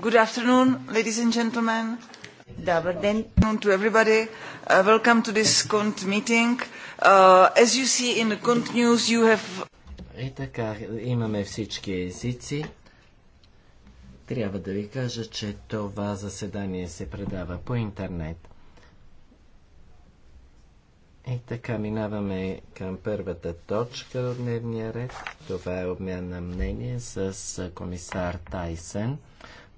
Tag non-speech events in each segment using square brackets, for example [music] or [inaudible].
Good afternoon, ladies and gentlemen. Добър ден. To everybody, uh, welcome to this Kunt meeting. Uh, as you see in the Kunt news, you have... Е така, имаме всички езици. Трябва да ви кажа, че това заседание се предава по интернет. И така минаваме към първата точка от дневния ред. Това е обмян на мнение с комисар Тайсен.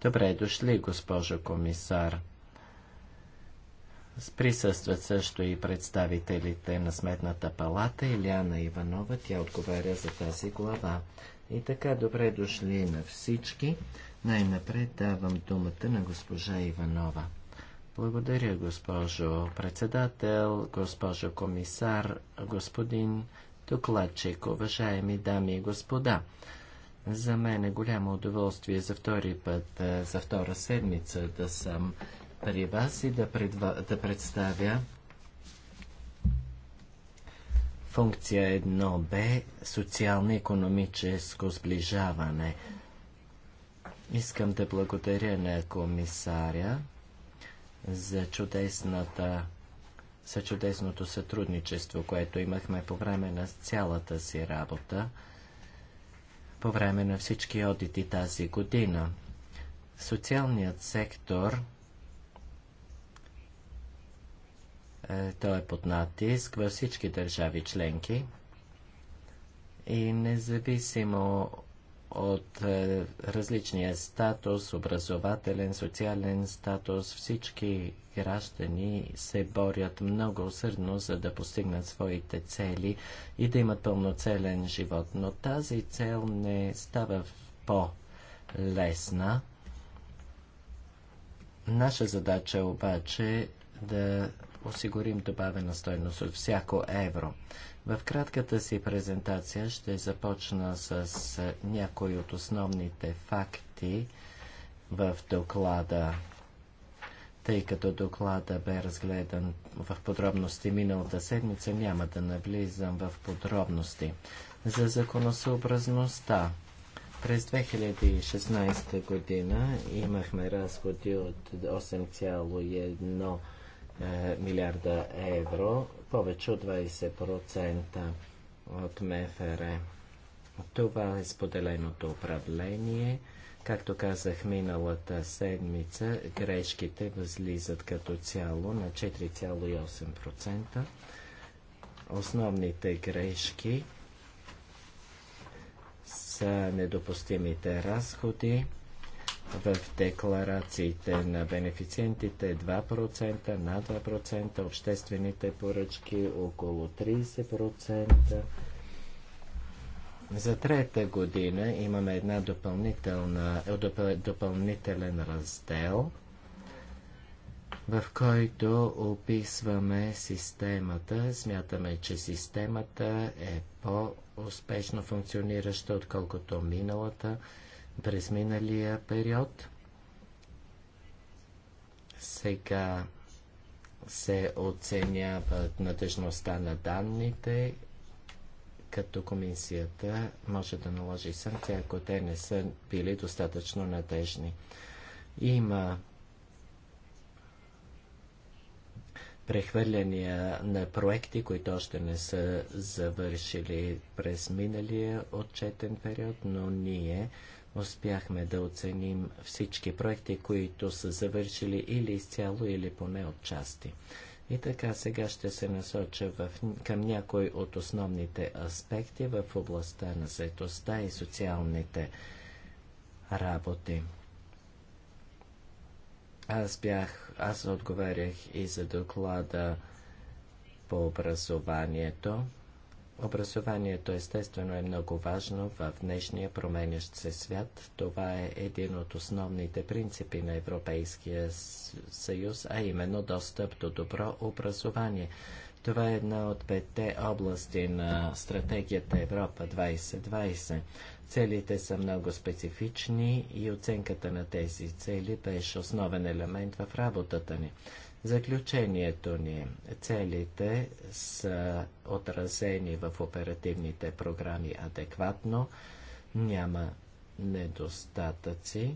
Добре дошли, госпожо комисар. Присъстват също и представителите на Сметната палата Иляна Иванова. Тя отговаря за тази глава. И така, добре дошли на всички. Най-напред давам думата на госпожа Иванова. Благодаря, госпожо председател, госпожо комисар, господин докладчик, уважаеми дами и господа. За мен е голямо удоволствие за втори път, е, за втора седмица да съм при вас и да, предва, да представя функция 1б социално-економическо сближаване. Искам да благодаря на комисаря за чудесната за чудесното сътрудничество, което имахме по време на цялата си работа, по време на всички одити тази година. Социалният сектор е, той е под натиск във всички държави членки и независимо от е, различния статус, образователен, социален статус, всички граждани се борят много усърдно, за да постигнат своите цели и да имат пълноцелен живот. Но тази цел не става по-лесна. Наша задача обаче е да осигурим добавена стойност от всяко евро. В кратката си презентация ще започна с е, някои от основните факти в доклада, тъй като доклада бе разгледан в подробности миналата седмица, няма да навлизам в подробности. За законосъобразността. През 2016 година имахме разходи от 8,1 е, милиарда евро повече от 20% от МФР. Това е споделеното управление. Както казах миналата седмица, грешките възлизат като цяло на 4,8%. Основните грешки са недопустимите разходи, в декларациите на бенефициентите 2%, на 2%, обществените поръчки около 30%. За трета година имаме една допълнителна, допълнителен раздел, в който описваме системата. Смятаме, че системата е по-успешно функционираща, отколкото миналата през миналия период. Сега се оценява надежността на данните, като комисията може да наложи санкция, ако те не са били достатъчно надежни. Има прехвърляния на проекти, които още не са завършили през миналия отчетен период, но ние успяхме да оценим всички проекти, които са завършили или изцяло, или поне от части. И така сега ще се насоча в, към някои от основните аспекти в областта на заетостта и социалните работи. Аз бях, аз отговарях и за доклада по образованието. Образованието естествено е много важно в днешния променящ се свят. Това е един от основните принципи на Европейския съюз, а именно достъп до добро образование. Това е една от петте области на стратегията Европа 2020. Целите са много специфични и оценката на тези цели беше основен елемент в работата ни. Заключението ни целите са отразени в оперативните програми адекватно, няма недостатъци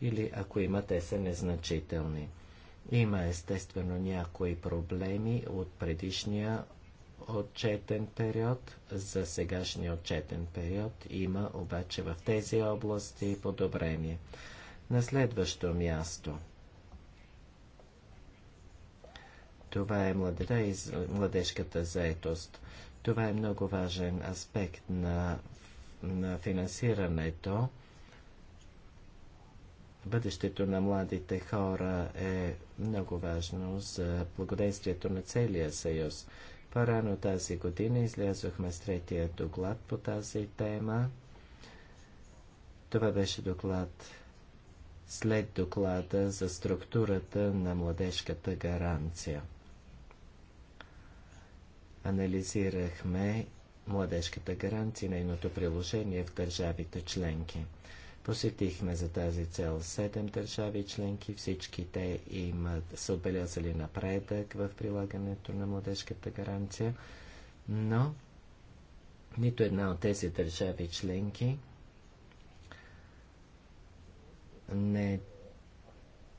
или ако има, те са незначителни. Има естествено някои проблеми от предишния отчетен период. За сегашния отчетен период има обаче в тези области подобрение. На следващо място Това е младежта и младежката заетост. Това е много важен аспект на, на финансирането. Бъдещето на младите хора е много важно за благоденствието на целия съюз. По-рано тази година излязохме с третия доклад по тази тема. Това беше доклад след доклада за структурата на младежката гаранция анализирахме младежката гаранция, нейното приложение в държавите членки. Посетихме за тази цел 7 държави членки. Всички те имат, са отбелязали напредък в прилагането на младежката гаранция, но нито една от тези държави членки не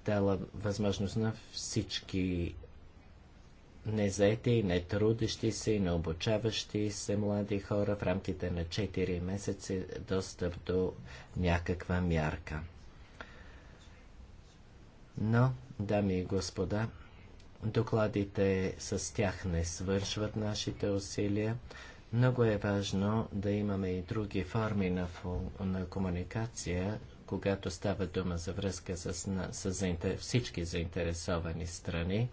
дала възможност на всички незаети и нетрудещи се и необучаващи се млади хора в рамките на 4 месеца достъп до някаква мярка. Но, дами и господа, докладите с тях не свършват нашите усилия. Много е важно да имаме и други форми на, фу... на комуникация, когато става дума за връзка с, на... с заинтер... всички заинтересовани страни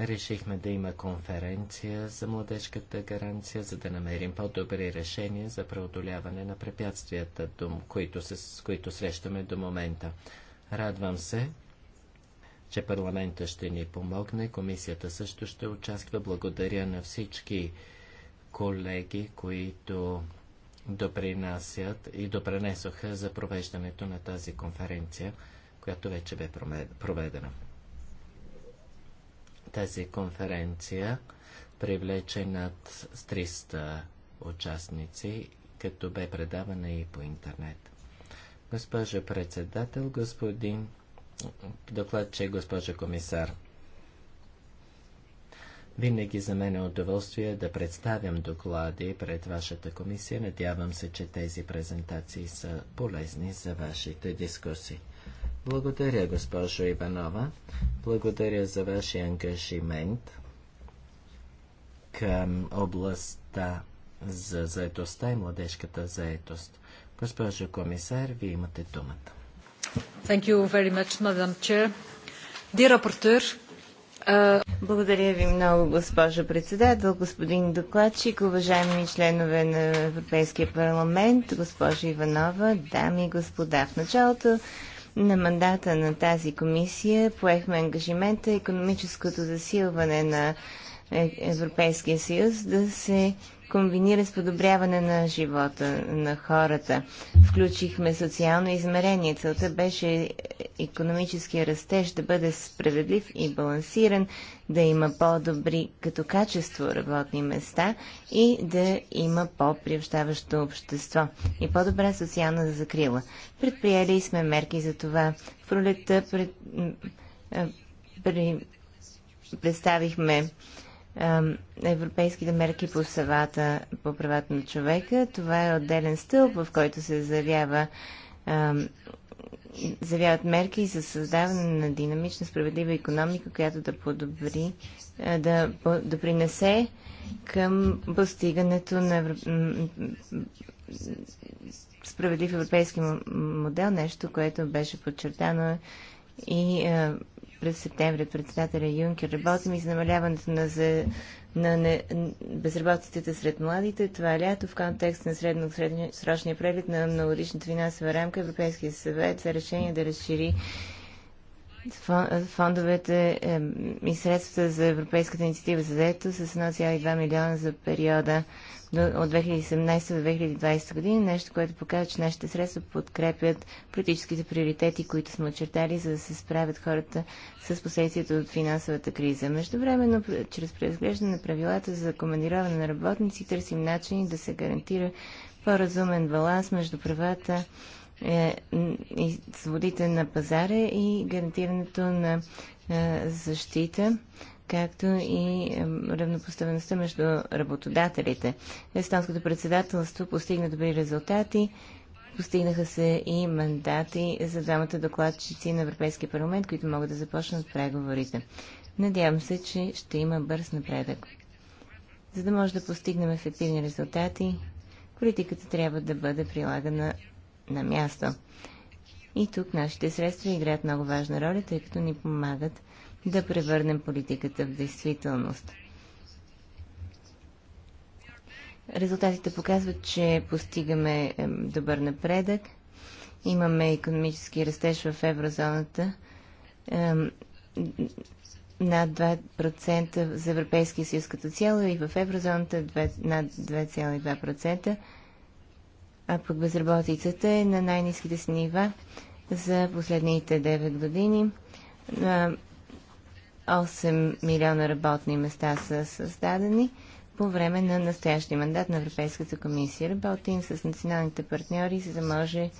решихме да има конференция за младежката гаранция, за да намерим по-добри решения за преодоляване на препятствията, които, с които срещаме до момента. Радвам се, че парламента ще ни помогне, комисията също ще участва. Благодаря на всички колеги, които допринасят и допренесоха за провеждането на тази конференция, която вече бе проведена тази конференция привлече над 300 участници, като бе предавана и по интернет. Госпожа председател, господин докладче, госпожа комисар, винаги за мен е удоволствие да представям доклади пред вашата комисия. Надявам се, че тези презентации са полезни за вашите дискусии. Благодаря, госпожо Иванова. Благодаря за вашия ангажимент към областта за заедостта и младежката заедост. Госпожо комисар, вие имате думата. Thank you very much, Madam Chair. Dear Rapporteur, uh, Благодаря ви много, госпожо председател, господин докладчик, уважаеми членове на Европейския парламент, госпожо Иванова, дами и господа. В началото на мандата на тази комисия поехме ангажимента економическото засилване на е, Европейския съюз да се комбинира с подобряване на живота на хората. Включихме социално измерение. Целта беше економическия растеж да бъде справедлив и балансиран, да има по-добри като качество работни места и да има по-приобщаващо общество и по-добра социална закрила. Предприели сме мерки за това. В пролетта пред, представихме европейските мерки по, съвата, по правата на човека. Това е отделен стълб, в който се заявява заявяват мерки за създаване на динамична, справедлива економика, която да подобри, да допринесе към постигането на справедлив европейски модел, нещо, което беше подчертано и през септември от председателя Юнкер. Работим и за намаляването на, за, на не, безработицата сред младите. Това е лято в контекст на средно, средносрочния преглед на многодишната финансова рамка. Европейския съвет за решение да разшири фондовете и средствата за Европейската инициатива за заето с 1,2 милиона за периода от 2017 до 2020 година, нещо, което показва, че нашите средства подкрепят политическите приоритети, които сме очертали, за да се справят хората с последствията от финансовата криза. Междувременно, чрез преразглеждане на правилата за командироване на работници, търсим начини да се гарантира по-разумен баланс между правата е, и свободите на пазара и гарантирането на е, защита както и равнопоставеността между работодателите. Естонското председателство постигна добри резултати. Постигнаха се и мандати за двамата докладчици на Европейския парламент, които могат да започнат преговорите. Надявам се, че ще има бърз напредък. За да може да постигнем ефективни резултати, политиката трябва да бъде прилагана на място. И тук нашите средства играят много важна роля, тъй като ни помагат да превърнем политиката в действителност. Резултатите показват, че постигаме добър напредък. Имаме економически растеж в еврозоната над 2% за Европейския съюз като цяло и в еврозоната над 2,2%, а пък безработицата е на най-низките си нива за последните 9 години. 8 милиона работни места са създадени по време на настоящия мандат на Европейската комисия. Работим с националните партньори, за да може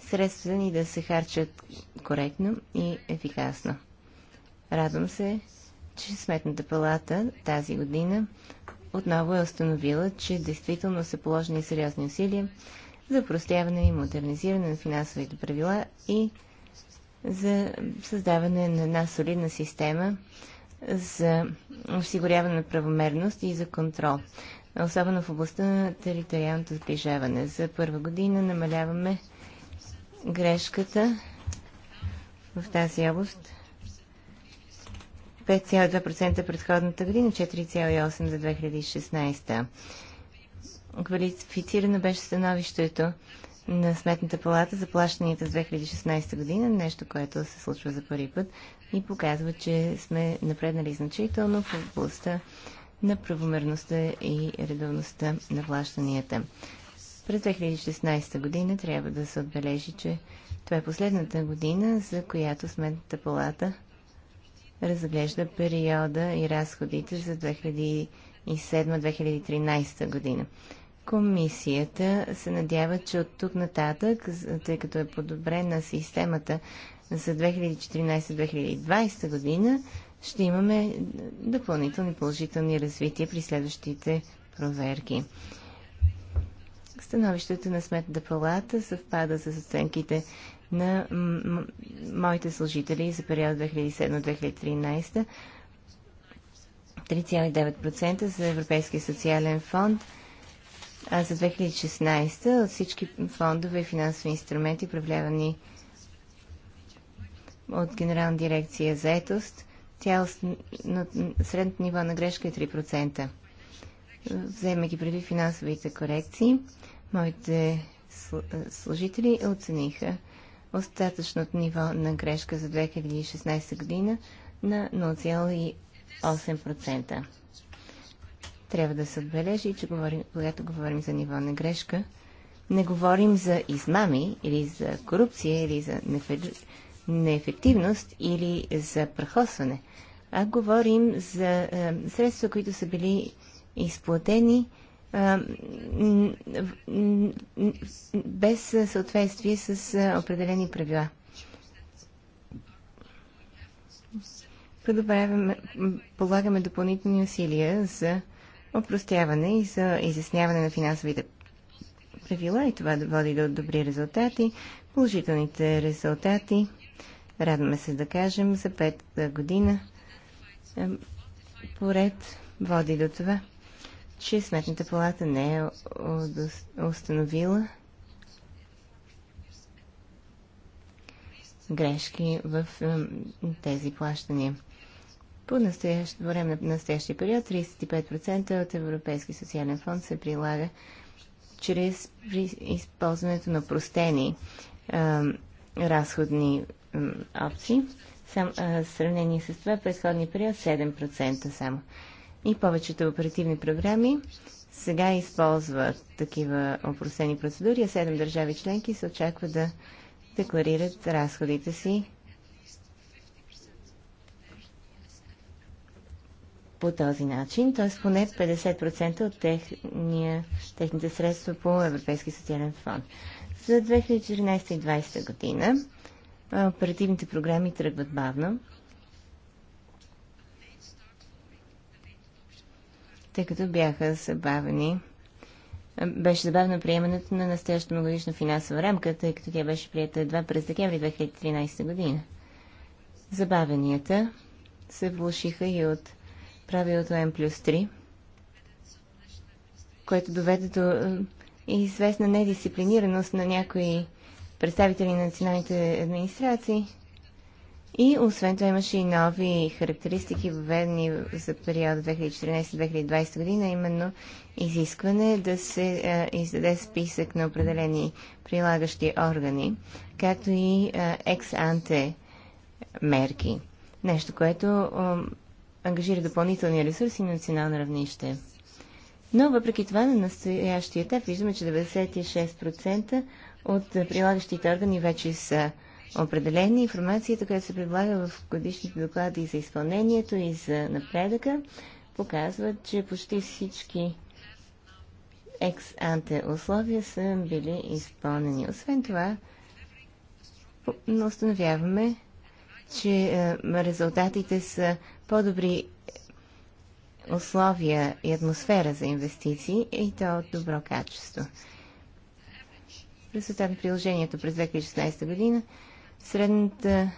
средствата ни да се харчат коректно и ефикасно. Радвам се, че Сметната палата тази година отново е установила, че действително са положени сериозни усилия за простяване и модернизиране на финансовите правила и за създаване на една солидна система за осигуряване на правомерност и за контрол, особено в областта на териториалното сближаване. За първа година намаляваме грешката в тази област 5,2% предходната година, 4,8% за 2016. Квалифицирано беше становището на Сметната палата за плащанията за 2016 година, нещо, което се случва за първи път и показва, че сме напреднали значително в областта на правомерността и редовността на плащанията. През 2016 година трябва да се отбележи, че това е последната година, за която Сметната палата разглежда периода и разходите за 2007-2013 година. Комисията се надява, че от тук нататък, тъй като е подобрена системата за 2014-2020 година, ще имаме допълнителни положителни развития при следващите проверки. Становището на Сметната палата съвпада с оценките на моите служители за период 2007-2013, 3,9% за Европейския социален фонд – а за 2016 от всички фондове и финансови инструменти, управлявани от Генерална дирекция за етост, е средното ниво на грешка е 3%. Вземайки преди финансовите корекции, моите служители оцениха остатъчното ниво на грешка за 2016 година на 0,8%. Трябва да се отбележи, че говорим, когато говорим за ниво на грешка, не говорим за измами или за корупция или за неефективност или за прахосване, а говорим за е, средства, които са били изплатени е, без съответствие с е, определени правила. Подобряваме, полагаме допълнителни усилия за опростяване и за изясняване на финансовите правила и това да води до добри резултати. Положителните резултати, радваме се да кажем, за пет година поред води до това, че Сметната палата не е установила грешки в тези плащания. По настоящ, време на настоящия период 35% от Европейски социален фонд се прилага чрез използването на простени а, разходни а, опции. Сам, а, в сравнение с това, предходния период 7% само. И повечето оперативни програми сега използват такива опростени процедури, а 7 държави членки се очаква да декларират разходите си по този начин, т.е. поне 50% от техния, техните средства по Европейски социален фонд. За 2014 и 2020 година оперативните програми тръгват бавно, тъй като бяха забавени беше забавно приемането на настоящата многогодишна финансова рамка, тъй като тя беше прията едва през декември 2013 година. Забавенията се влушиха и от правилото М плюс 3, което доведе до е, известна недисциплинираност на някои представители на националните администрации. И освен това имаше и нови характеристики, въведени за периода 2014-2020 година, именно изискване да се а, е, издаде списък на определени прилагащи органи, както и екс-анте мерки. Нещо, което а, ангажира допълнителни ресурси на национално равнище. Но въпреки това на настоящия етап виждаме, че 96% от прилагащите органи вече са определени. Информацията, която се предлага в годишните доклади за изпълнението и за напредъка, показва, че почти всички екс-анте условия са били изпълнени. Освен това, установяваме, че е, резултатите са по-добри условия и атмосфера за инвестиции и то от добро качество. резултат на приложението през 2016 година средната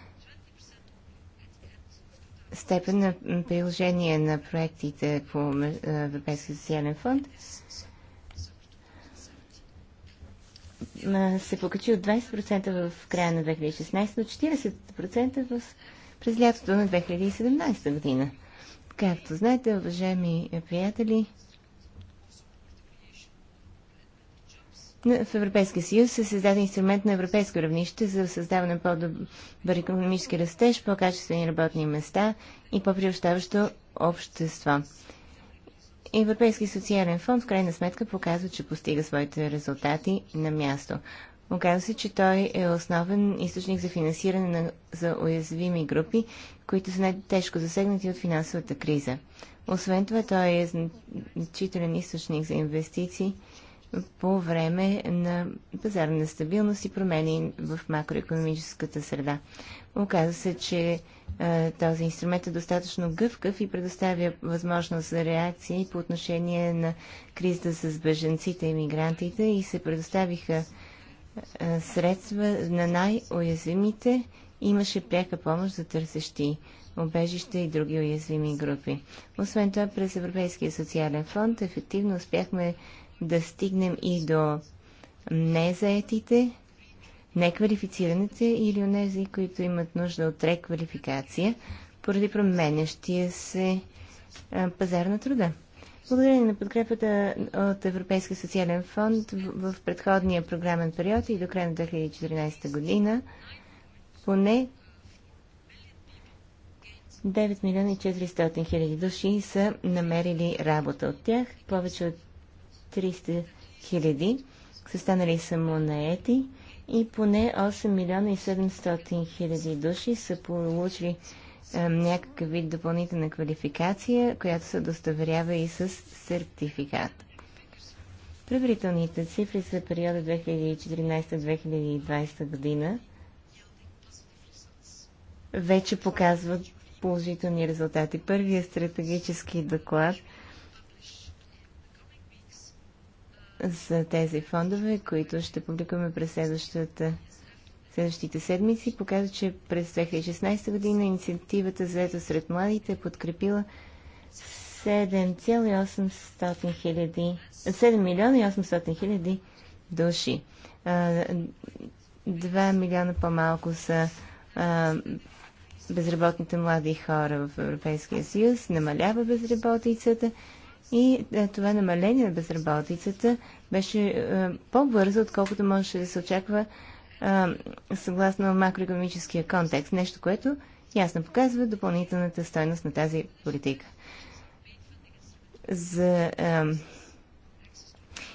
степен на приложение на проектите по е, Европейския социален фонд е, се покачи от 20% в края на 2016 до 40% в през лятото на 2017 година. Както знаете, уважаеми приятели, в Европейския съюз се създаде инструмент на европейско равнище за създаване на по-добър економически растеж, по-качествени работни места и по-приобщаващо общество. Европейски социален фонд в крайна сметка показва, че постига своите резултати на място. Оказва се, че той е основен източник за финансиране на, за уязвими групи, които са най-тежко засегнати от финансовата криза. Освен това, той е значителен източник за инвестиции по време на пазарна нестабилност и промени в макроекономическата среда. Оказва се, че е, този инструмент е достатъчно гъвкав и предоставя възможност за реакции по отношение на кризата с беженците и мигрантите и се предоставиха е, средства на най-уязвимите имаше пряка помощ за търсещи обежища и други уязвими групи. Освен това, през Европейския социален фонд ефективно успяхме да стигнем и до незаетите, неквалифицираните или онези, които имат нужда от реквалификация, поради променящия се е, пазар на труда. Благодарение на подкрепата от Европейския социален фонд в предходния програмен период и до края на 2014 година, поне 9 милиона и 400 хиляди души са намерили работа от тях. Повече от 300 хиляди са станали самонаети и поне 8 милиона и 700 хиляди души са получили е, някакъв вид допълнителна квалификация, която се удостоверява и с сертификат. Предварителните цифри за периода 2014-2020 година вече показват положителни резултати. Първият стратегически доклад за тези фондове, които ще публикуваме през следващата следващите седмици показва, че през 2016 година инициативата за ето сред младите е подкрепила 7 милиона и 800 хиляди души. 2 милиона по-малко са безработните млади хора в Европейския съюз, намалява безработицата и това намаление на безработицата беше по-бързо, отколкото можеше да се очаква а, съгласно макроекономическия контекст. Нещо, което ясно показва допълнителната стойност на тази политика. За а,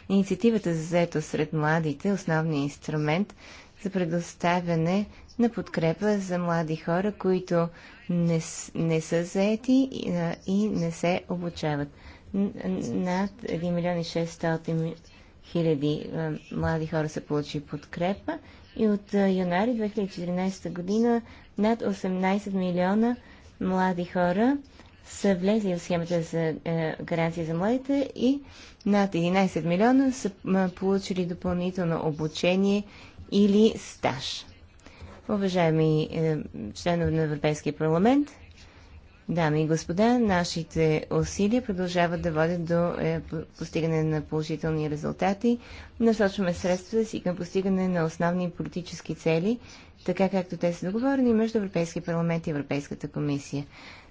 инициативата за заето сред младите, е основният инструмент за предоставяне на подкрепа за млади хора, които не, не са заети и, и не се обучават. Над 1 милион и 600 хиляди млади хора са получили подкрепа и от януари 2014 година над 18 милиона млади хора са влезли в схемата за е, гаранция за младите и над 11 милиона са получили допълнително обучение или стаж. Уважаеми е, членове на Европейския парламент, Дами и господа, нашите усилия продължават да водят до е, постигане на положителни резултати. Насочваме средствата си към постигане на основни политически цели, така както те са договорени между Европейския парламент и Европейската комисия.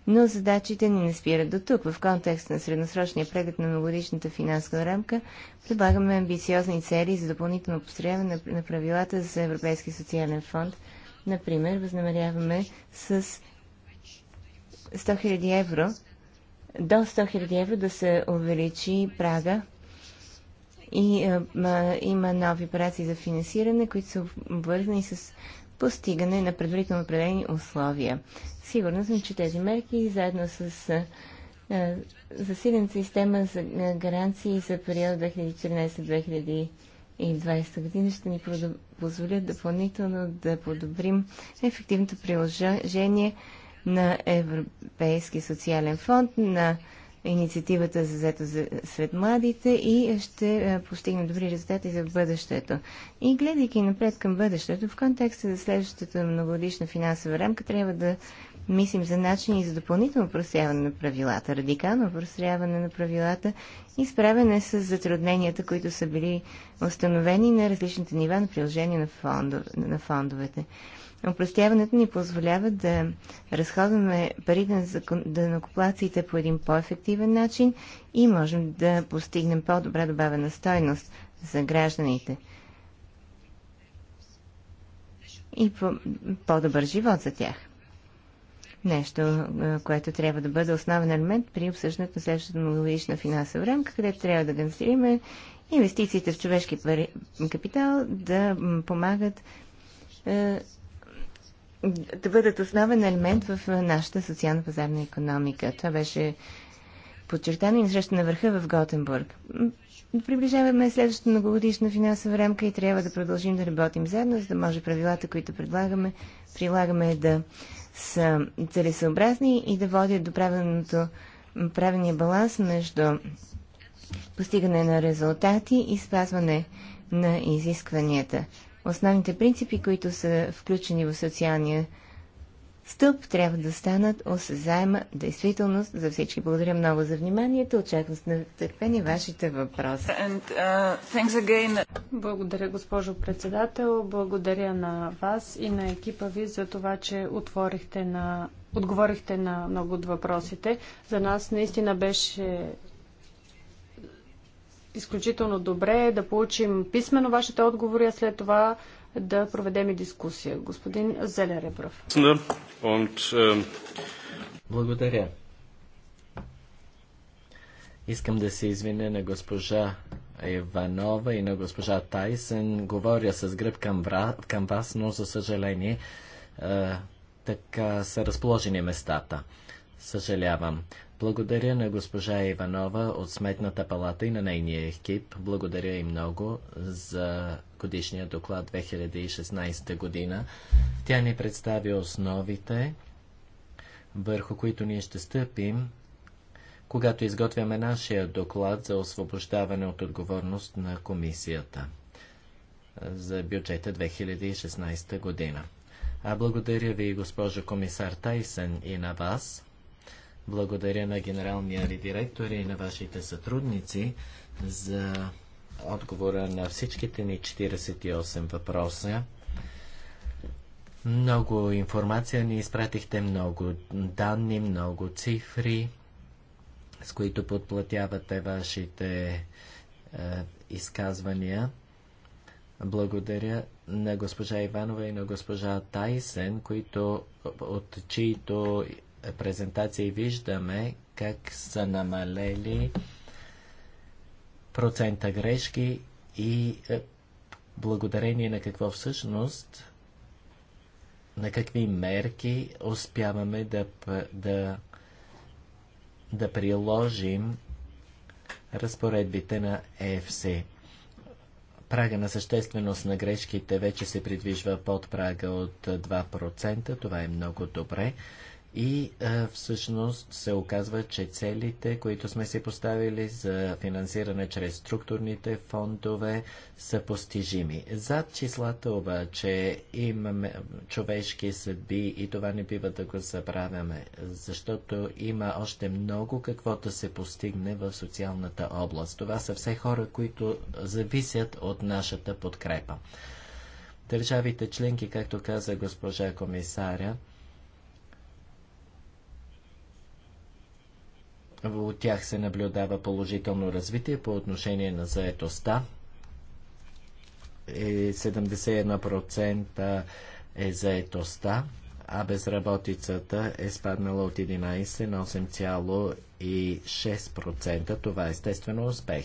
Но задачите ни не спират до тук. В контекст на средносрочния преглед на многодишната финансова рамка предлагаме амбициозни цели за допълнително построяване на правилата за Европейски социален фонд. Например, възнамеряваме с 100 000 евро, до 100 000 евро да се увеличи прага и а, а, има нови операции за финансиране, които са обвързани с постигане на предварително определени условия. Сигурна съм, че тези мерки заедно с а, засилен система за гаранции за период 2014 2020 година ще ни позволят допълнително да подобрим ефективното приложение на Европейски социален фонд, на инициативата за зето сред младите и ще е, постигне добри резултати за бъдещето. И гледайки напред към бъдещето, в контекста за следващата многогодишна финансова рамка трябва да мислим за начини за допълнително просяване на правилата, радикално просяване на правилата и справяне с затрудненията, които са били установени на различните нива на приложение на, фондов, на фондовете. Опростяването ни позволява да разходваме парите на данокоплациите по един по-ефективен начин и можем да постигнем по-добра добавена стойност за гражданите и по-добър живот за тях. Нещо, което трябва да бъде основен елемент при обсъждането на следващата многогодишна финансова рамка, където трябва да гарантираме инвестициите в човешки капитал да помагат да бъдат основен елемент в нашата социално-пазарна економика. Това беше подчертано и на среща на върха в Готенбург. Приближаваме следващата многогодишна финансова рамка и трябва да продължим да работим заедно, за да може правилата, които предлагаме, прилагаме да са целесъобразни и да водят до правилното, правилния баланс между постигане на резултати и спазване на изискванията основните принципи, които са включени в социалния стълб, трябва да станат осезаема действителност за всички. Благодаря много за вниманието. Очаквам с нетърпение вашите въпроси. And, uh, Благодаря, госпожо председател. Благодаря на вас и на екипа ви за това, че отворихте на отговорихте на много от въпросите. За нас наистина беше изключително добре е да получим писменно вашите отговори, а след това да проведем и дискусия. Господин Зелер е прав. Э, Благодаря. Искам да се извиня на госпожа Иванова и на госпожа Тайсен. Говоря с гръб към, вра... към вас, но за съжаление е, така са разположени местата. Съжалявам. Благодаря на госпожа Иванова от Сметната палата и на нейния екип. Благодаря и много за годишния доклад 2016 година. Тя ни представи основите, върху които ние ще стъпим, когато изготвяме нашия доклад за освобождаване от отговорност на комисията за бюджета 2016 година. А благодаря ви, госпожо комисар Тайсън, и на вас. Благодаря на генералния ви директор и на вашите сътрудници за отговора на всичките ни 48 въпроса. Много информация ни изпратихте, много данни, много цифри, с които подплатявате вашите е, изказвания. Благодаря на госпожа Иванова и на госпожа Тайсен, които от чието презентации виждаме как са намалели процента грешки и е, благодарение на какво всъщност, на какви мерки успяваме да, да, да приложим разпоредбите на ЕФС. Прага на същественост на грешките вече се придвижва под прага от 2%. Това е много добре и а, всъщност се оказва, че целите, които сме си поставили за финансиране чрез структурните фондове, са постижими. Зад числата обаче имаме човешки съдби и това не бива да го забравяме, защото има още много какво да се постигне в социалната област. Това са все хора, които зависят от нашата подкрепа. Държавите членки, както каза госпожа комисаря, от тях се наблюдава положително развитие по отношение на заетостта. 71% е, е заетостта, а безработицата е спаднала от 11 на 8,6%. Това е естествено успех.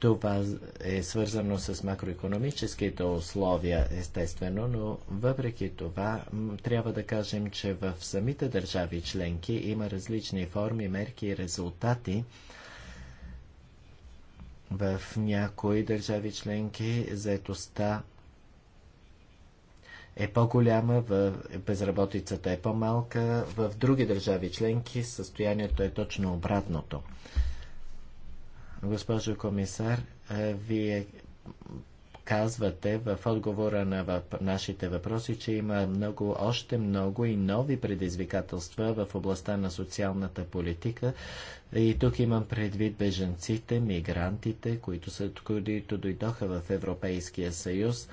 Това е свързано с макроекономическите условия, естествено, но въпреки това трябва да кажем, че в самите държави членки има различни форми, мерки и резултати. В някои държави членки заетостта е по-голяма, в безработицата е по-малка, в други държави членки състоянието е точно обратното. Госпожо комисар, вие казвате в отговора на въп... нашите въпроси, че има много, още много и нови предизвикателства в областта на социалната политика. И тук имам предвид беженците, мигрантите, които, са, които дойдоха в Европейския съюз.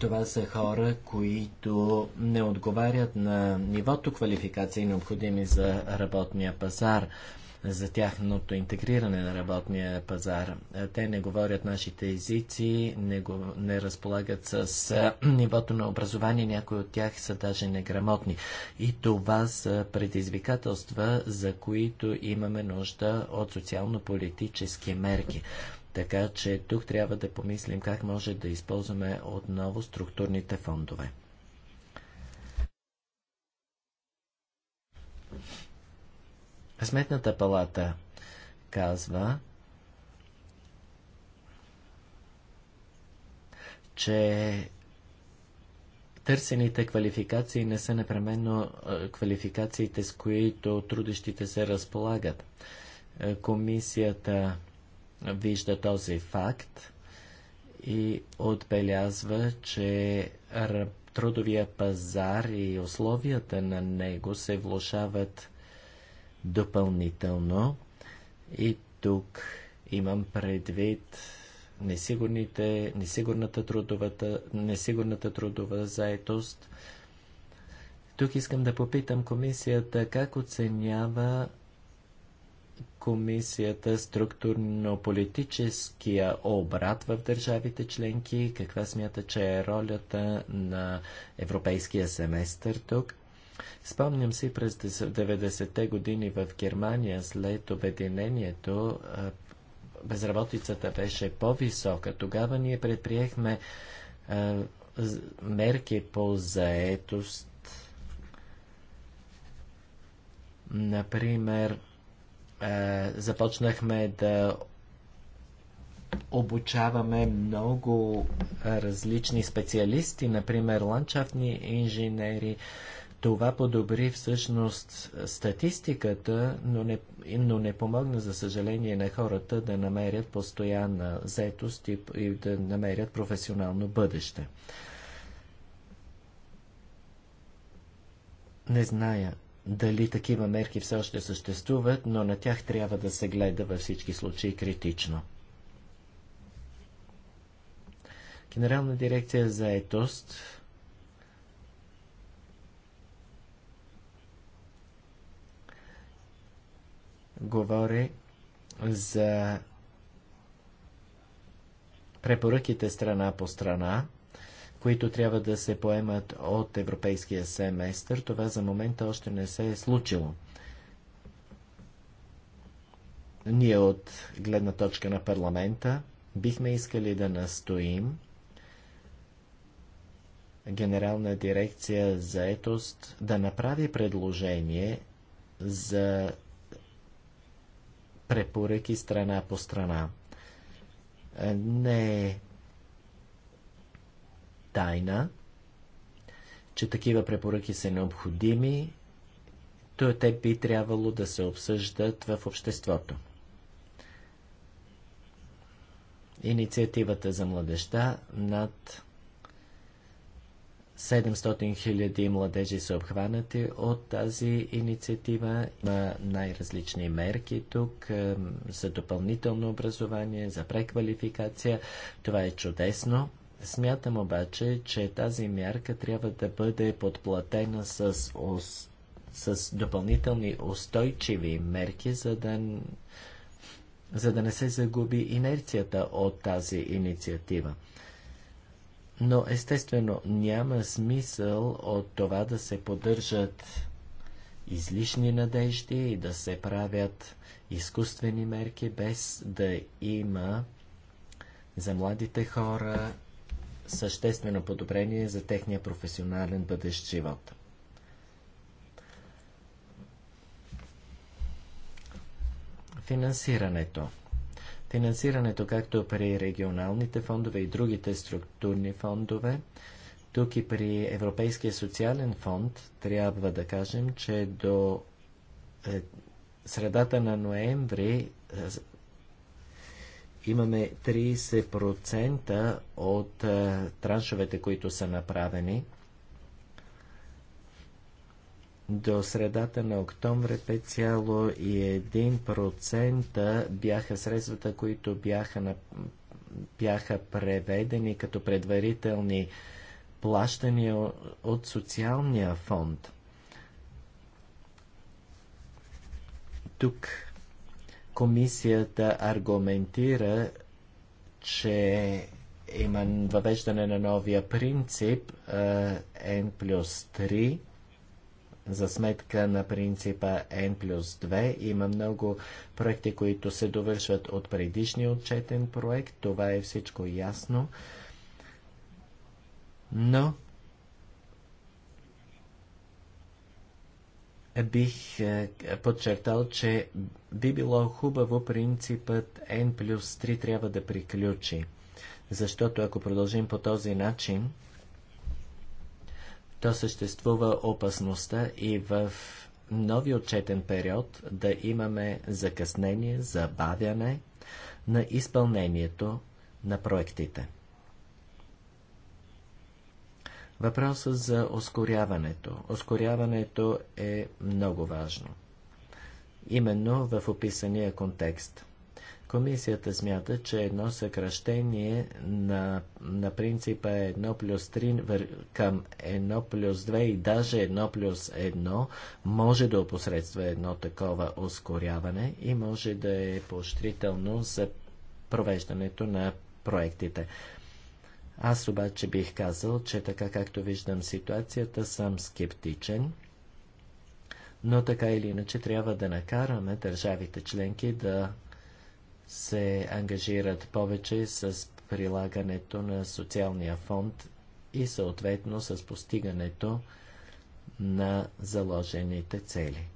Това са хора, които не отговарят на нивото квалификации, необходими за работния пазар за тяхното интегриране на работния пазар. Е, те не говорят нашите езици, не, го, не разполагат с а, е, нивото на образование, някои от тях са даже неграмотни. И това са предизвикателства, за които имаме нужда от социално-политически мерки. Така че тук трябва да помислим как може да използваме отново структурните фондове. Сметната палата казва, че търсените квалификации не са непременно квалификациите, с които трудещите се разполагат. Комисията вижда този факт и отбелязва, че трудовия пазар и условията на него се влушават допълнително. И тук имам предвид несигурните, несигурната, трудовата, несигурната трудова заетост. Тук искам да попитам комисията как оценява комисията структурно-политическия обрат в държавите членки, каква смята, че е ролята на европейския семестър тук. Спомням си през 90-те години в Германия след обединението безработицата беше по-висока. Тогава ние предприехме мерки по заетост. Например, започнахме да обучаваме много различни специалисти, например ландшафтни инженери, това подобри всъщност статистиката, но не, но не помогна, за съжаление, на хората да намерят постоянна заетост и, и да намерят професионално бъдеще. Не зная дали такива мерки все още съществуват, но на тях трябва да се гледа във всички случаи критично. Генерална дирекция за етост говори за препоръките страна по страна, които трябва да се поемат от европейския семестър. Това за момента още не се е случило. Ние от гледна точка на парламента бихме искали да настоим Генерална дирекция за етост да направи предложение за препоръки страна по страна. Е, не е тайна, че такива препоръки са необходими, то те би трябвало да се обсъждат в обществото. Инициативата за младеща над 700 000 младежи са обхванати от тази инициатива. Има най-различни мерки тук е, за допълнително образование, за преквалификация. Това е чудесно. Смятам обаче, че тази мярка трябва да бъде подплатена с, ос... с допълнителни устойчиви мерки, за да за да не се загуби инерцията от тази инициатива. Но естествено няма смисъл от това да се поддържат излишни надежди и да се правят изкуствени мерки, без да има за младите хора съществено подобрение за техния професионален бъдещ живот. Финансирането Финансирането както при регионалните фондове и другите структурни фондове, тук и при Европейския социален фонд трябва да кажем, че до е, средата на ноември е, имаме 30% от е, траншовете, които са направени – до средата на октомври 5,1% бяха средствата, които бяха, на, бяха преведени като предварителни плащания от социалния фонд. Тук комисията аргументира, че има въвеждане на новия принцип N плюс 3 за сметка на принципа N плюс 2. Има много проекти, които се довършват от предишния отчетен проект. Това е всичко ясно. Но бих е, подчертал, че би било хубаво принципът N плюс 3 трябва да приключи. Защото ако продължим по този начин, то съществува опасността и в нови отчетен период да имаме закъснение, забавяне на изпълнението на проектите. Въпросът за ускоряването. Ускоряването е много важно. Именно в описания контекст. Комисията смята, че едно съкръщение на, на принципа 1 е плюс 3 към 1 плюс 2 и даже 1 плюс 1 може да опосредства едно такова ускоряване и може да е поощрително за провеждането на проектите. Аз обаче бих казал, че така както виждам ситуацията, съм скептичен. Но така или иначе трябва да накараме държавите членки да се ангажират повече с прилагането на социалния фонд и съответно с постигането на заложените цели.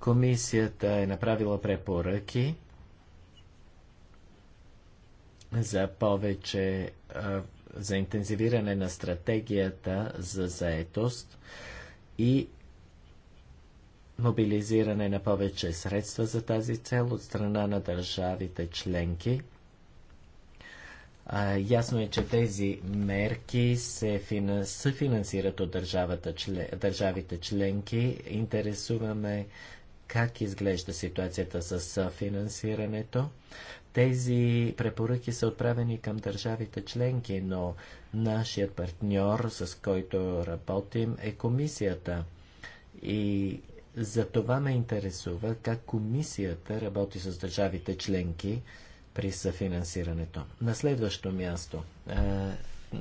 Комисията е направила препоръки за повече за интензивиране на стратегията за заетост и мобилизиране на повече средства за тази цел от страна на държавите членки. А, ясно е, че тези мерки се финанс... финансират от държавата, член... държавите членки. Интересуваме как изглежда ситуацията с финансирането. Тези препоръки са отправени към държавите членки, но нашият партньор, с който работим, е комисията. И за това ме интересува как комисията работи с държавите членки при съфинансирането. На следващо място, е,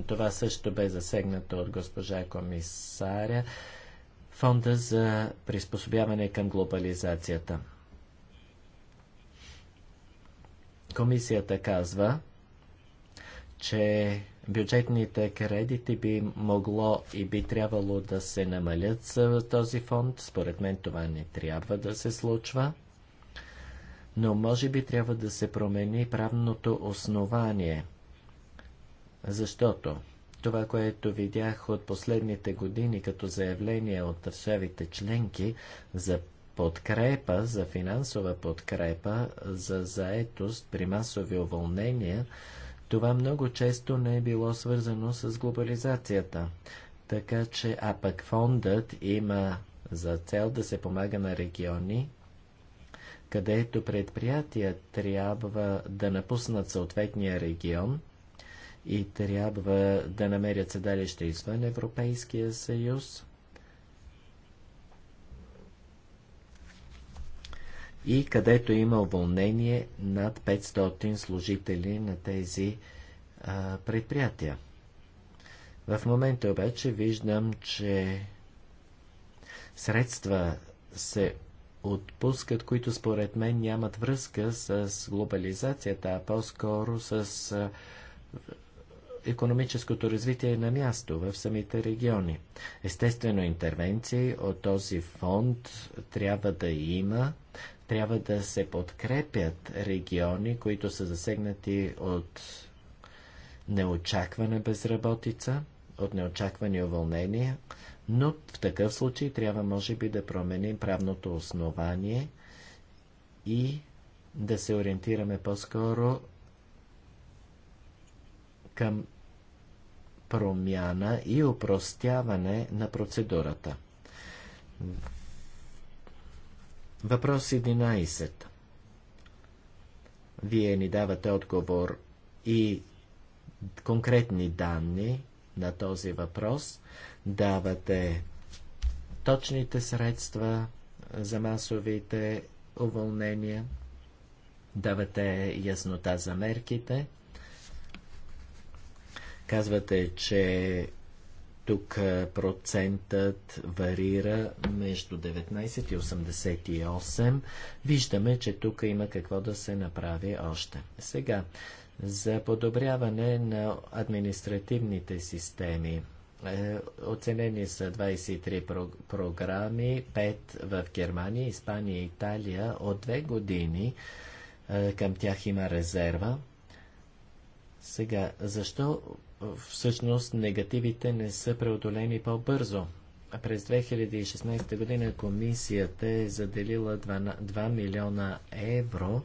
това също бе засегнато от госпожа комисаря, фонда за приспособяване към глобализацията. Комисията казва, че бюджетните кредити би могло и би трябвало да се намалят за този фонд. Според мен това не трябва да се случва. Но може би трябва да се промени правното основание. Защото това, което видях от последните години като заявление от държавите членки за подкрепа, за финансова подкрепа, за заетост при масови уволнения, това много често не е било свързано с глобализацията. Така че, а пък фондът има за цел да се помага на региони, където предприятия трябва да напуснат съответния регион и трябва да намерят седалище извън Европейския съюз – и където има уволнение над 500 служители на тези а, предприятия. В момента обаче виждам, че средства се отпускат, които според мен нямат връзка с глобализацията, а по-скоро с економическото развитие на място в самите региони. Естествено, интервенции от този фонд трябва да има, трябва да се подкрепят региони, които са засегнати от неочаквана безработица, от неочаквани уволнения, но в такъв случай трябва може би да променим правното основание и да се ориентираме по-скоро към промяна и упростяване на процедурата. Въпрос 11. Вие ни давате отговор и конкретни данни на този въпрос. Давате точните средства за масовите уволнения. Давате яснота за мерките. Казвате, че тук процентът варира между 19 и 88. Виждаме, че тук има какво да се направи още. Сега, за подобряване на административните системи. Е, оценени са 23 про програми, 5 в Германия, Испания и Италия. От две години е, към тях има резерва. Сега, защо всъщност негативите не са преодолени по-бързо. През 2016 година комисията е заделила 2, 2 милиона евро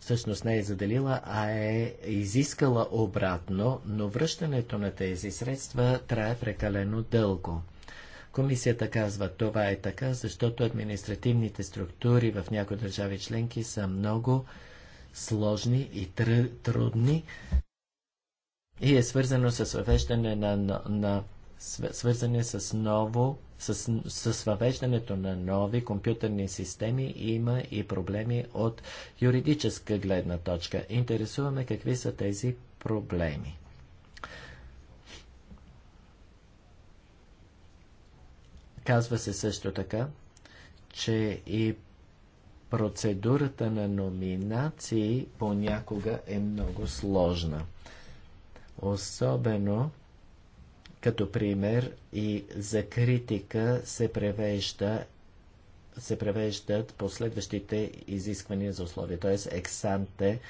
всъщност не е заделила, а е изискала обратно, но връщането на тези средства трае прекалено дълго. Комисията казва, това е така, защото административните структури в някои държави членки са много сложни и трудни и е свързано с въвеждане на, на, на свързане с ново, с, с въвеждането на нови компютърни системи има и проблеми от юридическа гледна точка. Интересуваме какви са тези проблеми. Казва се също така, че и процедурата на номинации понякога е много сложна. Особено като пример и за критика се превежда се превеждат последващите изисквания за условия, т.е. ексанте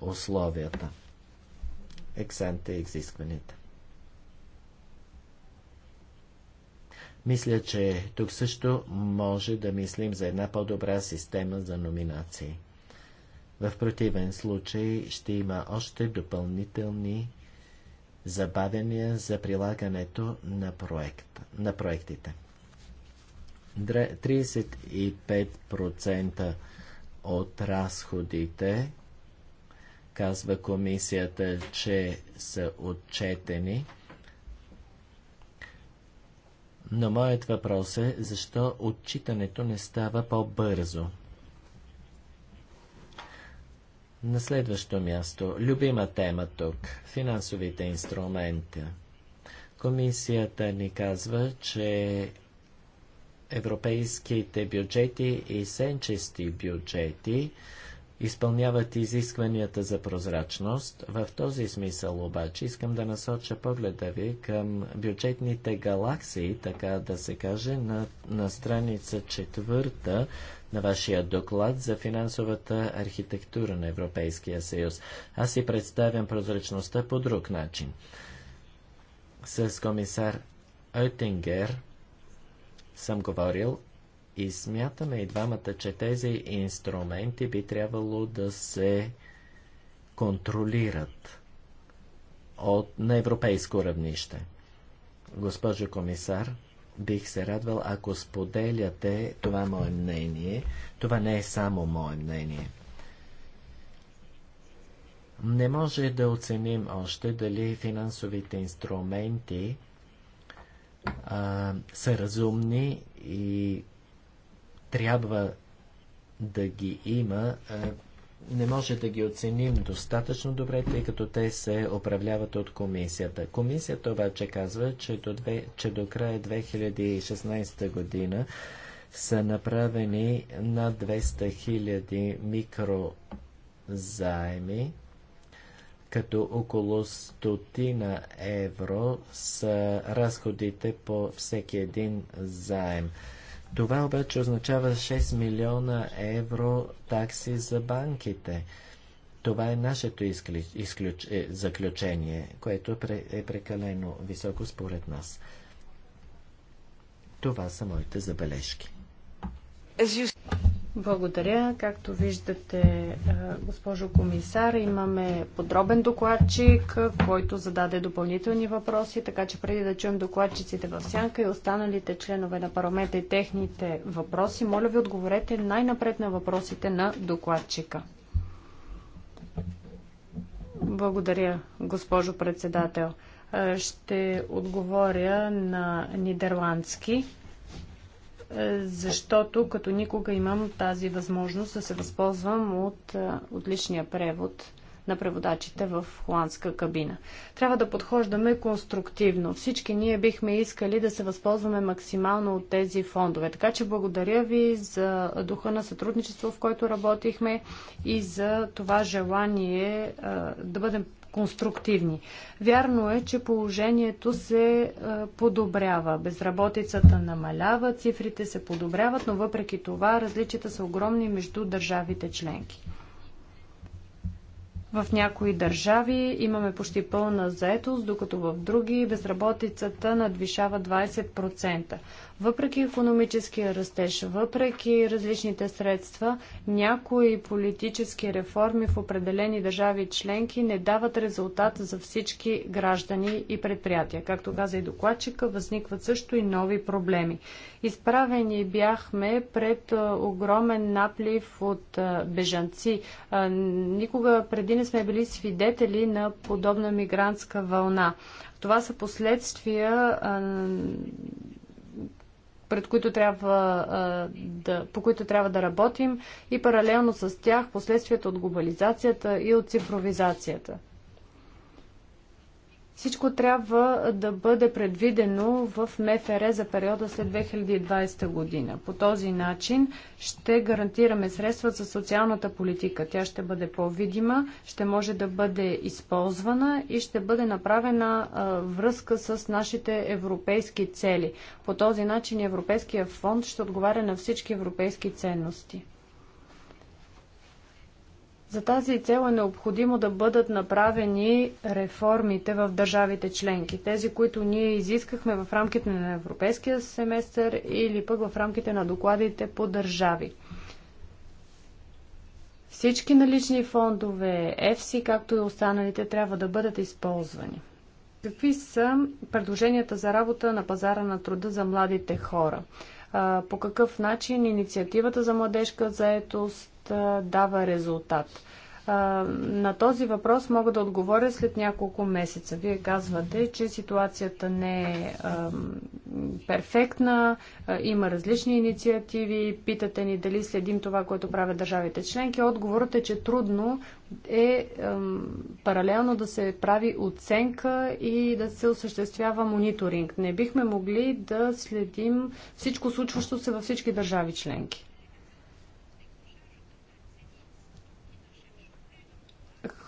условията. Ексанте изискванията. Мисля, че тук също може да мислим за една по-добра система за номинации. В противен случай ще има още допълнителни забавения за прилагането на, проект, на проектите. 35% от разходите, казва комисията, че са отчетени – но моят въпрос е, защо отчитането не става по-бързо? На следващо място, любима тема тук – финансовите инструменти. Комисията ни казва, че европейските бюджети и сенчести бюджети – изпълняват изискванията за прозрачност. В този смисъл обаче искам да насоча погледа ви към бюджетните галаксии, така да се каже, на, на страница четвърта на вашия доклад за финансовата архитектура на Европейския съюз. Аз си представям прозрачността по друг начин. С комисар Оттингер съм говорил и смятаме и двамата, че тези инструменти би трябвало да се контролират от, на европейско равнище. Госпожо комисар, бих се радвал, ако споделяте това мое мнение. Това не е само мое мнение. Не може да оценим още дали финансовите инструменти а, са разумни и трябва да ги има, не може да ги оценим достатъчно добре, тъй като те се управляват от комисията. Комисията обаче казва, че до, две, че до края 2016 година са направени на 200 000 микрозаеми, като около стотина евро са разходите по всеки един заем. Това обаче означава 6 милиона евро такси за банките. Това е нашето изклю... Изключ... Е, заключение, което е прекалено високо според нас. Това са моите забележки. Благодаря. Както виждате, госпожо комисар, имаме подробен докладчик, който зададе допълнителни въпроси, така че преди да чуем докладчиците в сянка и останалите членове на парламента и техните въпроси, моля ви отговорете най-напред на въпросите на докладчика. Благодаря, госпожо председател. Ще отговоря на нидерландски. Е, защото като никога имам тази възможност да се възползвам от е, отличния превод на преводачите в холандска кабина. Трябва да подхождаме конструктивно. Всички ние бихме искали да се възползваме максимално от тези фондове. Така че благодаря ви за духа на сътрудничество, в който работихме и за това желание е, да бъдем конструктивни. Вярно е, че положението се е, подобрява. Безработицата намалява, цифрите се подобряват, но въпреки това различията са огромни между държавите членки. В някои държави имаме почти пълна заетост, докато в други безработицата надвишава 20%. Въпреки економическия растеж, въпреки различните средства, някои политически реформи в определени държави членки не дават резултат за всички граждани и предприятия. Както каза и докладчика, възникват също и нови проблеми. Изправени бяхме пред огромен наплив от бежанци. Никога преди не сме били свидетели на подобна мигрантска вълна. Това са последствия пред които трябва, а, да, по които трябва да работим и паралелно с тях последствията от глобализацията и от цифровизацията. Всичко трябва да бъде предвидено в МФР за периода след 2020 година. По този начин ще гарантираме средства за социалната политика. Тя ще бъде по-видима, ще може да бъде използвана и ще бъде направена връзка с нашите европейски цели. По този начин Европейския фонд ще отговаря на всички европейски ценности. За тази цел е необходимо да бъдат направени реформите в държавите членки. Тези, които ние изискахме в рамките на европейския семестър или пък в рамките на докладите по държави. Всички налични фондове, ЕФСИ, както и останалите, трябва да бъдат използвани. Какви са предложенията за работа на пазара на труда за младите хора? По какъв начин инициативата за младежка заетост дава резултат? На този въпрос мога да отговоря след няколко месеца. Вие казвате, че ситуацията не е перфектна, има различни инициативи, питате ни дали следим това, което правят държавите членки. Отговорът е, че трудно е паралелно да се прави оценка и да се осъществява мониторинг. Не бихме могли да следим всичко случващо се във всички държави членки.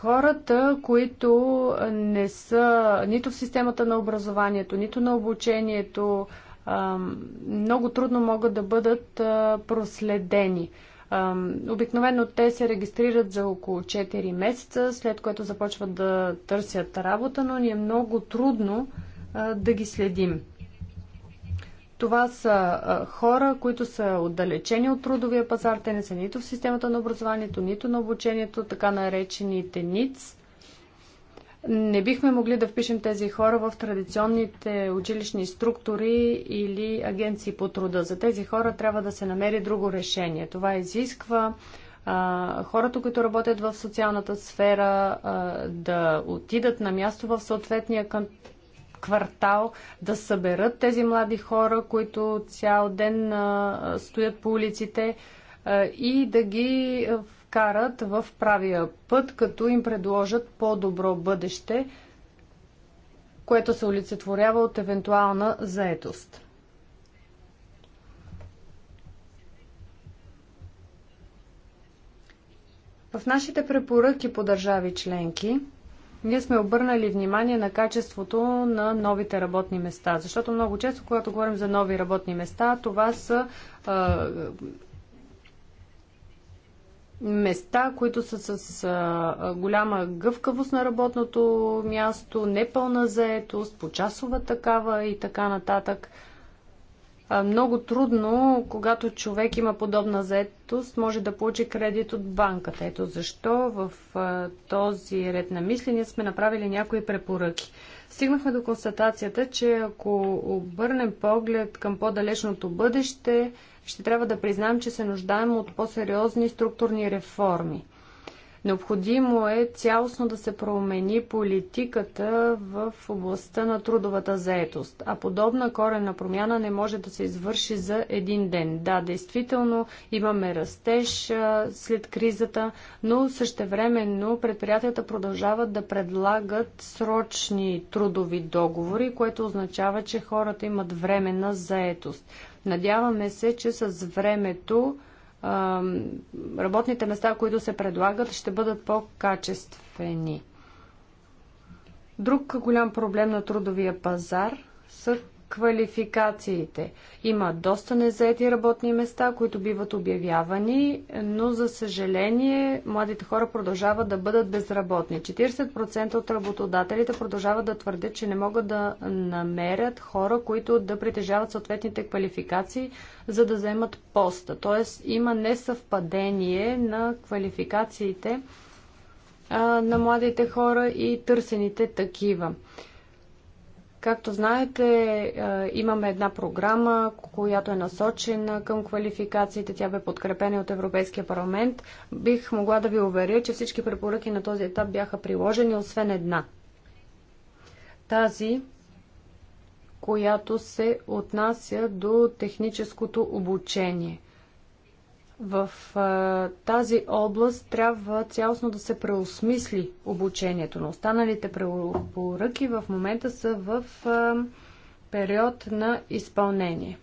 Хората, които не са нито в системата на образованието, нито на обучението, много трудно могат да бъдат проследени. Обикновено те се регистрират за около 4 месеца, след което започват да търсят работа, но ни е много трудно да ги следим. Това са хора, които са отдалечени от трудовия пазар. Те не са нито в системата на образованието, нито на обучението, така наречените НИЦ. Не бихме могли да впишем тези хора в традиционните училищни структури или агенции по труда. За тези хора трябва да се намери друго решение. Това изисква а, хората, които работят в социалната сфера, а, да отидат на място в съответния квартал, да съберат тези млади хора, които цял ден стоят по улиците и да ги вкарат в правия път, като им предложат по-добро бъдеще, което се олицетворява от евентуална заетост. В нашите препоръки по държави членки ние сме обърнали внимание на качеството на новите работни места. Защото много често, когато говорим за нови работни места, това са а, места, които са с а, голяма гъвкавост на работното място, непълна заетост, почасова такава и така нататък много трудно, когато човек има подобна заетост, може да получи кредит от банката. Ето защо в този ред на мисли ние сме направили някои препоръки. Стигнахме до констатацията, че ако обърнем поглед към по-далечното бъдеще, ще трябва да признаем, че се нуждаем от по-сериозни структурни реформи. Необходимо е цялостно да се промени политиката в областта на трудовата заетост, а подобна корена промяна не може да се извърши за един ден. Да, действително имаме растеж след кризата, но същевременно предприятията продължават да предлагат срочни трудови договори, което означава, че хората имат време на заетост. Надяваме се, че с времето работните места, които се предлагат, ще бъдат по-качествени. Друг голям проблем на трудовия пазар са квалификациите. Има доста незаети работни места, които биват обявявани, но за съжаление младите хора продължават да бъдат безработни. 40% от работодателите продължават да твърдят, че не могат да намерят хора, които да притежават съответните квалификации, за да вземат поста. Тоест има несъвпадение на квалификациите а, на младите хора и търсените такива. Както знаете, е, имаме една програма, която е насочена към квалификациите. Тя бе подкрепена от Европейския парламент. Бих могла да ви уверя, че всички препоръки на този етап бяха приложени, освен една. Тази, която се отнася до техническото обучение – в а, тази област трябва цялостно да се преосмисли обучението. На останалите препоръки в момента са в а, период на изпълнение.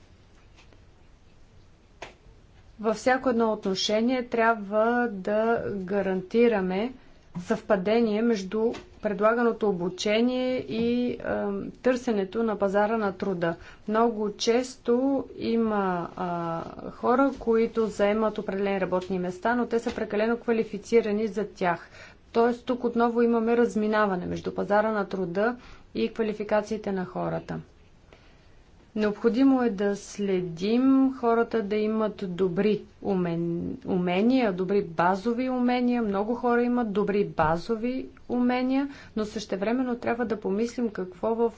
Във всяко едно отношение трябва да гарантираме съвпадение между предлаганото обучение и е, търсенето на пазара на труда. Много често има е, хора, които заемат определени работни места, но те са прекалено квалифицирани за тях. Тоест, тук отново имаме разминаване между пазара на труда и квалификациите на хората. Необходимо е да следим хората да имат добри умен... умения, добри базови умения. Много хора имат добри базови умения, но същевременно трябва да помислим какво в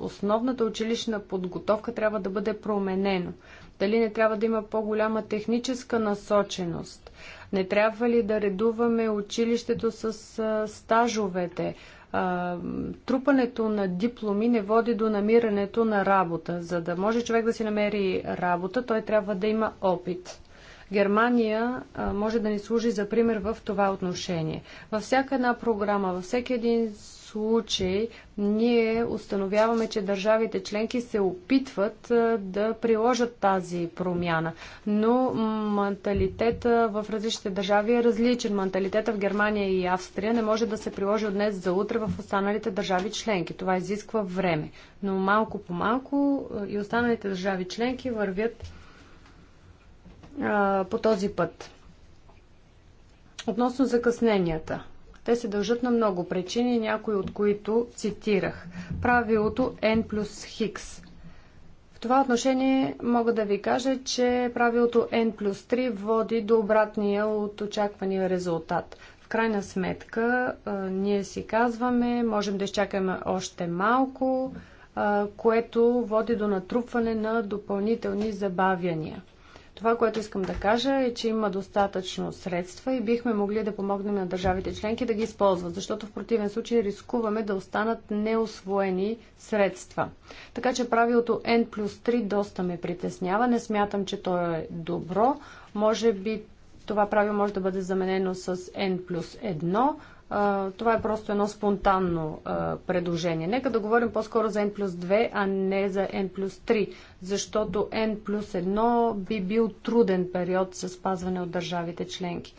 основната училищна подготовка трябва да бъде променено. Дали не трябва да има по-голяма техническа насоченост? Не трябва ли да редуваме училището с стажовете? трупането на дипломи не води до намирането на работа. За да може човек да си намери работа, той трябва да има опит. Германия може да ни служи за пример в това отношение. Във всяка една програма, във всеки един случай ние установяваме, че държавите членки се опитват да приложат тази промяна. Но менталитета в различните държави е различен. Менталитета в Германия и Австрия не може да се приложи от днес за утре в останалите държави членки. Това изисква време. Но малко по малко и останалите държави членки вървят по този път. Относно закъсненията. Те се дължат на много причини, някои от които цитирах. Правилото N плюс Хикс. В това отношение мога да ви кажа, че правилото N плюс 3 води до обратния от очаквания резултат. В крайна сметка, ние си казваме, можем да изчакаме още малко, което води до натрупване на допълнителни забавяния. Това, което искам да кажа е, че има достатъчно средства и бихме могли да помогнем на държавите членки да ги използват, защото в противен случай рискуваме да останат неосвоени средства. Така че правилото N плюс 3 доста ме притеснява. Не смятам, че то е добро. Може би това правило може да бъде заменено с N плюс 1, това е просто едно спонтанно а, предложение. Нека да говорим по-скоро за N плюс 2, а не за N плюс 3, защото N плюс 1 би бил труден период за спазване от държавите членки.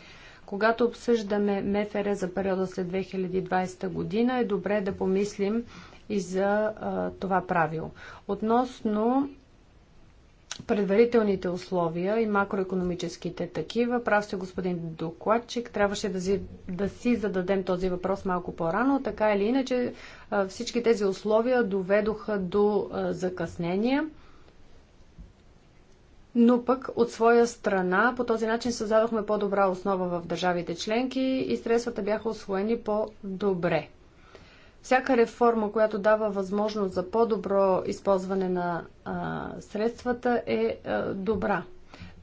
Когато обсъждаме МФР за периода след 2020 година, е добре да помислим и за а, това правило. Относно предварителните условия и макроекономическите такива. Прав сте, господин докладчик. Трябваше да си, да си зададем този въпрос малко по-рано. Така или иначе, всички тези условия доведоха до закъснения. Но пък от своя страна по този начин създадохме по-добра основа в държавите членки и средствата бяха освоени по-добре. Всяка реформа, която дава възможност за по-добро използване на а, средствата е а, добра.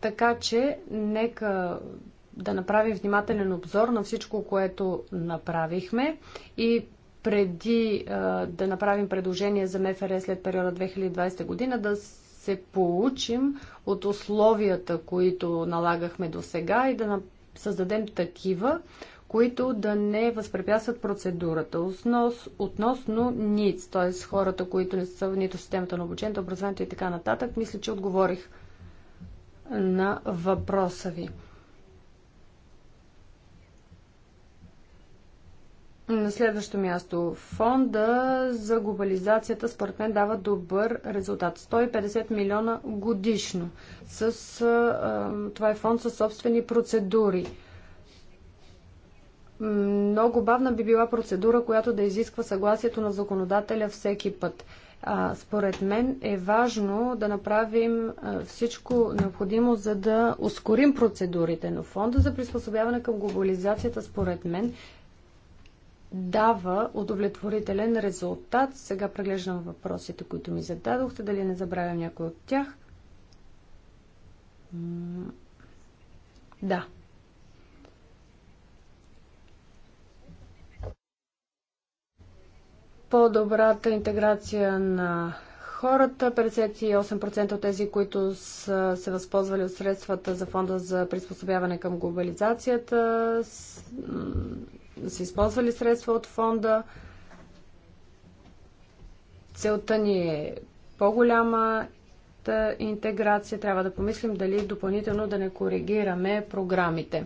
Така че, нека да направим внимателен обзор на всичко, което направихме и преди а, да направим предложение за МФР след периода 2020 година, да се получим от условията, които налагахме до сега и да създадем такива, които да не възпрепятстват процедурата. Основ, относно НИЦ, т.е. хората, които не са нито в системата на обучението, образованието и така нататък, мисля, че отговорих на въпроса ви. На следващо място, фонда за глобализацията според мен дава добър резултат. 150 милиона годишно. С, това е фонд със собствени процедури много бавна би била процедура, която да изисква съгласието на законодателя всеки път. А, според мен е важно да направим а, всичко необходимо, за да ускорим процедурите. Но фонда за приспособяване към глобализацията, според мен, дава удовлетворителен резултат. Сега преглеждам въпросите, които ми зададохте, дали не забравям някой от тях. М да. по-добрата интеграция на хората. 58% от тези, които са се възползвали от средствата за фонда за приспособяване към глобализацията, са използвали средства от фонда. Целта ни е по-голяма интеграция. Трябва да помислим дали допълнително да не коригираме програмите.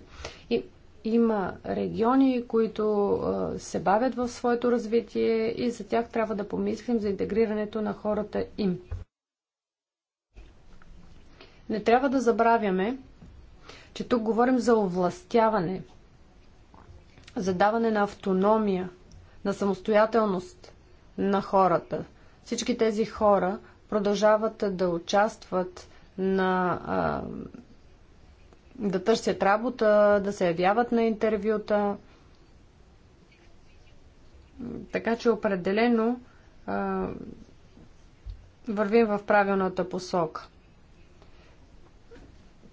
И има региони, които се бавят в своето развитие и за тях трябва да помислим за интегрирането на хората им. Не трябва да забравяме, че тук говорим за овластяване, за даване на автономия, на самостоятелност на хората. Всички тези хора продължават да участват на а, да търсят работа, да се явяват на интервюта. Така че определено а, вървим в правилната посока.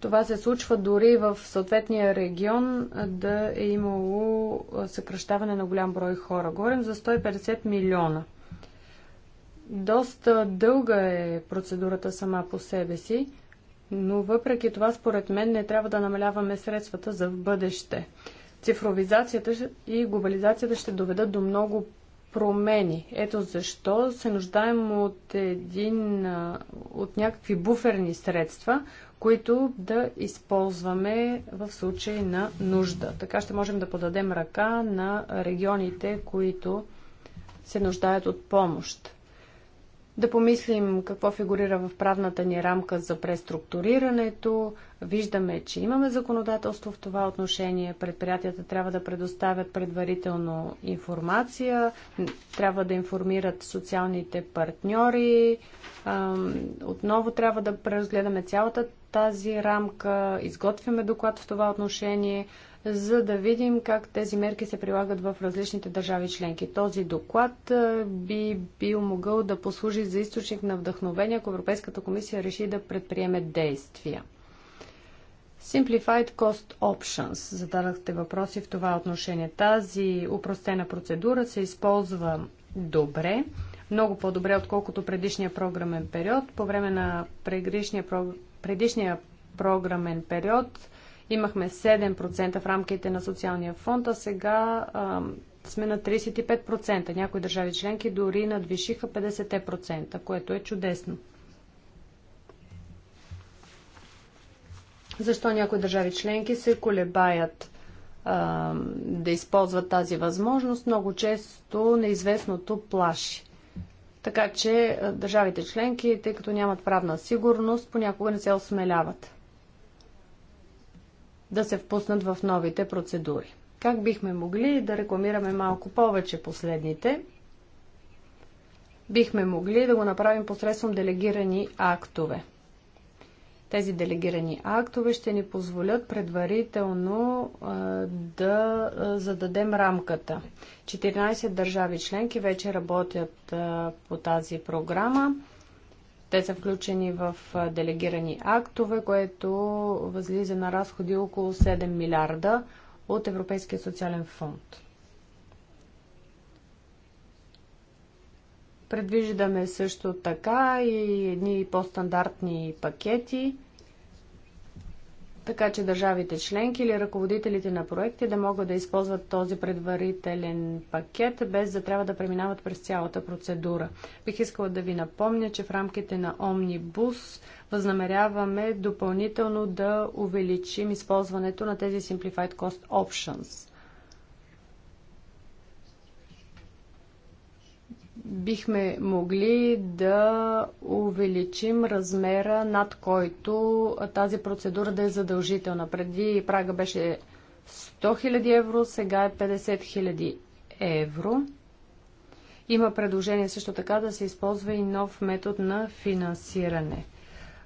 Това се случва дори в съответния регион да е имало съкръщаване на голям брой хора. Говорим за 150 милиона. Доста дълга е процедурата сама по себе си но въпреки това, според мен, не трябва да намаляваме средствата за в бъдеще. Цифровизацията и глобализацията ще доведат до много промени. Ето защо се нуждаем от, един, от някакви буферни средства, които да използваме в случай на нужда. Така ще можем да подадем ръка на регионите, които се нуждаят от помощ да помислим какво фигурира в правната ни рамка за преструктурирането. Виждаме, че имаме законодателство в това отношение. Предприятията трябва да предоставят предварително информация, трябва да информират социалните партньори. Отново трябва да преразгледаме цялата тази рамка, изготвяме доклад в това отношение за да видим как тези мерки се прилагат в различните държави членки. Този доклад би бил могъл да послужи за източник на вдъхновение, ако Европейската комисия реши да предприеме действия. Simplified Cost Options. Зададахте въпроси в това отношение. Тази упростена процедура се използва добре, много по-добре, отколкото предишния програмен период. По време на предишния, предишния програмен период Имахме 7% в рамките на социалния фонд, а сега а, сме на 35%. Някои държави членки дори надвишиха 50%, което е чудесно. Защо някои държави членки се колебаят а, да използват тази възможност? Много често неизвестното плаши. Така че държавите членки, тъй като нямат правна сигурност, понякога не се осмеляват да се впуснат в новите процедури. Как бихме могли да рекламираме малко повече последните? Бихме могли да го направим посредством делегирани актове. Тези делегирани актове ще ни позволят предварително да зададем рамката. 14 държави членки вече работят по тази програма. Те са включени в делегирани актове, което възлиза на разходи около 7 милиарда от Европейския социален фонд. Предвиждаме също така и едни по-стандартни пакети така че държавите членки или ръководителите на проекти да могат да използват този предварителен пакет, без да трябва да преминават през цялата процедура. Бих искала да ви напомня, че в рамките на Omnibus възнамеряваме допълнително да увеличим използването на тези Simplified Cost Options. бихме могли да увеличим размера, над който тази процедура да е задължителна. Преди прага беше 100 000 евро, сега е 50 000 евро. Има предложение също така да се използва и нов метод на финансиране.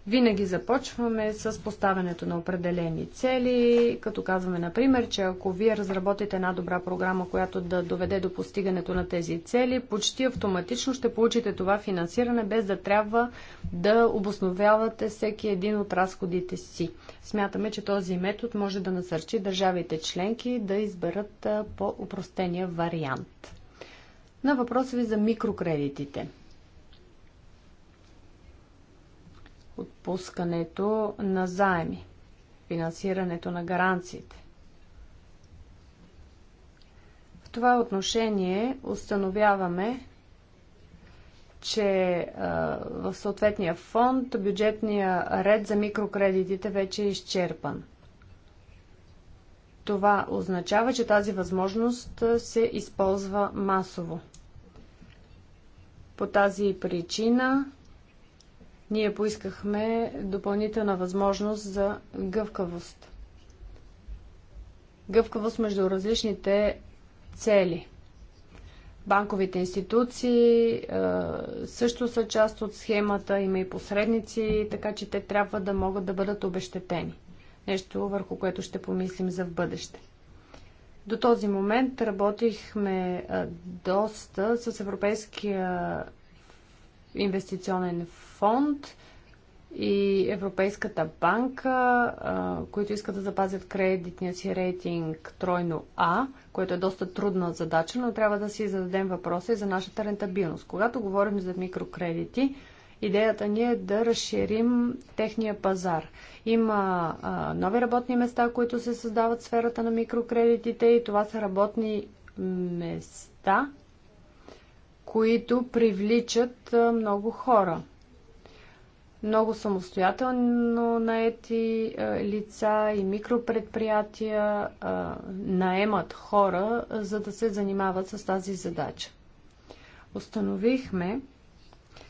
Винаги започваме с поставянето на определени цели, като казваме, например, че ако вие разработите една добра програма, която да доведе до постигането на тези цели, почти автоматично ще получите това финансиране, без да трябва да обосновявате всеки един от разходите си. Смятаме, че този метод може да насърчи държавите членки да изберат по-упростения вариант. На въпроса ви за микрокредитите. отпускането на заеми, финансирането на гаранциите. В това отношение установяваме, че в съответния фонд бюджетния ред за микрокредитите вече е изчерпан. Това означава, че тази възможност се използва масово. По тази причина ние поискахме допълнителна възможност за гъвкавост. Гъвкавост между различните цели. Банковите институции също са част от схемата, има и посредници, така че те трябва да могат да бъдат обещетени. Нещо върху което ще помислим за в бъдеще. До този момент работихме доста с Европейския инвестиционен фонд фонд и Европейската банка, които искат да запазят кредитния си рейтинг тройно А, което е доста трудна задача, но трябва да си зададем въпроса и за нашата рентабилност. Когато говорим за микрокредити, идеята ни е да разширим техния пазар. Има нови работни места, които се създават в сферата на микрокредитите и това са работни места, които привличат много хора много самостоятелно наети лица и микропредприятия наемат хора, за да се занимават с тази задача. Установихме,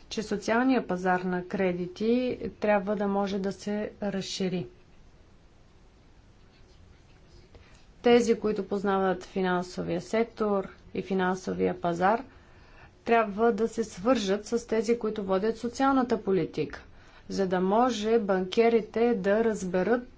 че социалният пазар на кредити трябва да може да се разшири. Тези, които познават финансовия сектор и финансовия пазар, трябва да се свържат с тези, които водят социалната политика за да може банкерите да разберат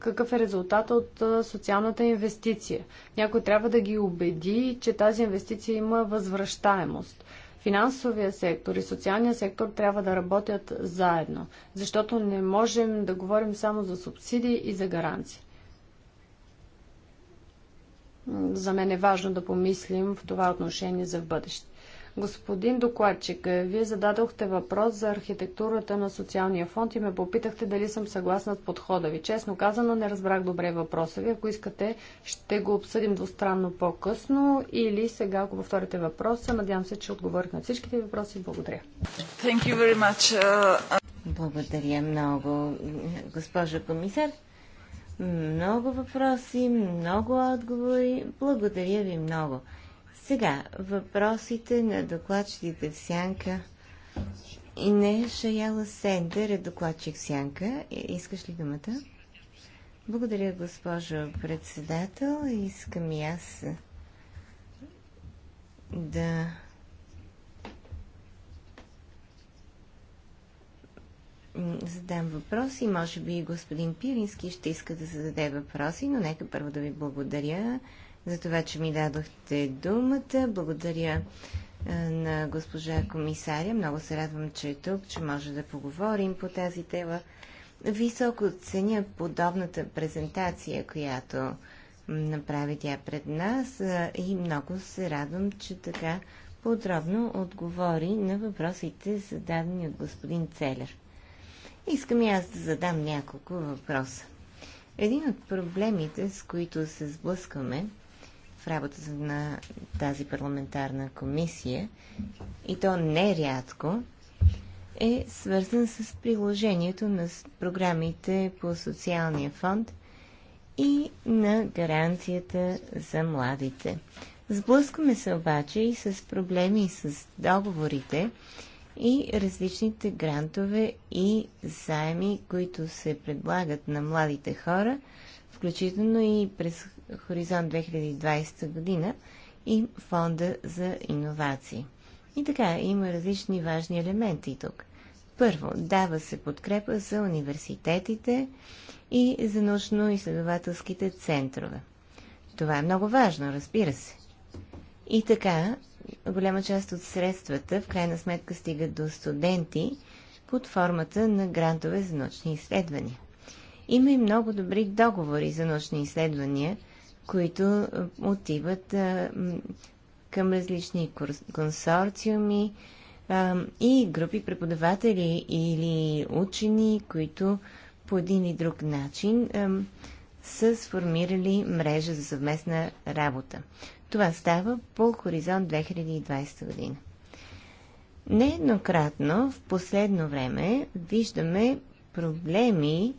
какъв е резултат от социалната инвестиция. Някой трябва да ги убеди, че тази инвестиция има възвръщаемост. Финансовия сектор и социалния сектор трябва да работят заедно, защото не можем да говорим само за субсидии и за гаранции. За мен е важно да помислим в това отношение за в бъдеще. Господин докладчик, вие зададохте въпрос за архитектурата на социалния фонд и ме попитахте дали съм съгласна с подхода ви. Честно казано, не разбрах добре въпроса ви. Ако искате, ще го обсъдим двустранно по-късно или сега, ако повторите въпроса. Надявам се, че отговорих на всичките въпроси. Благодаря. Thank you very much. Uh... uh. Благодаря много, госпожа комисар. Много въпроси, много отговори. Благодаря ви много. Сега, въпросите на докладчиците в Сянка. и не Шаяла Сендер е докладчик Сянка. Искаш ли думата? Благодаря, госпожо председател. Искам и аз да задам въпроси. Може би господин Пирински ще иска да зададе въпроси, но нека първо да ви благодаря за това, че ми дадохте думата. Благодаря на госпожа комисаря. Много се радвам, че е тук, че може да поговорим по тази тема. Високо ценя подобната презентация, която направи тя пред нас и много се радвам, че така подробно отговори на въпросите, зададени от господин Целер. Искам и аз да задам няколко въпроса. Един от проблемите, с които се сблъскваме, в работата на тази парламентарна комисия, и то нерядко, е свързан с приложението на програмите по социалния фонд и на гаранцията за младите. Сблъскваме се обаче и с проблеми с договорите и различните грантове и заеми, които се предлагат на младите хора, включително и през Хоризонт 2020 година и Фонда за иновации. И така, има различни важни елементи тук. Първо, дава се подкрепа за университетите и за научно-изследователските центрове. Това е много важно, разбира се. И така, голяма част от средствата в крайна сметка стигат до студенти под формата на грантове за научни изследвания. Има и много добри договори за научни изследвания – които е, отиват а, е, към различни консорциуми а, е, и групи преподаватели или учени, които по един и друг начин а, са сформирали мрежа за съвместна работа. Това става по хоризонт 2020 година. Нееднократно в последно време виждаме проблеми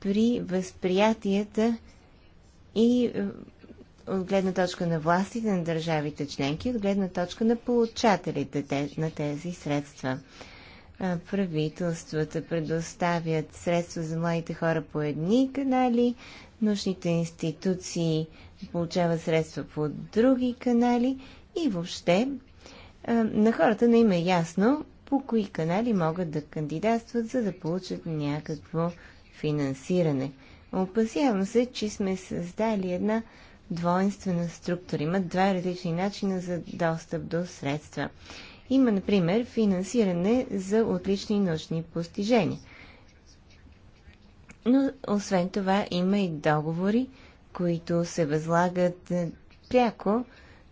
при възприятията и е, от гледна точка на властите на държавите членки, от гледна точка на получателите на тези средства. Е, правителствата предоставят средства за младите хора по едни канали, нужните институции получават средства по други канали и въобще е, на хората не им е ясно по кои канали могат да кандидатстват, за да получат някакво финансиране. Опасявам се, че сме създали една двойствена структура. Има два различни начина за достъп до средства. Има, например, финансиране за отлични научни постижения. Но, освен това, има и договори, които се възлагат е, пряко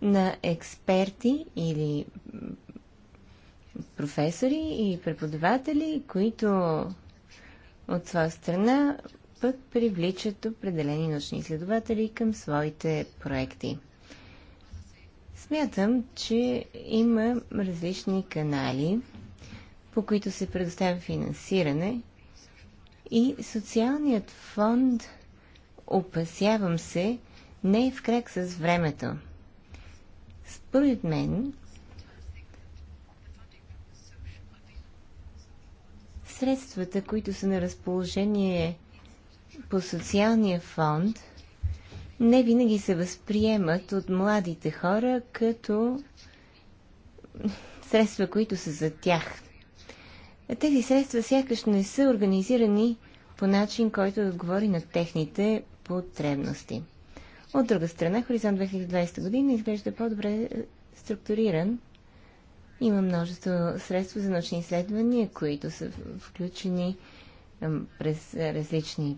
на експерти или професори и преподаватели, които от своя страна пък привличат определени научни изследователи към своите проекти. Смятам, че има различни канали, по които се предоставя финансиране и социалният фонд, опасявам се, не е в крак с времето. Според мен, средствата, които са на разположение по социалния фонд не винаги се възприемат от младите хора като средства, които са за тях. Тези средства сякаш не са организирани по начин, който да отговори на техните потребности. От друга страна, Хоризонт 2020 година изглежда по-добре е, структуриран. Има множество средства за научни изследвания, които са включени през различни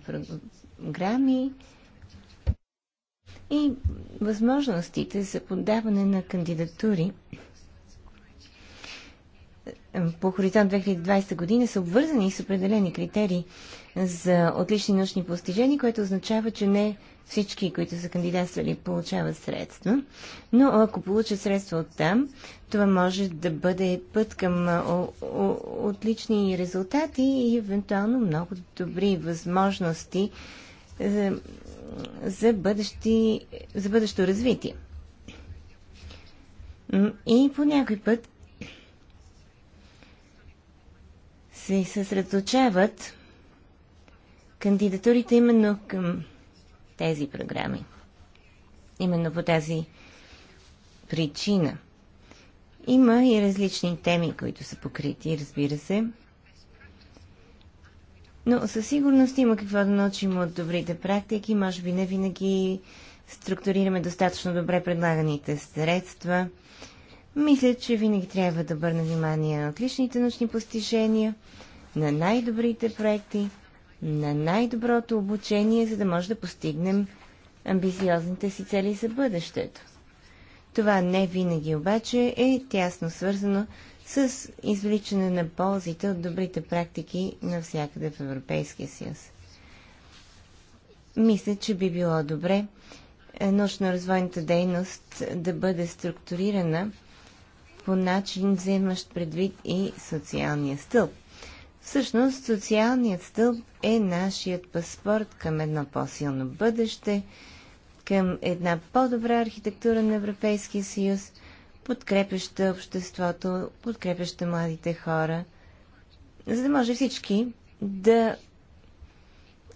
програми и възможностите за подаване на кандидатури по Хоризонт 2020 година са обвързани с определени критерии за отлични научни постижения, което означава, че не всички, които са кандидатствали, получават средства. Но ако получат средства от там, това може да бъде път към отлични резултати и евентуално много добри възможности за, е, за, бъдещи, за бъдещо развитие. И по някой път се съсредоточават кандидатурите именно към тези програми. Именно по тази причина. Има и различни теми, които са покрити, разбира се. Но със сигурност има какво да научим от добрите практики. Може би не винаги структурираме достатъчно добре предлаганите средства. Мисля, че винаги трябва да обърна внимание на отличните научни постижения, на най-добрите проекти – на най-доброто обучение, за да може да постигнем амбициозните си цели за бъдещето. Това не винаги обаче е тясно свързано с извличане на ползите от добрите практики навсякъде в Европейския съюз. Мисля, че би било добре е, научно-развойната дейност да бъде структурирана по начин, вземащ предвид и социалния стълб – Всъщност, социалният стълб е нашият паспорт към едно по-силно бъдеще, към една по-добра архитектура на Европейския съюз, подкрепяща обществото, подкрепяща младите хора, за да може всички да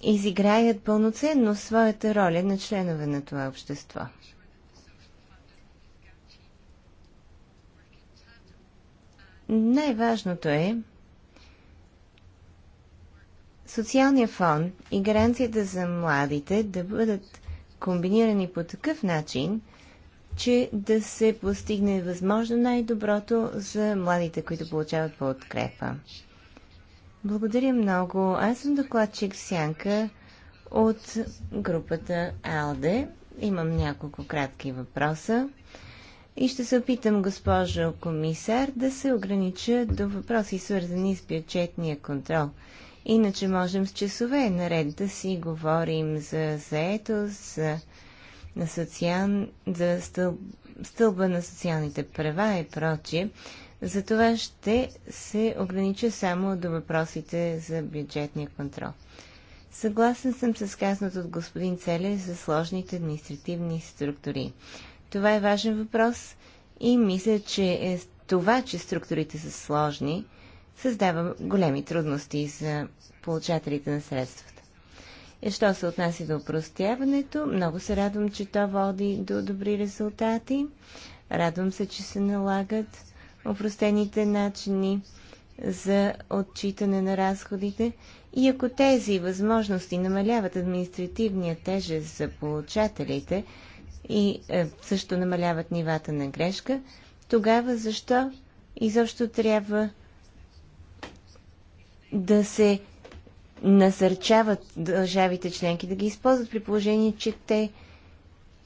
изиграят пълноценно своята роля на членове на това общество. Най-важното е социалния фонд и гаранцията за младите да бъдат комбинирани по такъв начин, че да се постигне възможно най-доброто за младите, които получават подкрепа. Благодаря много. Аз съм докладчик Сянка от групата АЛДЕ. Имам няколко кратки въпроса и ще се опитам, госпожо комисар, да се огранича до въпроси, свързани с бюджетния контрол Иначе можем с часове наред да си говорим за заетост, за, на социал... за стъл... стълба на социалните права и прочие. това ще се огранича само до въпросите за бюджетния контрол. Съгласен съм с казаното от господин Целе за сложните административни структури. Това е важен въпрос и мисля, че е това, че структурите са сложни – създава големи трудности за получателите на средствата. И що се отнася до упростяването, много се радвам, че то води до добри резултати. Радвам се, че се налагат упростените начини за отчитане на разходите и ако тези възможности намаляват административния тежест за получателите и е, също намаляват нивата на грешка, тогава защо изобщо трябва да се насърчават държавите членки да ги използват при положение, че те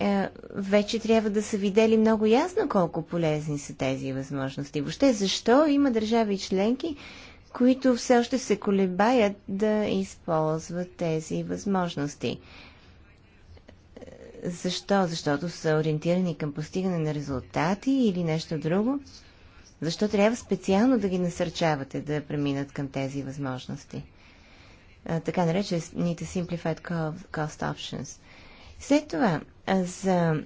е, вече трябва да са видели много ясно колко полезни са тези възможности. Въобще, защо има държави членки, които все още се колебаят да използват тези възможности? Защо? Защото са ориентирани към постигане на резултати или нещо друго? Защо трябва специално да ги насърчавате да преминат към тези възможности? Така така наречените Simplified Cost Options. След това, за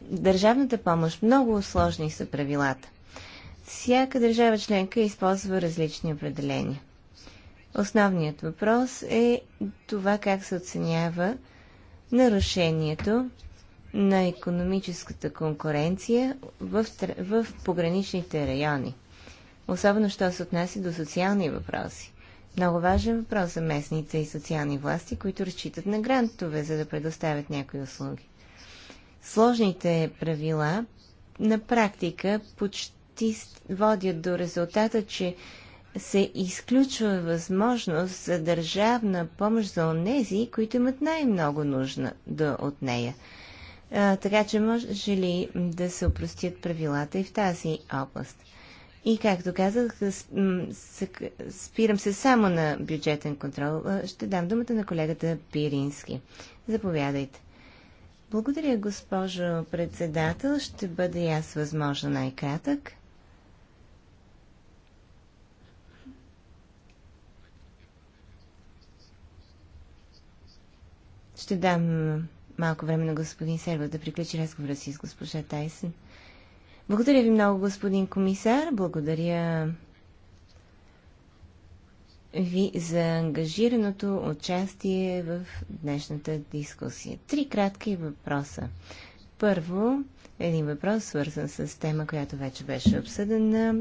държавната помощ много сложни са правилата. Всяка държава членка използва различни определения. Основният въпрос е това как се оценява нарушението на економическата конкуренция в, в пограничните райони. Особено, що се отнася до социални въпроси. Много важен въпрос за местните и социални власти, които разчитат на грантове, за да предоставят някои услуги. Сложните правила на практика почти водят до резултата, че се изключва възможност за държавна помощ за онези, които имат най-много нужда от нея. А, така че може ли да се опростят правилата и в тази област? И както казах, спирам се само на бюджетен контрол. Ще дам думата на колегата Пирински. Заповядайте. Благодаря, госпожо председател. Ще бъде и аз възможно най-кратък. Ще дам малко време на господин Серва да приключи разговора си с госпожа Тайсън. Благодаря ви много, господин комисар. Благодаря ви за ангажираното участие в днешната дискусия. Три кратки въпроса. Първо, един въпрос, свързан с тема, която вече беше обсъдена.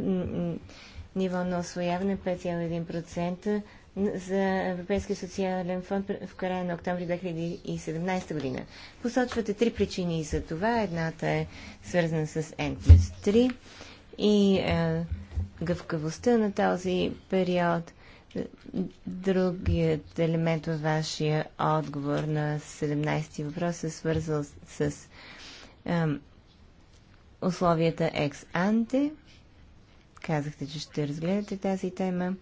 Ниво на освояване 5,1% за Европейския социален фонд в края на октомври 2017 година. Посочвате три причини за това. Едната е свързана с N плюс 3 и е, гъвкавостта на този период. Другият елемент във вашия отговор на 17-ти въпрос е свързал с, с е, условията екс-анте. Казахте, че ще разгледате тази тема.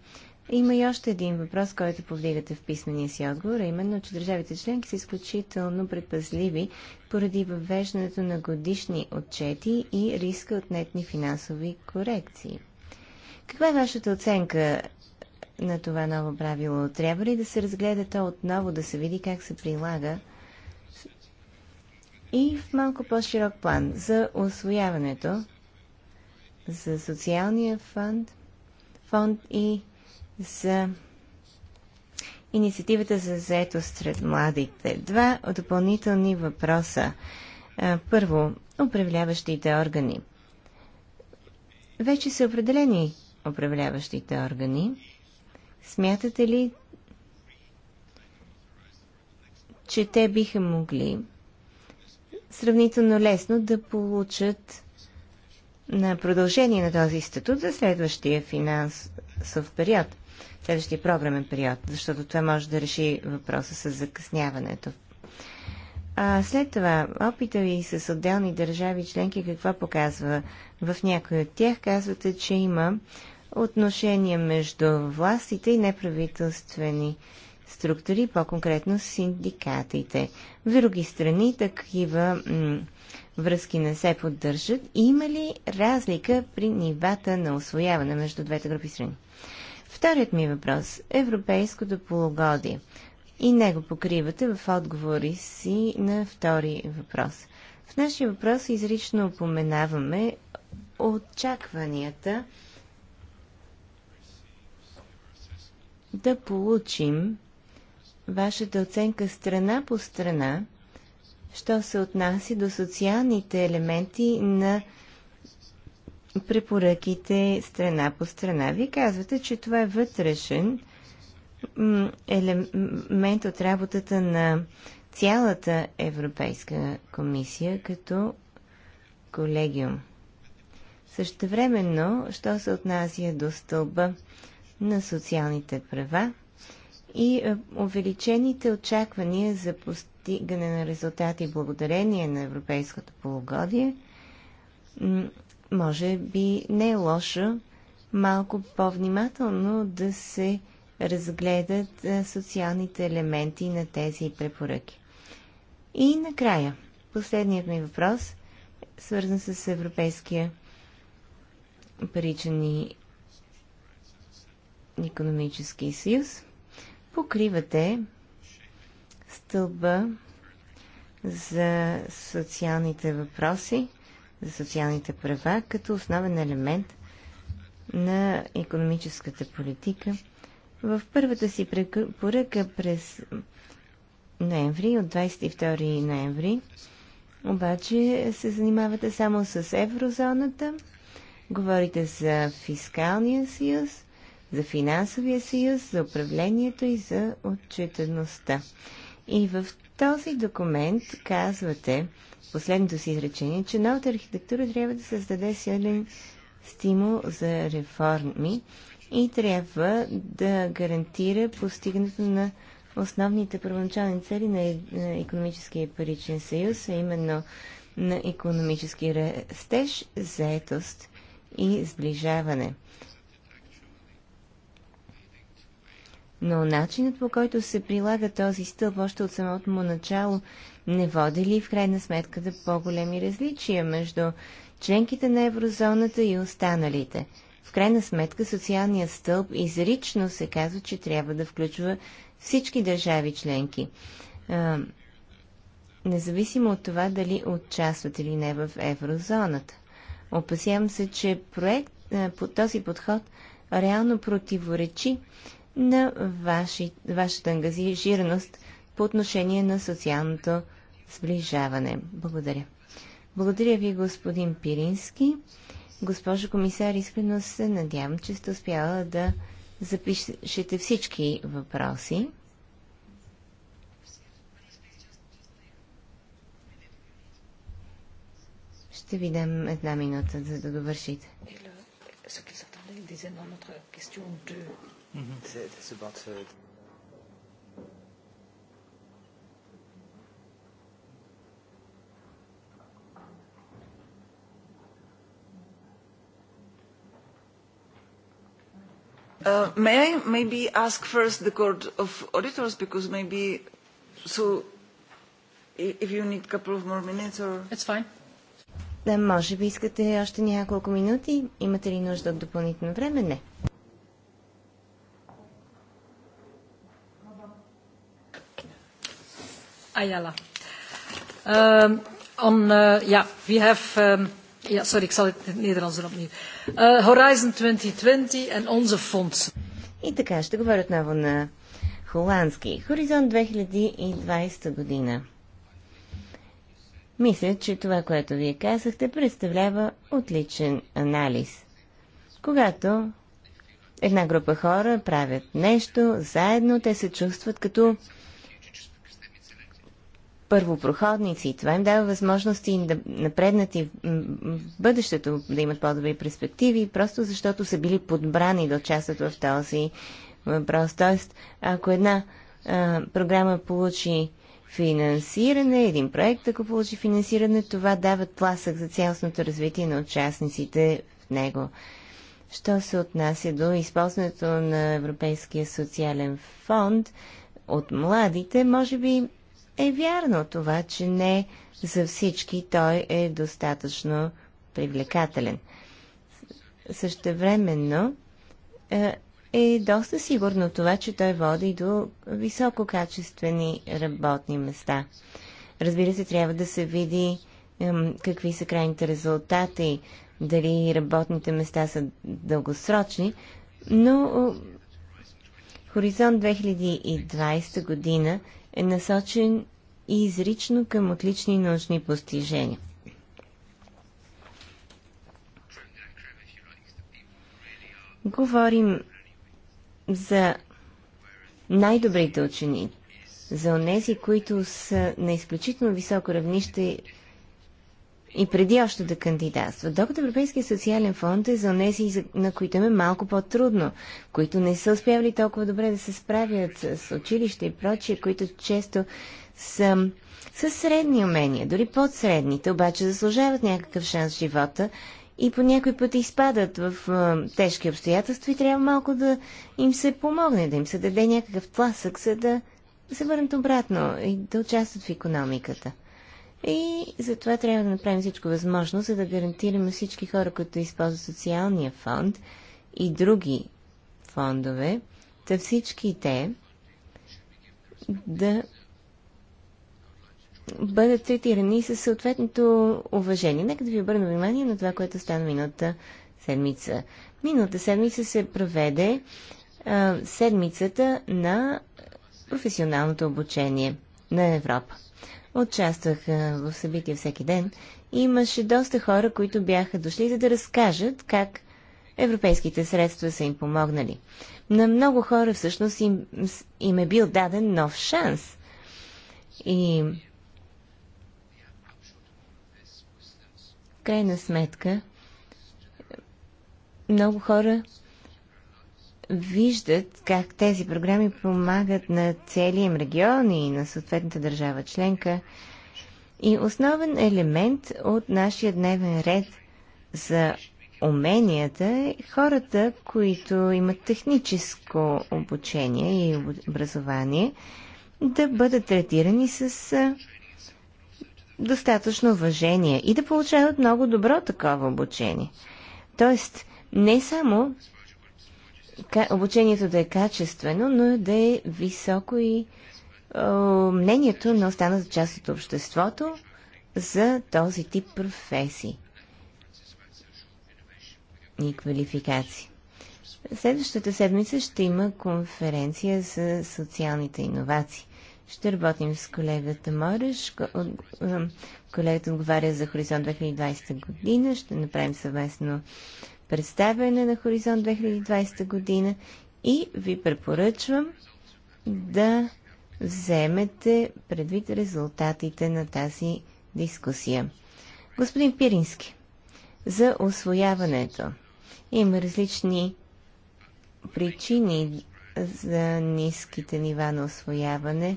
Има и още един въпрос, който повдигате в писмения си отговор, а именно, че държавите членки са изключително предпазливи поради въвеждането на годишни отчети и риска от нетни финансови корекции. Каква е вашата оценка на това ново правило? Трябва ли да се разгледа то отново, да се види как се прилага? И в малко по-широк план за освояването, за социалния фонд, фонд и за инициативата за заетост сред младите. Два допълнителни въпроса. Първо, управляващите органи. Вече са определени управляващите органи. Смятате ли, че те биха могли сравнително лесно да получат на продължение на този статут за следващия финансов период? следващия програмен период, защото това може да реши въпроса с закъсняването. А след това, опита ви с отделни държави членки, какво показва? В някои от тях казвате, че има отношения между властите и неправителствени структури, по-конкретно синдикатите. В други страни такива връзки не се поддържат. Има ли разлика при нивата на освояване между двете групи страни? Вторият ми въпрос – европейското полугодие. И него покривате в отговори си на втори въпрос. В нашия въпрос изрично упоменаваме очакванията да получим вашата оценка страна по страна, що се отнася до социалните елементи на препоръките страна по страна. Вие казвате, че това е вътрешен елемент от работата на цялата Европейска комисия като колегиум. Същевременно, що се отнася до стълба на социалните права и е, увеличените очаквания за постигане на резултати благодарение на европейското полугодие, може би не е лошо малко по-внимателно да се разгледат е, социалните елементи на тези препоръки. И накрая, последният ми въпрос, свързан с Европейския паричен и економически съюз, покривате стълба за социалните въпроси, за социалните права като основен елемент на економическата политика. В първата си поръка през ноември, от 22 ноември, обаче се занимавате само с еврозоната, говорите за фискалния съюз, за финансовия съюз, за управлението и за отчетеността. И в този документ казвате, последното си изречение, че новата архитектура трябва да създаде силен стимул за реформи и трябва да гарантира постигането на основните първоначални цели е, на економическия паричен съюз, а именно на економически растеж, заетост и сближаване. Но начинът по който се прилага този стълб още от самото му начало не води ли в крайна сметка да по-големи различия между членките на еврозоната и останалите? В крайна сметка социалният стълб изрично се казва, че трябва да включва всички държави членки. А, независимо от това дали участват или не в еврозоната. Опасявам се, че проект, а, по този подход реално противоречи на ваши, вашата ангажираност по отношение на социалното сближаване. Благодаря. Благодаря ви, господин Пирински. Госпожо комисар, искрено се надявам, че сте успяла да запишете всички въпроси. Ще ви дам една минута, за да довършите. Mm-hmm. C'est, c'est may I maybe ask first the Court of Auditors, because maybe, so, if you need a couple of more minutes or... It's fine. Да, може би искате още няколко минути. Имате ли нужда от допълнително време? Не. Ayala. Um, on, uh, yeah, we have um, sorry, ik zal het in het Nederlands opnieuw. Uh, Horizon 2020 en onze И така, ще говоря отново на холандски. Хоризонт 2020 година. Мисля, че това, което вие казахте, представлява отличен анализ. Когато една група хора правят нещо заедно, те се чувстват като първопроходници. И това им дава възможности да напреднат и в бъдещето да имат по-добри перспективи, просто защото са били подбрани да участват в този въпрос. Тоест, ако една а, програма получи финансиране, един проект, ако получи финансиране, това дава тласък за цялостното развитие на участниците в него. Що се отнася до използването на Европейския социален фонд от младите, може би е вярно това, че не за всички той е достатъчно привлекателен. Същевременно е, е доста сигурно това, че той води до висококачествени работни места. Разбира се, трябва да се види какви са крайните резултати, дали работните места са дългосрочни, но е, Хоризонт 2020 година е насочен и изрично към отлични научни постижения. Говорим за най-добрите учени, за онези, които са на изключително високо равнище и преди още да кандидатства. Докато Европейския социален фонд е за тези, на които им е малко по-трудно, които не са успявали толкова добре да се справят с училище и прочие, които често са със средни умения, дори под средните, обаче заслужават някакъв шанс в живота и по някой път изпадат в тежки обстоятелства и трябва малко да им се помогне, да им се даде някакъв тласък, за да се върнат обратно и да участват в економиката. И затова трябва да направим всичко възможно, за да гарантираме всички хора, които използват социалния фонд и други фондове, да всички те да бъдат третирани със съответното уважение. Нека да ви обърна внимание на това, което стана миналата седмица. Миналата седмица се проведе а, седмицата на професионалното обучение на Европа участвах в събития всеки ден. Имаше доста хора, които бяха дошли за да разкажат как европейските средства са им помогнали. На много хора всъщност им, им е бил даден нов шанс. И в крайна сметка много хора виждат как тези програми помагат на целия им регион и на съответната държава членка. И основен елемент от нашия дневен ред за уменията е хората, които имат техническо обучение и образование, да бъдат третирани с достатъчно уважение и да получават много добро такова обучение. Тоест, не само обучението да е качествено, но да е високо и мнението на останата част от обществото за този тип професии и квалификации. Следващата седмица ще има конференция за социалните иновации. Ще работим с колегата Мореш, колегата отговаря за Хоризонт 2020 година, ще направим съвместно представяне на Хоризонт 2020 година и ви препоръчвам да вземете предвид резултатите на тази дискусия. Господин Пирински, за освояването има различни причини за ниските нива на освояване,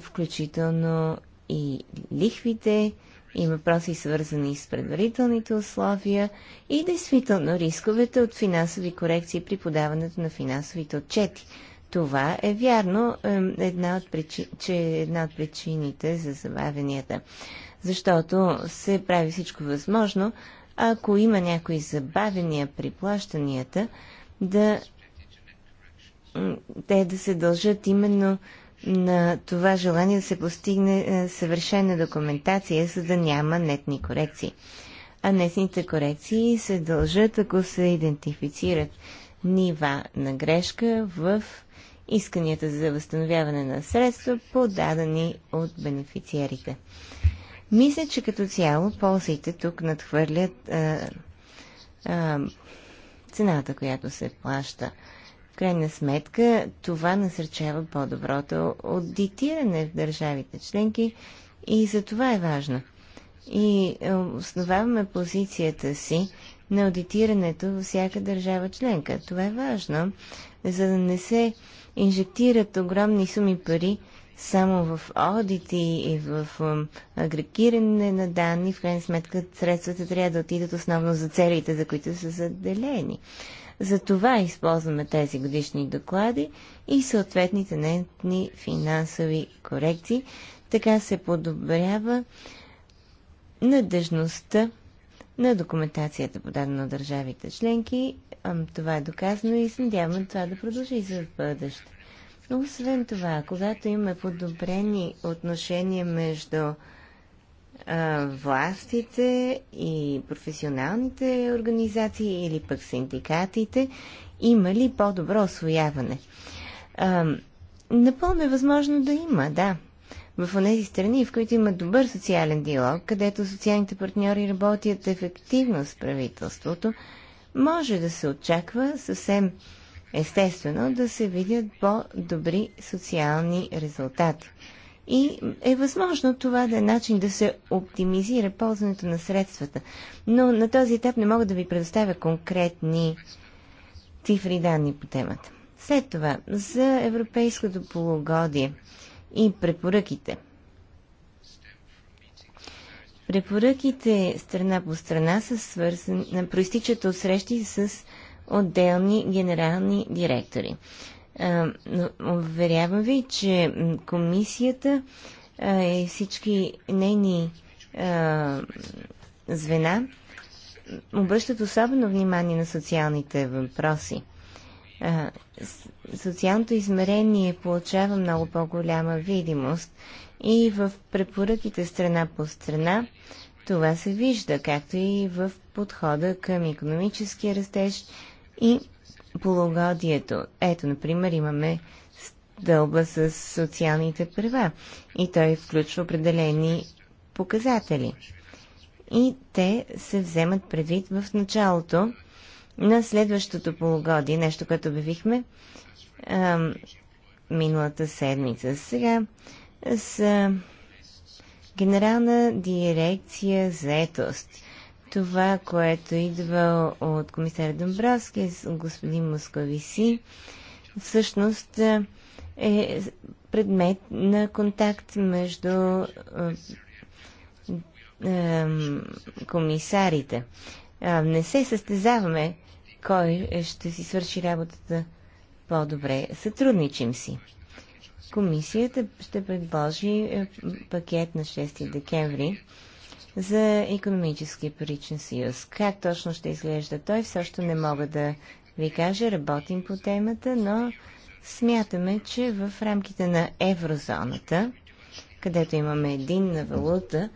включително и лихвите, и въпроси свързани с предварителните условия и действително рисковете от финансови корекции при подаването на финансовите отчети. Това е вярно, една от причи... че е една от причините за забавенията. Защото се прави всичко възможно, ако има някои забавения при плащанията, да те да се дължат именно на това желание да се постигне е, съвършена документация, за да няма нетни корекции. А нетните корекции се дължат, ако се идентифицират нива на грешка в исканията за възстановяване на средства, подадени от бенефициерите. Мисля, че като цяло ползите тук надхвърлят а, е, а, е, цената, която се плаща. В крайна сметка това насърчава по-доброто аудитиране в държавите членки и за това е важно. И е, основаваме позицията си на аудитирането във всяка държава членка. Това е важно, за да не се инжектират огромни суми пари само в аудити и в е, агрегиране на данни. В крайна сметка средствата трябва да отидат основно за целите, за които са заделени. За това използваме тези годишни доклади и съответните нетни финансови корекции. Така се подобрява надежността на документацията, подадена на държавите членки. Това е доказано и се надяваме това да продължи за бъдеще. Но освен това, когато имаме подобрени отношения между властите и професионалните организации или пък синдикатите има ли по-добро освояване? А, напълно е възможно да има, да. В тези страни, в които има добър социален диалог, където социалните партньори работят ефективно с правителството, може да се очаква съвсем естествено да се видят по-добри социални резултати. И е възможно това да е начин да се оптимизира ползването на средствата. Но на този етап не мога да ви предоставя конкретни цифри и данни по темата. След това, за европейското полугодие и препоръките. Препоръките страна по страна са свързани, проистичат от срещи с отделни генерални директори. Е, уверявам ви, че комисията е, и всички нейни е, звена обръщат особено внимание на социалните въпроси. Социалното измерение получава много по-голяма видимост и в препоръките страна по страна това се вижда, както и в подхода към економическия растеж и полугодието. Ето, например, имаме стълба с социалните права и той включва определени показатели. И те се вземат предвид в началото на следващото полугодие, нещо, което обявихме миналата седмица. Сега с а, Генерална дирекция заетост това, което идва от комисар Домбровски, господин Московиси, всъщност е, е предмет на контакт между е, е, комисарите. Не се състезаваме кой ще си свърши работата по-добре. Сътрудничим си. Комисията ще предложи пакет на 6 декември за економически паричен съюз. Как точно ще изглежда той, все още не мога да ви кажа. Работим по темата, но смятаме, че в рамките на еврозоната, където имаме единна валута,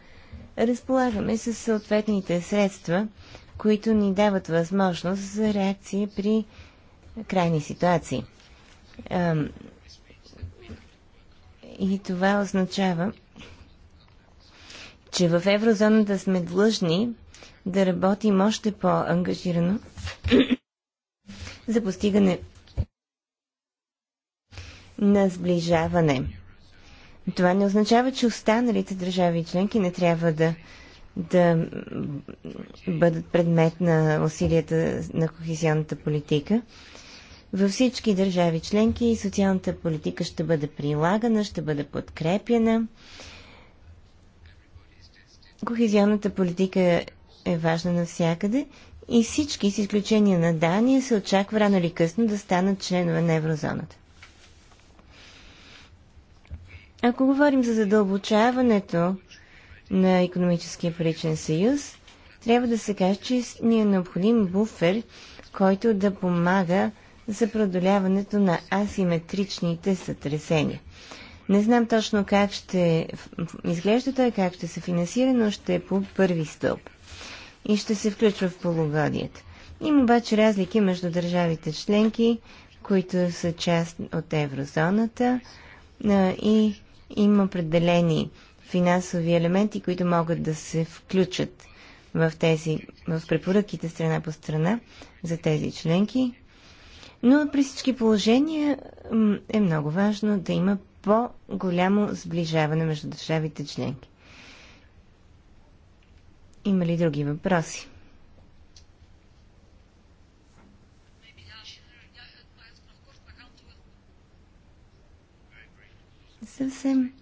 разполагаме с съответните средства, които ни дават възможност за реакция при крайни ситуации. И това означава, че в еврозоната сме длъжни да работим още по-ангажирано за постигане на сближаване. Това не означава, че останалите държави и членки не трябва да, да бъдат предмет на усилията на кохезионната политика. Във всички държави членки социалната политика ще бъде прилагана, ще бъде подкрепена Кохезионната политика е важна навсякъде и всички, с изключение на Дания, се очаква рано или късно да станат членове на еврозоната. Ако говорим за задълбочаването на економическия паричен съюз, трябва да се каже, че ни е необходим буфер, който да помага за преодоляването на асиметричните сътресения. Не знам точно как ще изглежда той, как ще се финансира, но ще е по първи стълб и ще се включва в полугодието. Има обаче разлики между държавите членки, които са част от еврозоната и има определени финансови елементи, които могат да се включат в, тези, в препоръките страна по страна за тези членки. Но при всички положения е много важно да има по-голямо сближаване между държавите членки. Има ли други въпроси? Съвсем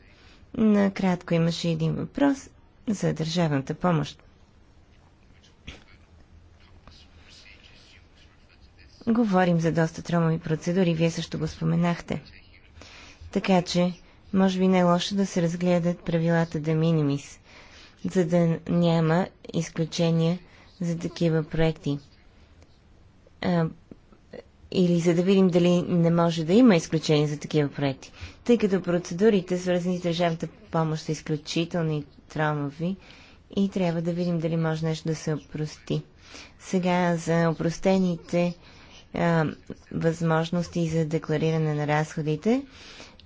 накратко имаше един въпрос за държавната помощ. Говорим за доста тромови процедури, вие също го споменахте. Така че, може би не е лошо да се разгледат правилата да минимис, за да няма изключения за такива проекти. А, или за да видим дали не може да има изключения за такива проекти. Тъй като процедурите, свързани с държавната помощ, са изключително травмови и трябва да видим дали може нещо да се опрости. Сега за опростените а, възможности за деклариране на разходите.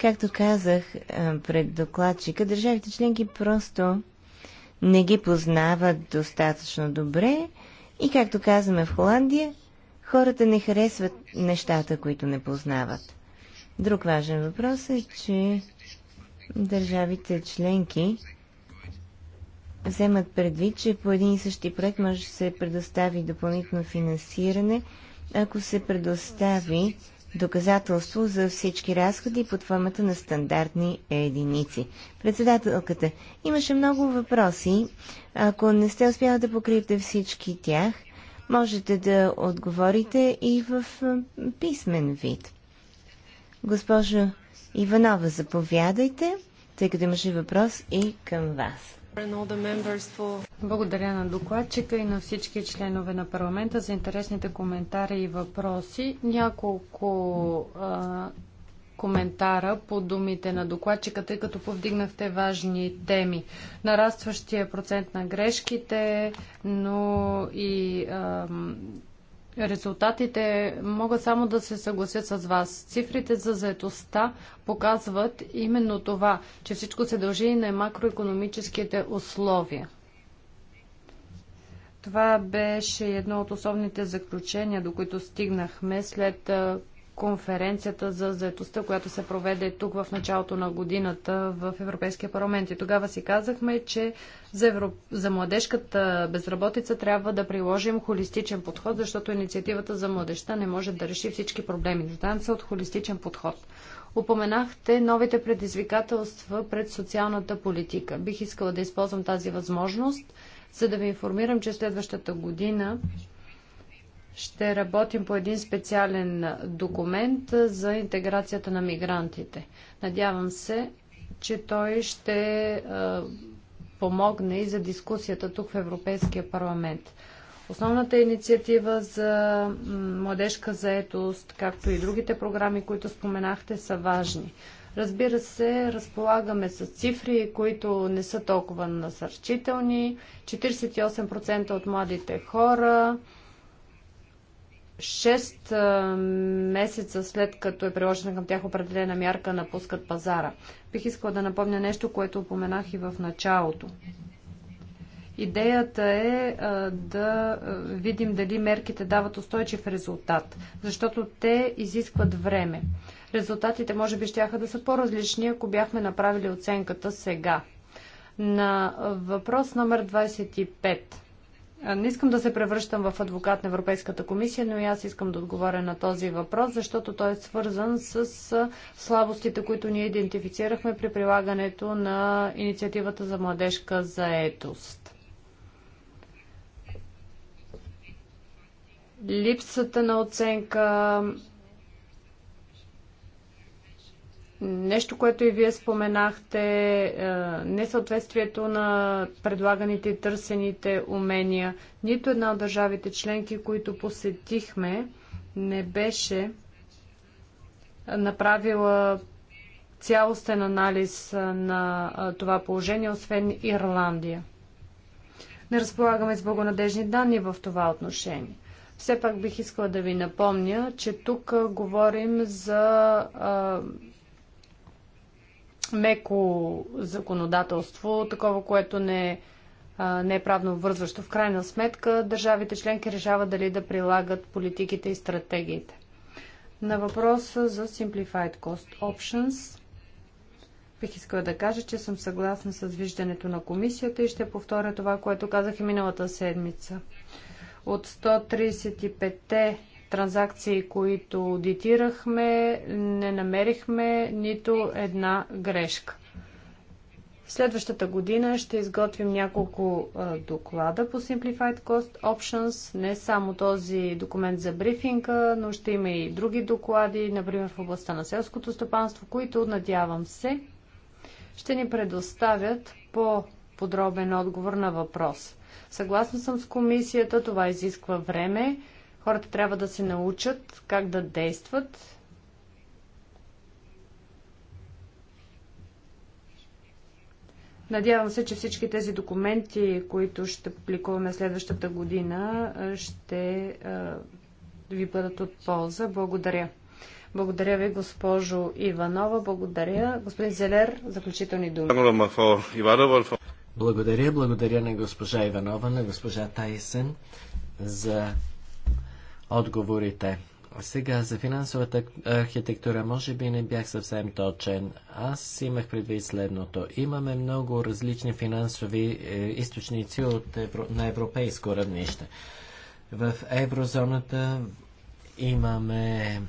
Както казах пред докладчика, държавите членки просто не ги познават достатъчно добре и, както казваме в Холандия, хората не харесват нещата, които не познават. Друг важен въпрос е, че държавите членки вземат предвид, че по един и същи проект може да се предостави допълнително финансиране, ако се предостави доказателство за всички разходи под формата на стандартни единици. Председателката, имаше много въпроси. Ако не сте успяли да покриете всички тях, можете да отговорите и в писмен вид. Госпожо Иванова, заповядайте, тъй като имаше въпрос и към вас. Благодаря на докладчика и на всички членове на парламента за интересните коментари и въпроси. Няколко а, коментара по думите на докладчика, тъй като повдигнахте важни теми. Нарастващия процент на грешките, но и а, Резултатите могат само да се съгласят с вас. Цифрите за заетостта показват именно това, че всичко се дължи и на макроекономическите условия. Това беше едно от основните заключения, до които стигнахме след конференцията за заетостта, която се проведе тук в началото на годината в Европейския парламент. И тогава си казахме, че за, евро... за младежката безработица трябва да приложим холистичен подход, защото инициативата за младежта не може да реши всички проблеми. Нуждаем се от холистичен подход. Упоменахте новите предизвикателства пред социалната политика. Бих искала да използвам тази възможност, за да ви информирам, че следващата година ще работим по един специален документ за интеграцията на мигрантите. Надявам се, че той ще помогне и за дискусията тук в Европейския парламент. Основната инициатива за младежка заетост, както и другите програми, които споменахте, са важни. Разбира се, разполагаме с цифри, които не са толкова насърчителни. 48% от младите хора 6 месеца след като е приложена към тях определена мярка, напускат пазара. Бих искала да напомня нещо, което упоменах и в началото. Идеята е да видим дали мерките дават устойчив резултат, защото те изискват време. Резултатите може би ще да са по-различни, ако бяхме направили оценката сега. На въпрос номер 25. Не искам да се превръщам в адвокат на Европейската комисия, но и аз искам да отговоря на този въпрос, защото той е свързан с слабостите, които ние идентифицирахме при прилагането на инициативата за младежка заетост. Липсата на оценка, Нещо, което и вие споменахте, е, несъответствието на предлаганите и търсените умения. Нито една от държавите членки, които посетихме, не беше направила цялостен анализ на е, това положение, освен Ирландия. Не разполагаме с благонадежни данни в това отношение. Все пак бих искала да ви напомня, че тук е, говорим за меко законодателство, такова, което не, не е правно вързващо. В крайна сметка, държавите членки решават дали да прилагат политиките и стратегиите. На въпроса за Simplified Cost Options бих искала да кажа, че съм съгласна с виждането на комисията и ще повторя това, което казах и миналата седмица. От 135-те транзакции, които аудитирахме, не намерихме нито една грешка. Следващата година ще изготвим няколко доклада по Simplified Cost Options, не само този документ за брифинга, но ще има и други доклади, например в областта на селското стопанство, които, надявам се, ще ни предоставят по-подробен отговор на въпрос. Съгласна съм с комисията, това изисква време, Хората трябва да се научат как да действат. Надявам се, че всички тези документи, които ще публикуваме следващата година, ще ви бъдат от полза. Благодаря. Благодаря ви, госпожо Иванова. Благодаря. Господин Зелер, заключителни думи. Благодаря, благодаря на госпожа Иванова, на госпожа Тайсен за отговорите. Сега за финансовата архитектура може би не бях съвсем точен. Аз имах предвид следното. Имаме много различни финансови е, източници от евро... на европейско равнище. В еврозоната имаме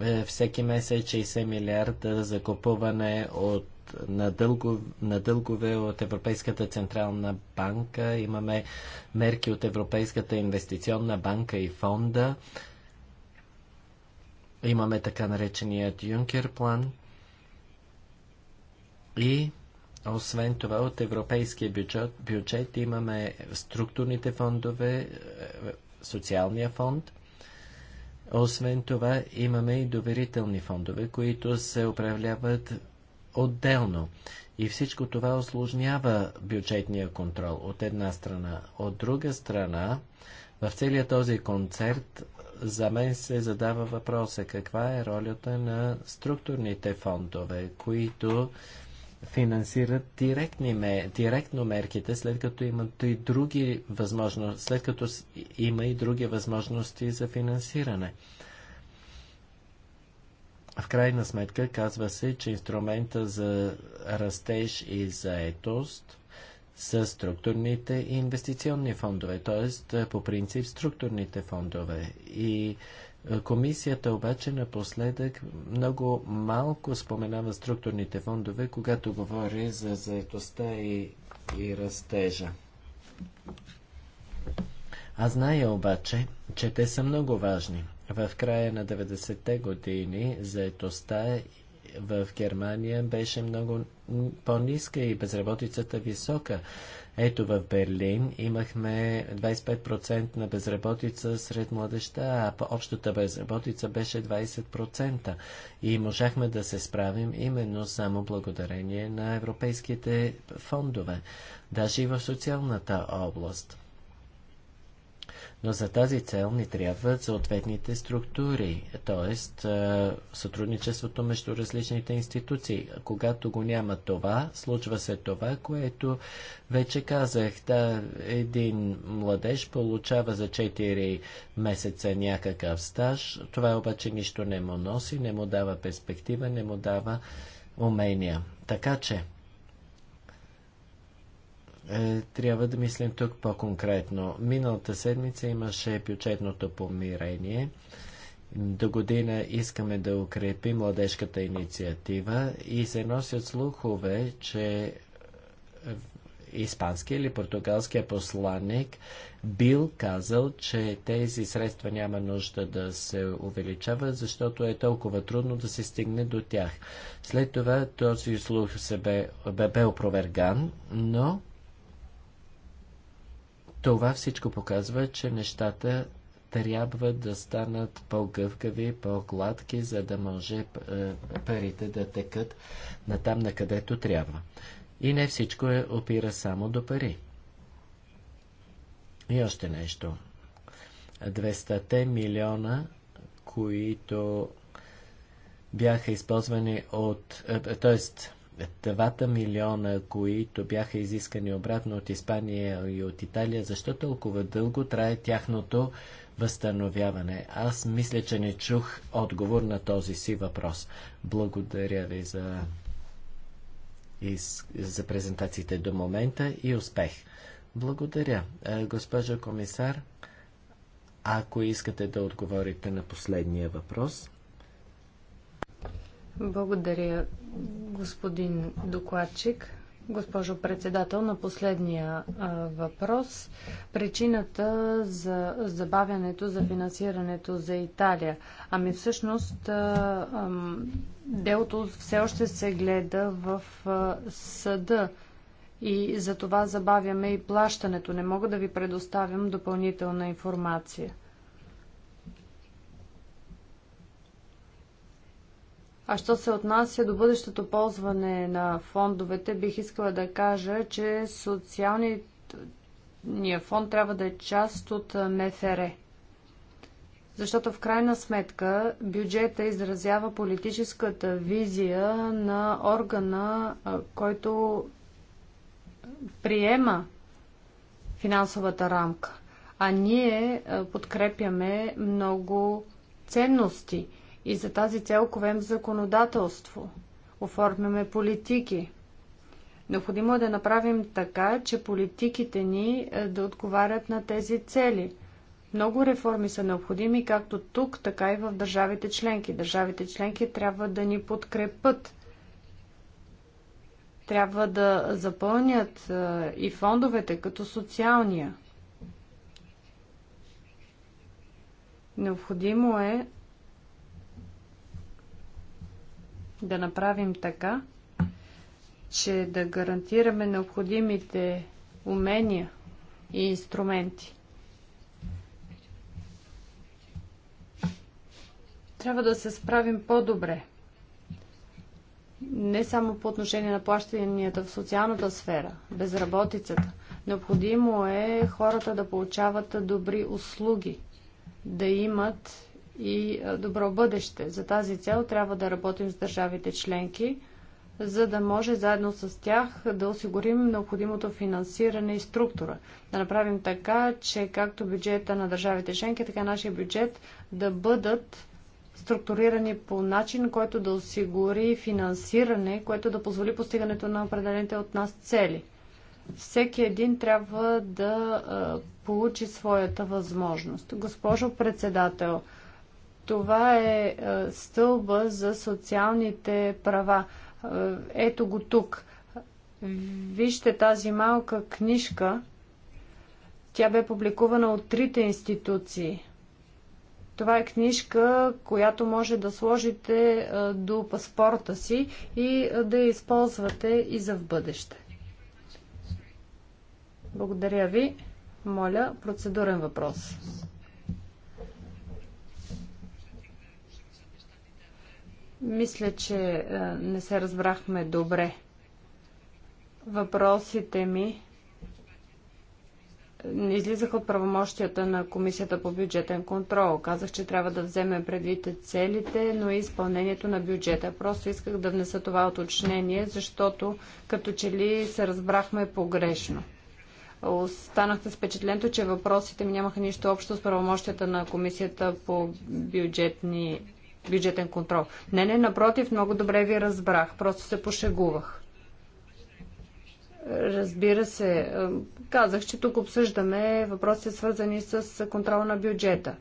е, всеки месец 60 милиарда за купуване от на, дълго, на дългове от Европейската централна банка, имаме мерки от Европейската инвестиционна банка и фонда, имаме така нареченият Юнкер план и освен това от европейския бюджет, бюджет имаме структурните фондове, е, социалния фонд – освен това, имаме и доверителни фондове, които се управляват отделно. И всичко това осложнява бюджетния контрол от една страна. От друга страна, в целия този концерт за мен се задава въпроса каква е ролята на структурните фондове, които финансират директни, директно мерките, след като имат и други възможности, след като има и други възможности за финансиране. В крайна сметка казва се, че инструмента за растеж и заетост са структурните и инвестиционни фондове, т.е. по принцип структурните фондове. И е, комисията обаче напоследък много малко споменава структурните фондове, когато говори за заетостта и, и растежа. А зная обаче, че те са много важни – в края на 90-те години заетостта в Германия беше много по-ниска и безработицата висока. Ето в Берлин имахме 25% на безработица сред младеща, а по общата безработица беше 20%. И можахме да се справим именно само благодарение на европейските фондове, даже и в социалната област. Но за тази цел ни трябват съответните структури, т.е. сътрудничеството между различните институции. Когато го няма това, случва се това, което вече казах. Да, един младеж получава за 4 месеца някакъв стаж, това обаче нищо не му носи, не му дава перспектива, не му дава умения. Така че, е, трябва да мислим тук по-конкретно. Миналата седмица имаше бюджетното помирение. До година искаме да укрепи младежката инициатива и се носят слухове, че испанския или португалския посланник бил казал, че тези средства няма нужда да се увеличават, защото е толкова трудно да се стигне до тях. След това този слух се бе, бе, бе опроверган, но това всичко показва, че нещата трябва да станат по-гъвкави, по-гладки, за да може е, парите да текат на там, на където трябва. И не всичко е опира само до пари. И още нещо. 200 милиона, които бяха използвани от... Е, т.е двата милиона, които бяха изискани обратно от Испания и от Италия, защо толкова дълго трае тяхното възстановяване? Аз мисля, че не чух отговор на този си въпрос. Благодаря ви за, из... за презентациите до момента и успех. Благодаря. Е, госпожо комисар, ако искате да отговорите на последния въпрос – благодаря, господин докладчик. Госпожо председател, на последния а, въпрос. Причината за забавянето, за финансирането за Италия. Ами всъщност а, делото все още се гледа в а, съда и за това забавяме и плащането. Не мога да ви предоставям допълнителна информация. А що се отнася до бъдещото ползване на фондовете, бих искала да кажа, че социалният фонд трябва да е част от МФР. Защото в крайна сметка бюджета изразява политическата визия на органа, който приема финансовата рамка. А ние подкрепяме много ценности – и за тази цел ковем законодателство. Оформяме политики. Необходимо е да направим така, че политиките ни е, да отговарят на тези цели. Много реформи са необходими както тук, така и в държавите членки. Държавите членки трябва да ни подкрепят. Трябва да запълнят е, и фондовете, като социалния. Необходимо е да направим така, че да гарантираме необходимите умения и инструменти. Трябва да се справим по-добре. Не само по отношение на плащанията в социалната сфера, безработицата. Необходимо е хората да получават добри услуги, да имат и добро бъдеще. За тази цел трябва да работим с държавите членки, за да може заедно с тях да осигурим необходимото финансиране и структура. Да направим така, че както бюджета на държавите членки, така нашия бюджет да бъдат структурирани по начин, който да осигури финансиране, което да позволи постигането на определените от нас цели. Всеки един трябва да получи своята възможност. Госпожо председател, това е, е стълба за социалните права. Е, ето го тук. Вижте тази малка книжка. Тя бе публикувана от трите институции. Това е книжка, която може да сложите е, до паспорта си и да я използвате и за в бъдеще. Благодаря ви. Моля, процедурен въпрос. Мисля, че е, не се разбрахме добре. Въпросите ми не излизах от правомощията на Комисията по бюджетен контрол. Казах, че трябва да вземем предвид целите, но и изпълнението на бюджета. Просто исках да внеса това уточнение, защото като че ли се разбрахме погрешно. Останахте с впечатлението, че въпросите ми нямаха нищо общо с правомощията на Комисията по бюджетни бюджетен контрол. Не, не, напротив, много добре ви разбрах. Просто се пошегувах. Разбира се, казах, че тук обсъждаме въпроси свързани с контрол на бюджета.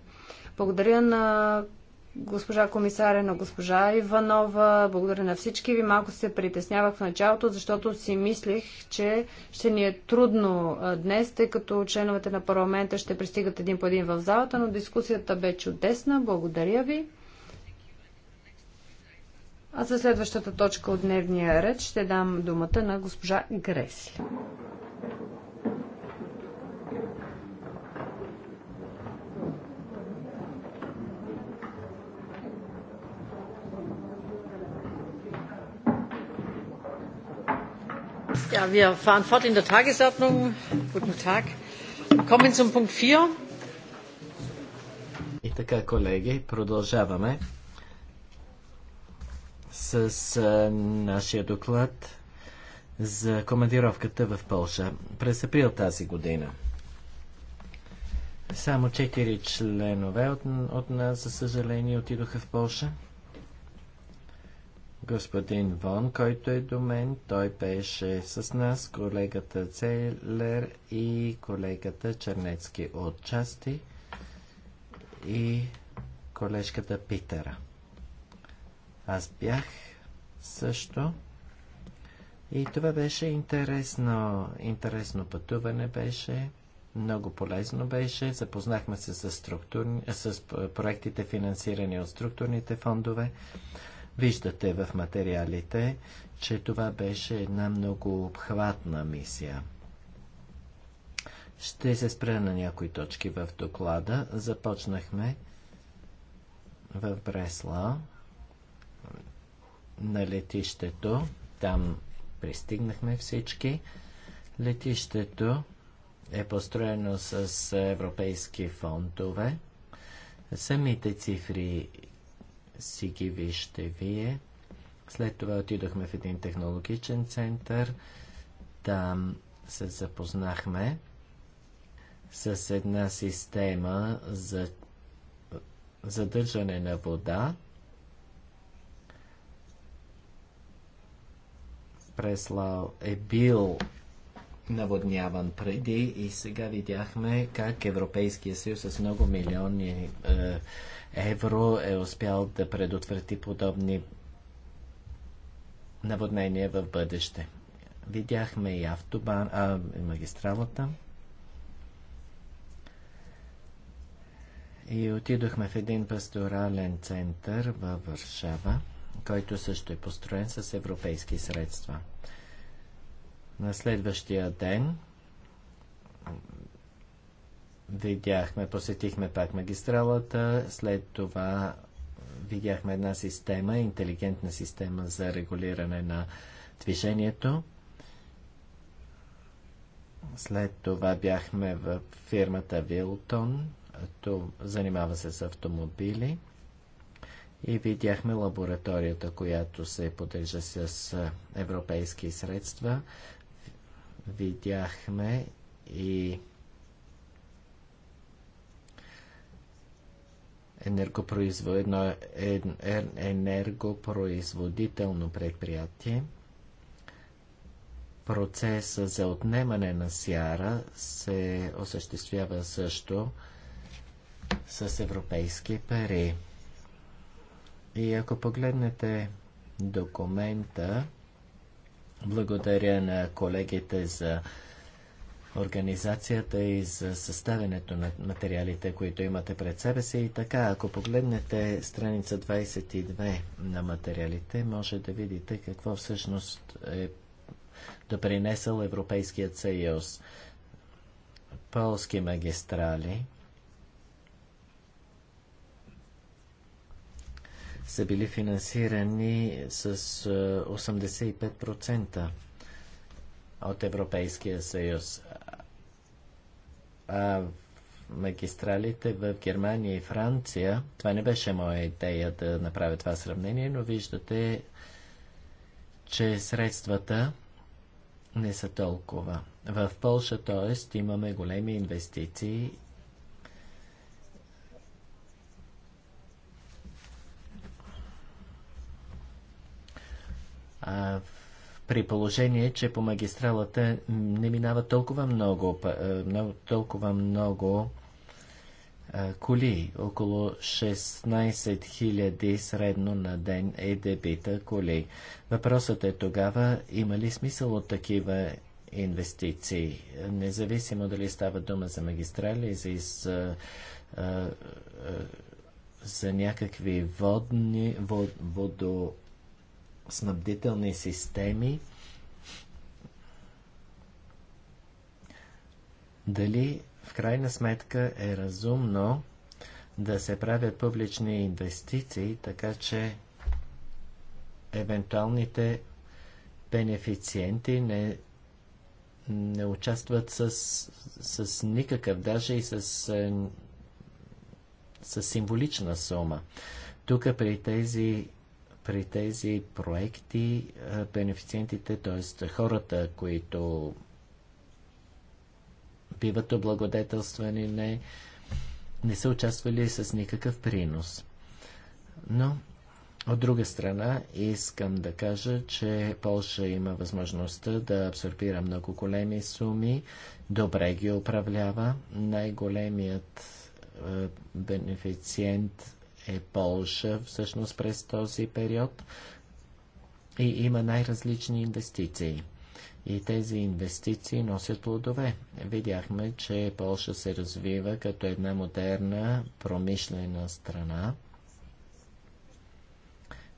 Благодаря на госпожа комисаря, на госпожа Иванова, благодаря на всички ви. Малко се притеснявах в началото, защото си мислих, че ще ни е трудно днес, тъй като членовете на парламента ще пристигат един по един в залата, но дискусията бе чудесна. Благодаря ви. А за следващата точка от дневния ред ще дам думата на госпожа Греси. Ja, wir fahren fort in der Tagesordnung. Guten Tag. Kommen zum Punkt 4. И така, колеги, продължаваме с а, нашия доклад за командировката в Польша през април тази година. Само четири членове от, от нас, за съжаление, отидоха в Польша. Господин Вон, който е до мен, той беше с нас, колегата Целер и колегата Чернецки от части и колежката Питера. Аз бях също. И това беше интересно, интересно пътуване беше, много полезно беше. Запознахме се с, структурни, с проектите финансирани от структурните фондове. Виждате в материалите, че това беше една много обхватна мисия. Ще се спре на някои точки в доклада. Започнахме в Бресла на летището. Там пристигнахме всички. Летището е построено с европейски фондове. Самите цифри си ги вижте вие. След това отидохме в един технологичен център. Там се запознахме с една система за задържане на вода. Преслал е бил наводняван преди и сега видяхме как Европейския съюз с много милиони е, евро е успял да предотврати подобни наводнения в бъдеще. Видяхме и автобан, а, магистралата. И отидохме в един пасторален център във Варшава който също е построен с европейски средства. На следващия ден видяхме, посетихме пак магистралата, след това видяхме една система, интелигентна система за регулиране на движението. След това бяхме в фирмата Вилтон, занимава се с автомобили и видяхме лабораторията, която се поддържа с европейски средства. Видяхме и енергопроизводително предприятие. Процесът за отнемане на сяра се осъществява също с европейски пари. И ако погледнете документа, благодаря на колегите за организацията и за съставянето на материалите, които имате пред себе си. И така, ако погледнете страница 22 на материалите, може да видите какво всъщност е допринесъл Европейският съюз. Полски магистрали, са били финансирани с 85% от Европейския съюз. А магистралите в Германия и Франция, това не беше моя идея да направя това сравнение, но виждате, че средствата не са толкова. В Польша, т.е., имаме големи инвестиции а, при положение, че по магистралата не минава толкова много, е, много толкова много а, е, коли. Около 16 000 средно на ден е дебита коли. Въпросът е тогава, има ли смисъл от такива инвестиции, независимо дали става дума за магистрали, за, за, е, за някакви водни, вод, водо, снабдителни системи, дали в крайна сметка е разумно да се правят публични инвестиции, така че евентуалните бенефициенти не, не участват с, с никакъв, даже и с, е, с символична сума. Тук при тези при тези проекти бенефициентите, т.е. хората, които биват облагодетелствани, не, не са участвали с никакъв принос. Но, от друга страна, искам да кажа, че Полша има възможността да абсорбира много големи суми, добре ги управлява. Най-големият бенефициент е Полша всъщност през този период и има най-различни инвестиции. И тези инвестиции носят плодове. Видяхме, че Полша се развива като една модерна промишлена страна.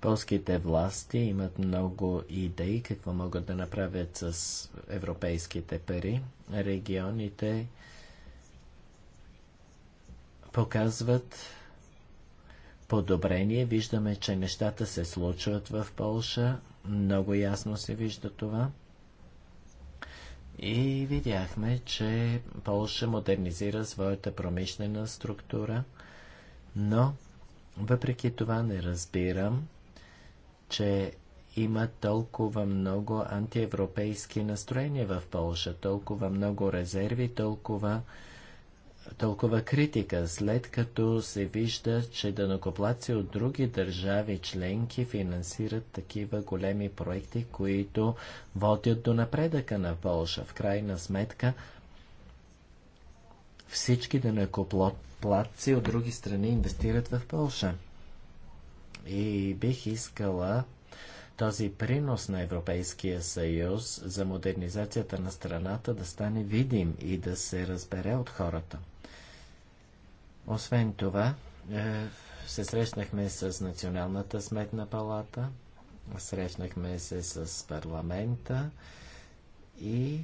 Полските власти имат много идеи какво могат да направят с европейските пари. Регионите показват подобрение. Виждаме, че нещата се случват в Полша. Много ясно се вижда това. И видяхме, че Полша модернизира своята промишлена структура, но въпреки това не разбирам, че има толкова много антиевропейски настроения в Полша, толкова много резерви, толкова толкова критика, след като се вижда, че данокоплаци от други държави членки финансират такива големи проекти, които водят до напредъка на Полша. В крайна сметка всички данокоплаци от други страни инвестират в Полша. И бих искала този принос на Европейския съюз за модернизацията на страната да стане видим и да се разбере от хората. Освен това, е, се срещнахме с Националната сметна палата, срещнахме се с парламента и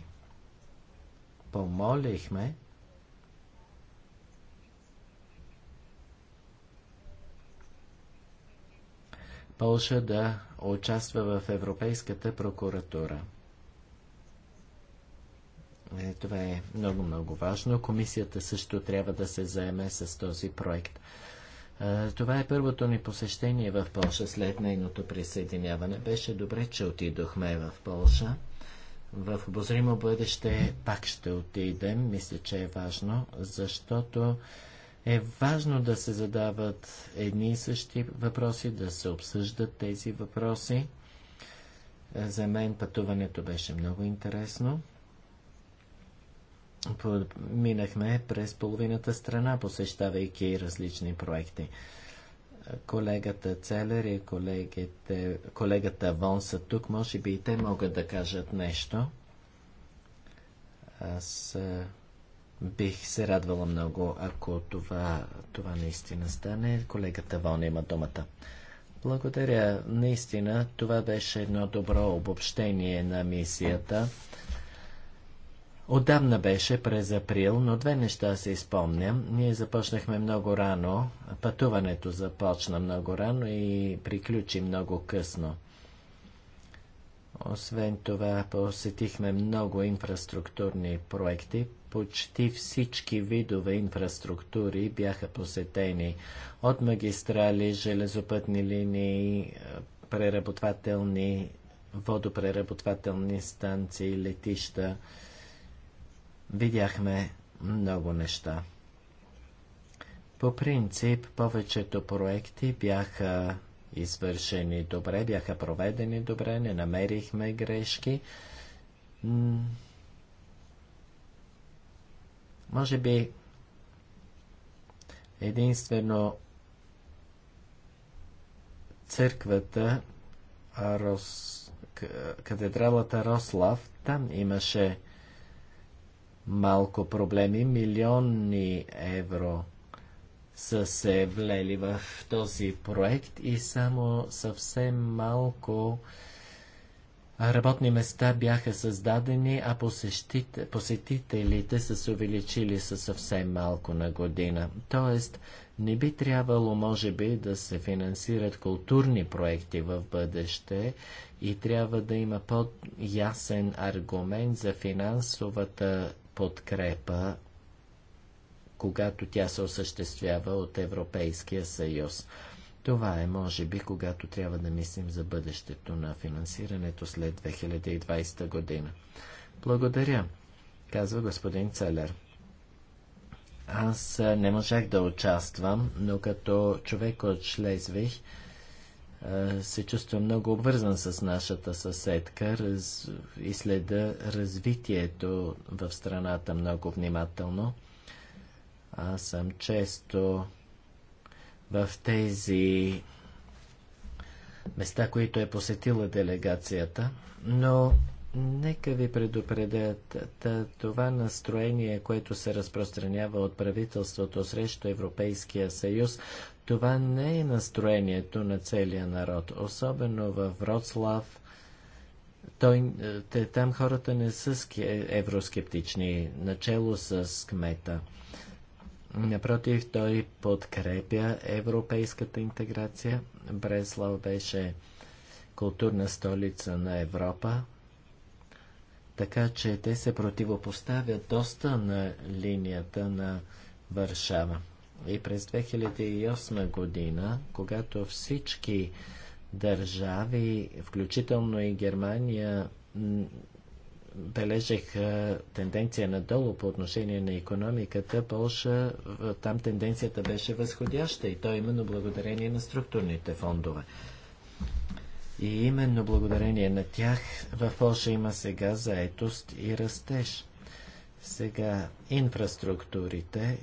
помолихме Полша да участва в Европейската прокуратура. Е, това е много-много важно. Комисията също трябва да се заеме с този проект. Е, това е първото ни посещение в Польша след нейното присъединяване. Беше добре, че отидохме в Польша. В обозримо бъдеще пак ще отидем. Мисля, че е важно, защото е важно да се задават едни и същи въпроси, да се обсъждат тези въпроси. Е, за мен пътуването беше много интересно минахме през половината страна, посещавайки различни проекти. Колегата Целер и колегите, колегата Вон са тук. Може би и те могат да кажат нещо. Аз бих се радвала много, ако това, това наистина стане. Колегата Вон има думата. Благодаря. Наистина, това беше едно добро обобщение на мисията. Отдавна беше през април, но две неща се изпомням. Ние започнахме много рано, пътуването започна много рано и приключи много късно. Освен това, посетихме много инфраструктурни проекти. Почти всички видове инфраструктури бяха посетени от магистрали, железопътни линии, преработвателни, водопреработвателни станции, летища видяхме много неща. По принцип, повечето проекти бяха извършени добре, бяха проведени добре, не намерихме грешки. Може би единствено църквата, Рос... катедралата Рослав, там имаше малко проблеми. Милиони евро са се влели в този проект и само съвсем малко работни места бяха създадени, а посетителите са се увеличили със съвсем малко на година. Тоест, не би трябвало, може би, да се финансират културни проекти в бъдеще и трябва да има по-ясен аргумент за финансовата подкрепа, когато тя се осъществява от Европейския съюз. Това е, може би, когато трябва да мислим за бъдещето на финансирането след 2020 година. Благодаря, казва господин Целер. Аз не можах да участвам, но като човек от Шлезвих, се чувства много обвързан с нашата съседка раз... и следа развитието в страната много внимателно. Аз съм често в тези места, които е посетила делегацията, но Нека ви да, това настроение, което се разпространява от правителството срещу Европейския съюз, това не е настроението на целия народ, особено в Вроцлав. Той, те, там хората не са евроскептични, начало с кмета. Напротив, той подкрепя европейската интеграция. Бреслав беше културна столица на Европа. Така че те се противопоставят доста на линията на Варшава. И през 2008 година, когато всички държави, включително и Германия, бележеха тенденция надолу по отношение на економиката, Полша, там тенденцията беше възходяща и то именно благодарение на структурните фондове. И именно благодарение на тях в Польша има сега заетост и растеж. Сега инфраструктурите,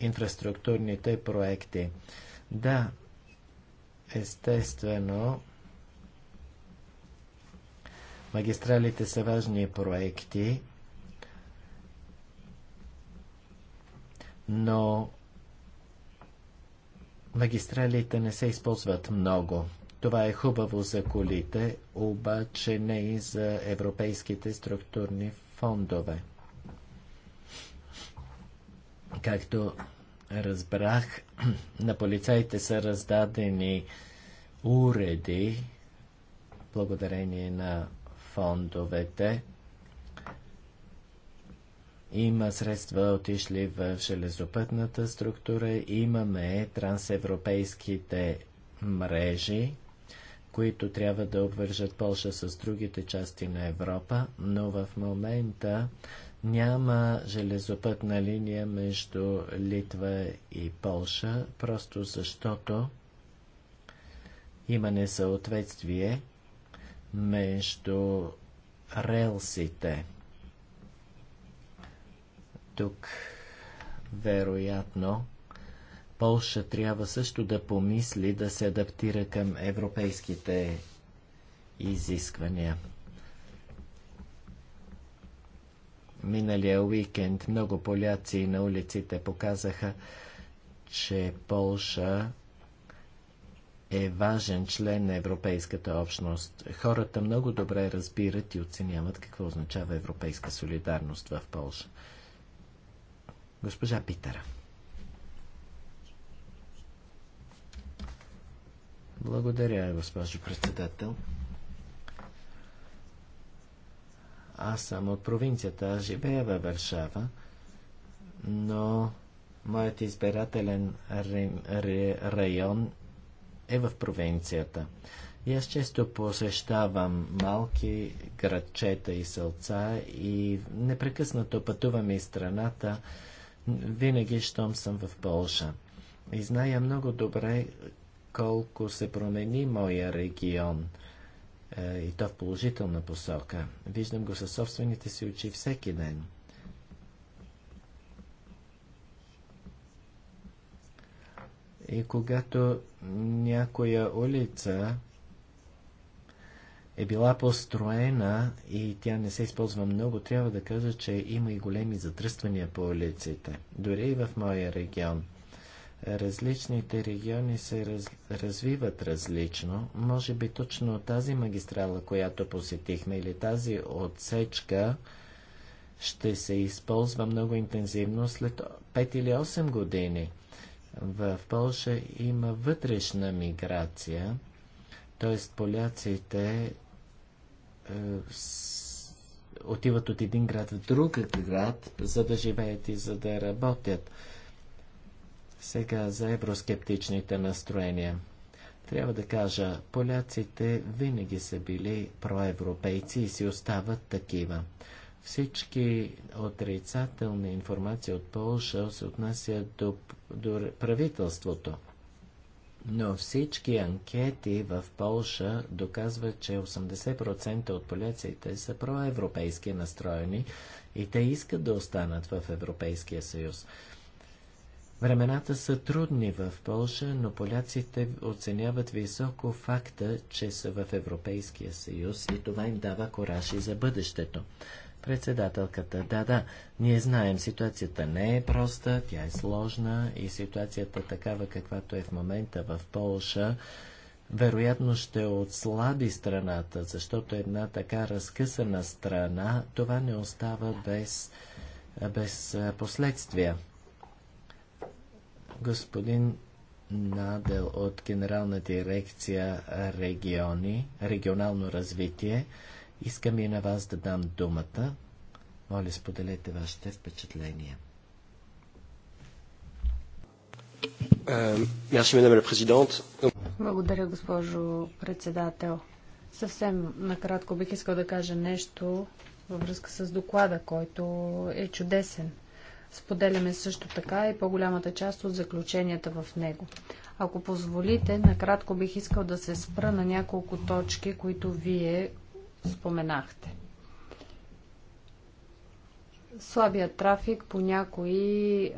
инфраструктурните проекти. Да, естествено, магистралите са важни проекти, но магистралите не се използват много. Това е хубаво за колите, обаче не и за европейските структурни фондове. Както разбрах, [clears throat] на полицаите са раздадени уреди, благодарение на фондовете. Има средства отишли в железопътната структура, имаме трансевропейските мрежи, които трябва да обвържат Польша с другите части на Европа, но в момента няма железопътна линия между Литва и Полша, просто защото има несъответствие между релсите. Тук вероятно Полша трябва също да помисли да се адаптира към европейските изисквания. Миналия уикенд много поляци на улиците показаха, че Полша е важен член на Европейската общност. Хората много добре разбират и оценяват какво означава европейска солидарност в Полша. Госпожа Питера. Благодаря, госпожо председател. Аз съм от провинцията, аз живея във Варшава, но моят избирателен район е в провинцията. И аз често посещавам малки градчета и селца и непрекъснато пътувам из страната, винаги, щом съм в Полша. И зная много добре колко се промени моя регион е, и то в положителна посока. Виждам го със собствените си очи всеки ден. И когато някоя улица е била построена и тя не се използва много, трябва да кажа, че има и големи затръствания по улиците, дори и в моя регион – различните региони се раз, развиват различно. Може би точно тази магистрала, която посетихме или тази отсечка ще се използва много интензивно след 5 или 8 години. В Польша има вътрешна миграция, т.е. поляците е, с, отиват от един град в друг град, за да живеят и за да работят. Сега за евроскептичните настроения. Трябва да кажа, поляците винаги са били проевропейци и си остават такива. Всички отрицателни информации от Полша се отнасят до, до правителството. Но всички анкети в Полша доказват, че 80% от поляците са проевропейски настроени и те искат да останат в Европейския съюз. Времената са трудни в Польша, но поляците оценяват високо факта, че са в Европейския съюз и това им дава кораж и за бъдещето. Председателката, да, да, ние знаем, ситуацията не е проста, тя е сложна и ситуацията такава каквато е в момента в Полша, вероятно ще отслаби страната, защото една така разкъсана страна, това не остава без, без последствия. Господин Надел от Генерална дирекция региони, регионално развитие. Искам и на вас да дам думата. Моля, споделете вашите впечатления. Благодаря, госпожо председател. Съвсем накратко бих искал да кажа нещо във връзка с доклада, който е чудесен. Споделяме също така и по-голямата част от заключенията в него. Ако позволите, накратко бих искал да се спра на няколко точки, които вие споменахте. Слабия трафик по някои е,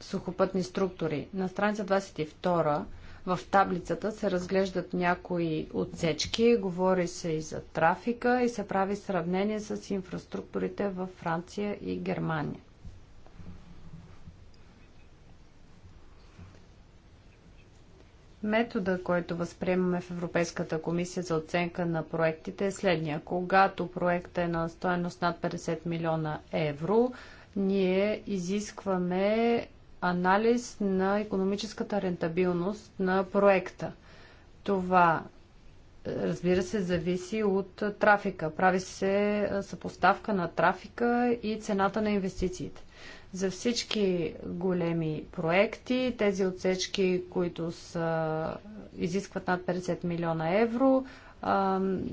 сухопътни структури. На страница 22 в таблицата се разглеждат някои отсечки, говори се и за трафика и се прави сравнение с инфраструктурите във Франция и Германия. Метода, който възприемаме в Европейската комисия за оценка на проектите е следния. Когато проектът е на стоеност над 50 милиона евро, ние изискваме анализ на економическата рентабилност на проекта. Това, разбира се, зависи от трафика. Прави се съпоставка на трафика и цената на инвестициите. За всички големи проекти, тези отсечки, които са, изискват над 50 милиона евро,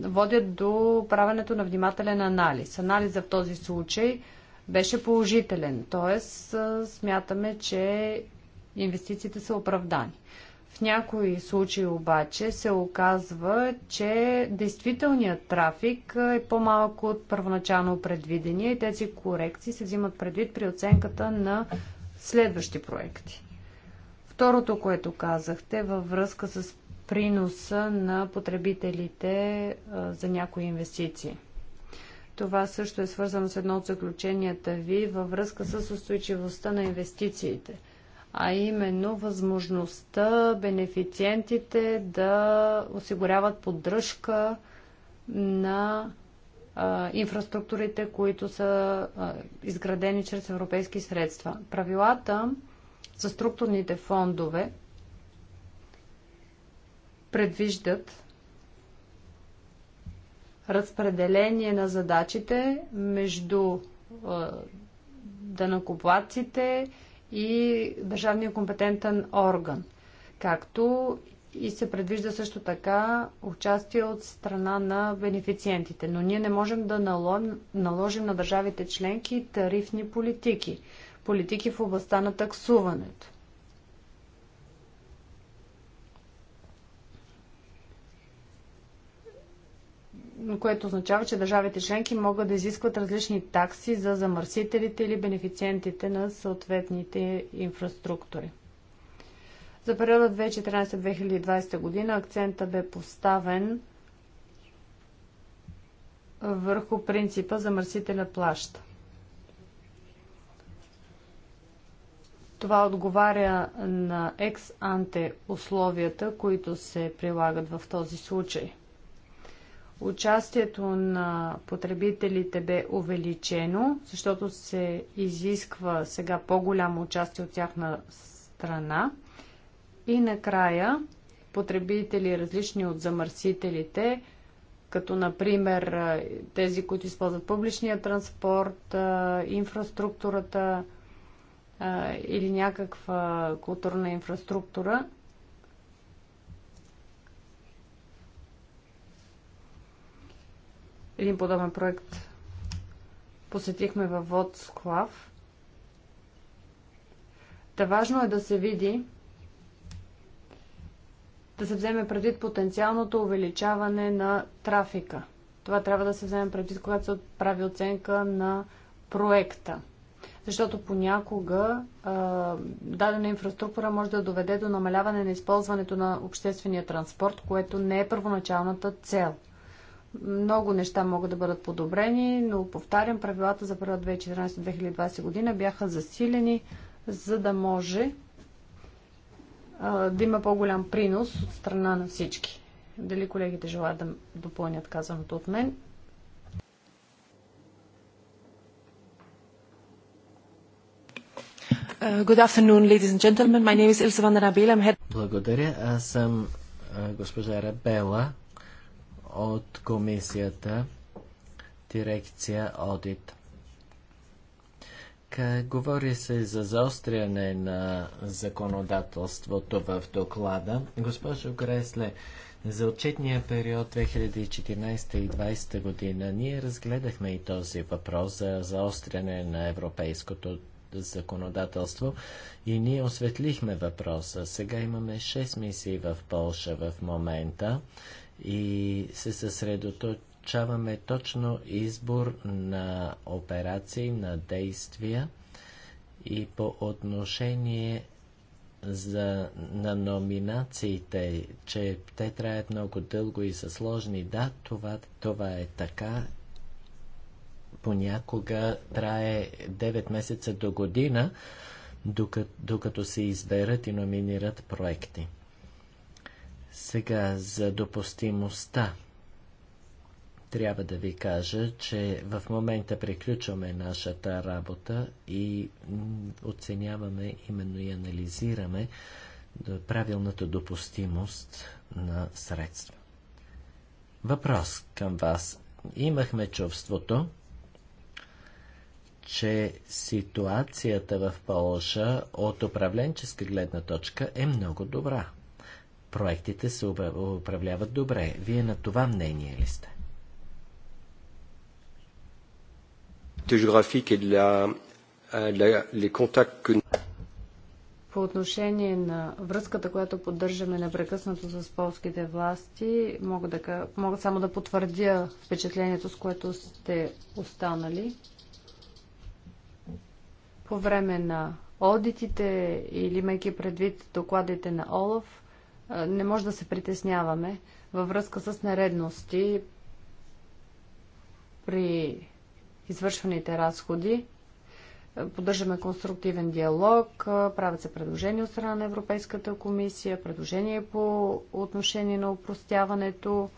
водят до правенето на внимателен анализ. Анализа в този случай – беше положителен. Тоест, смятаме, че инвестициите са оправдани. В някои случаи обаче се оказва, че действителният трафик е по-малък от първоначално предвидения и тези корекции се взимат предвид при оценката на следващи проекти. Второто, което казахте във връзка с приноса на потребителите за някои инвестиции – това също е свързано с едно от заключенията ви във връзка с устойчивостта на инвестициите, а именно възможността бенефициентите да осигуряват поддръжка на а, инфраструктурите, които са а, изградени чрез европейски средства. Правилата за структурните фондове предвиждат разпределение на задачите между данакоплаците и държавния компетентен орган, както и се предвижда също така участие от страна на бенефициентите. Но ние не можем да наложим на държавите членки тарифни политики, политики в областта на таксуването. което означава, че държавите членки могат да изискват различни такси за замърсителите или бенефициентите на съответните инфраструктури. За периода 2014-2020 година акцента бе поставен върху принципа замърсителя плаща. Това отговаря на екс-анте условията, които се прилагат в този случай – Участието на потребителите бе увеличено, защото се изисква сега по-голямо участие от тяхна страна. И накрая потребители, различни от замърсителите, като например тези, които използват публичния транспорт, инфраструктурата или някаква културна инфраструктура, Един подобен проект посетихме във Водсклав. Та важно е да се види, да се вземе предвид потенциалното увеличаване на трафика. Това трябва да се вземе предвид, когато се прави оценка на проекта. Защото понякога а, дадена инфраструктура може да доведе до намаляване на използването на обществения транспорт, което не е първоначалната цел. Много неща могат да бъдат подобрени, но повтарям, правилата за период 2014-2020 година бяха засилени, за да може а, да има по-голям принос от страна на всички. Дали колегите желаят да допълнят казаното от мен? Uh, good afternoon, ladies and gentlemen. My name is van Благодаря. Аз съм госпожа Рабела от комисията дирекция Одит. Говори се за заостряне на законодателството в доклада. Госпожо Гресле, за отчетния период 2014 и 2020 година ние разгледахме и този въпрос за заостряне на европейското законодателство и ние осветлихме въпроса. Сега имаме 6 мисии в Полша в момента и се съсредоточаваме точно избор на операции, на действия и по отношение за, на номинациите, че те траят много дълго и са сложни. Да, това, това е така. Понякога трае 9 месеца до година, докато, докато се изберат и номинират проекти. Сега за допустимостта. Трябва да ви кажа, че в момента приключваме нашата работа и оценяваме именно и анализираме правилната допустимост на средства. Въпрос към вас. Имахме чувството, че ситуацията в Полша от управленческа гледна точка е много добра проектите се управляват добре. Вие на това мнение ли сте? Е е, По отношение на връзката, която поддържаме непрекъснато с полските власти, мога, да, мога само да потвърдя впечатлението, с което сте останали. По време на одитите или имайки предвид докладите на ОЛАФ, не може да се притесняваме във връзка с нередности при извършваните разходи. Поддържаме конструктивен диалог, правят се предложения от страна на Европейската комисия, предложения по отношение на упростяването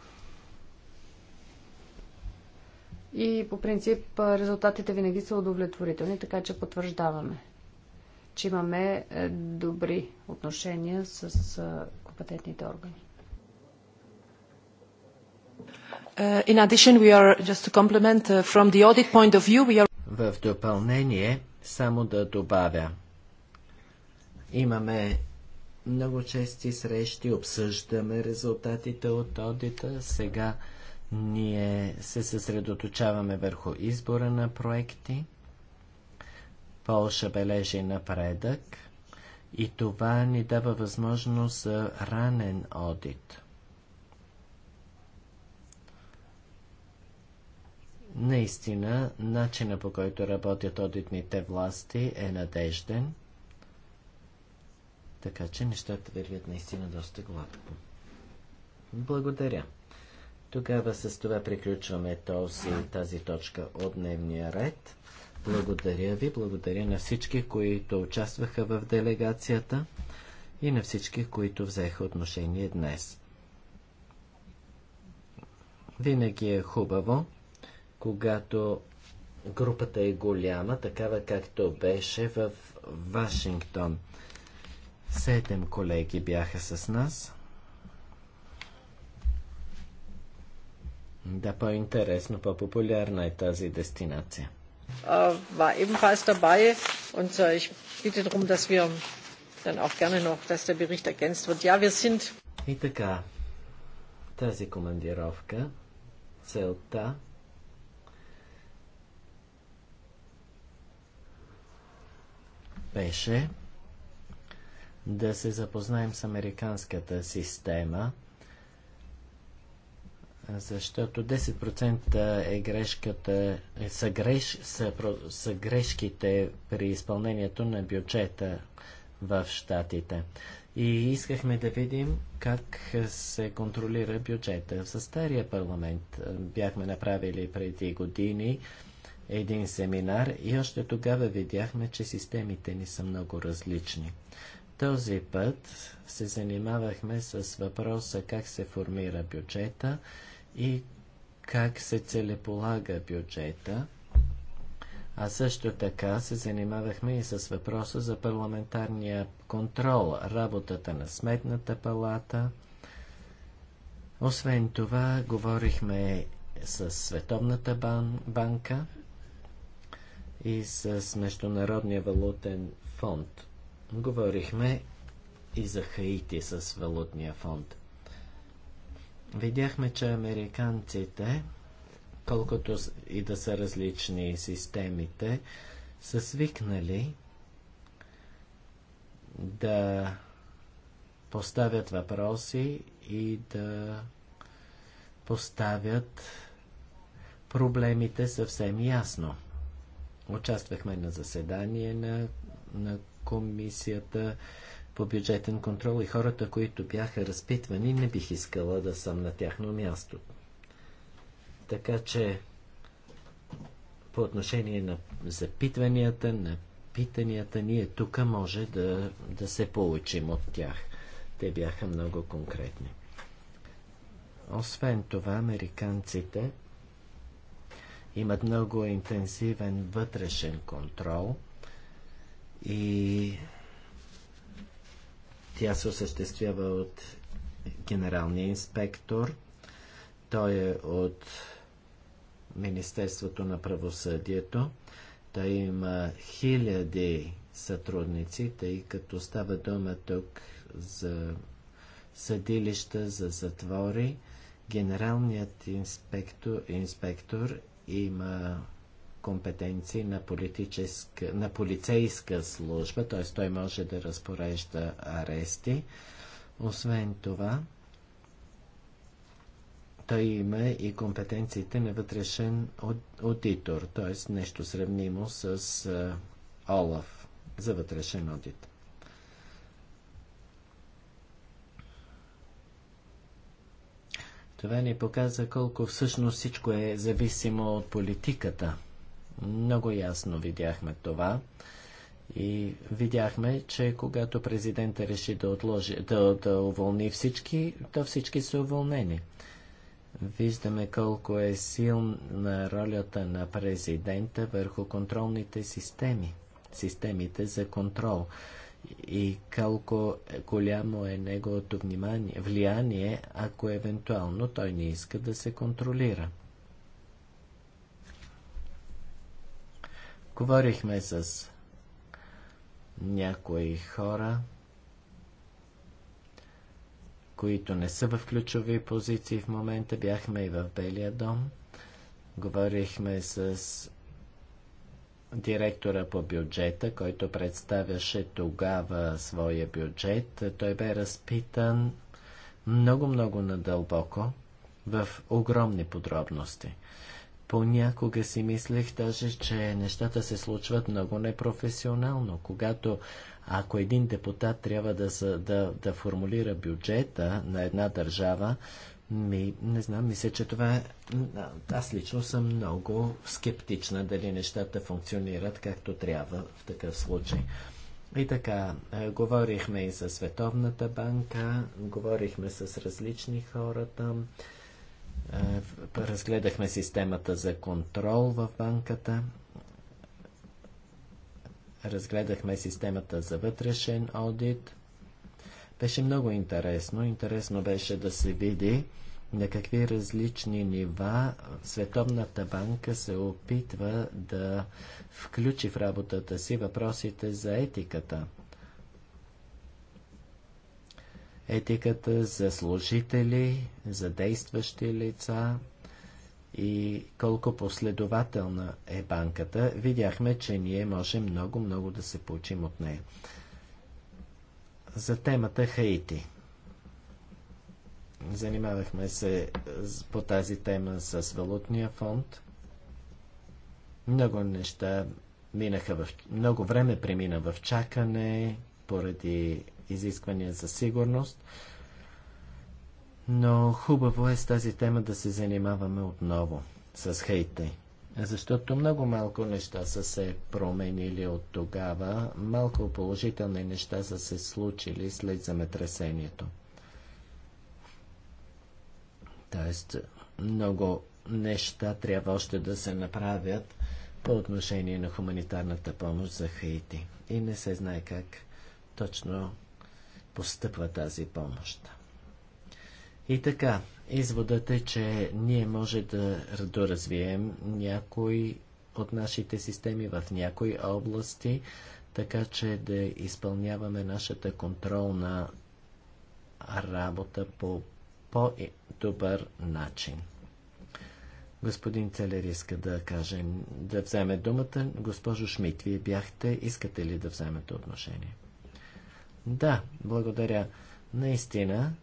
и по принцип резултатите винаги са удовлетворителни, така че потвърждаваме че имаме е, добри отношения с е, компетентните органи. Uh, in addition, we are just to complement uh, from the audit point of view, we are... В допълнение, само да добавя. Имаме много чести срещи, обсъждаме резултатите от одита. Сега ние се съсредоточаваме върху избора на проекти. Полша бележи напредък и това ни дава възможност за ранен одит. Наистина, начина по който работят одитните власти е надежден, така че нещата вървят наистина доста гладко. Благодаря. Тогава с това приключваме този, тази точка от дневния ред. Благодаря ви, благодаря на всички, които участваха в делегацията и на всички, които взеха отношение днес. Винаги е хубаво, когато групата е голяма, такава както беше в Вашингтон. Седем колеги бяха с нас. Да, по-интересно, по-популярна е тази дестинация war ebenfalls dabei. Und ich bitte darum, dass wir dann auch gerne noch, dass der Bericht ergänzt wird. Ja, wir sind. тази командировка, целта беше да се запознаем с американската система – защото 10% е грешката, е, са, греш, са, са грешките при изпълнението на бюджета в Штатите. И искахме да видим как се контролира бюджета. За стария парламент бяхме направили преди години един семинар и още тогава видяхме, че системите ни са много различни. Този път се занимавахме с въпроса как се формира бюджета и как се целеполага бюджета. А също така се занимавахме и с въпроса за парламентарния контрол, работата на Сметната палата. Освен това, говорихме с Световната бан- банка и с Международния валутен фонд. Говорихме и за Хаити с валутния фонд. Видяхме, че американците, колкото и да са различни системите, са свикнали да поставят въпроси и да поставят проблемите съвсем ясно. Участвахме на заседание на, на комисията по бюджетен контрол и хората, които бяха разпитвани, не бих искала да съм на тяхно място. Така че по отношение на запитванията, на питанията, ние тук може да, да се получим от тях. Те бяха много конкретни. Освен това, американците имат много интенсивен вътрешен контрол и тя се осъществява от генералния инспектор. Той е от Министерството на правосъдието. Той има хиляди сътрудници, тъй като става дума тук за съдилища, за затвори. Генералният инспектор, инспектор има компетенции на, на полицейска служба, т.е. той може да разпорежда арести. Освен това, той има и компетенциите на вътрешен аудитор, т.е. нещо сравнимо с ОЛАФ за вътрешен аудит. Това ни показва колко всъщност всичко е зависимо от политиката – много ясно видяхме това. И видяхме, че когато президента реши да, отложи, да, да уволни всички, то всички са уволнени. Виждаме колко е силна ролята на президента върху контролните системи, системите за контрол и колко голямо е неговото внимание, влияние, ако евентуално той не иска да се контролира. Говорихме с някои хора, които не са в ключови позиции в момента. Бяхме и в Белия дом. Говорихме с директора по бюджета, който представяше тогава своя бюджет. Той бе разпитан много-много надълбоко в огромни подробности. Понякога си мислех даже, че нещата се случват много непрофесионално. Когато, ако един депутат трябва да, да, да формулира бюджета на една държава, ми, не знам, мисля, че това е... Аз лично съм много скептична дали нещата функционират както трябва в такъв случай. И така, е, говорихме и за Световната банка, говорихме с различни хора там. Е, разгледахме системата за контрол в банката, разгледахме системата за вътрешен аудит. Беше много интересно. Интересно беше да се види на какви различни нива Световната банка се опитва да включи в работата си въпросите за етиката – етиката за служители, за действащи лица и колко последователна е банката. Видяхме, че ние можем много-много да се получим от нея. За темата Хаити. Занимавахме се по тази тема с валутния фонд. Много неща минаха в... Много време премина в чакане поради изисквания за сигурност. Но хубаво е с тази тема да се занимаваме отново с хейте. Защото много малко неща са се променили от тогава, малко положителни неща са се случили след земетресението. Тоест, много неща трябва още да се направят по отношение на хуманитарната помощ за Хаити. И не се знае как точно постъпва тази помощ. И така, изводът е, че ние може да доразвием някои от нашите системи в някои области, така че да изпълняваме нашата контролна работа по по-добър начин. Господин Целер иска да каже, да вземе думата. Госпожо Шмидт, вие бяхте, искате ли да вземете отношение? Да, благодаря. Наистина,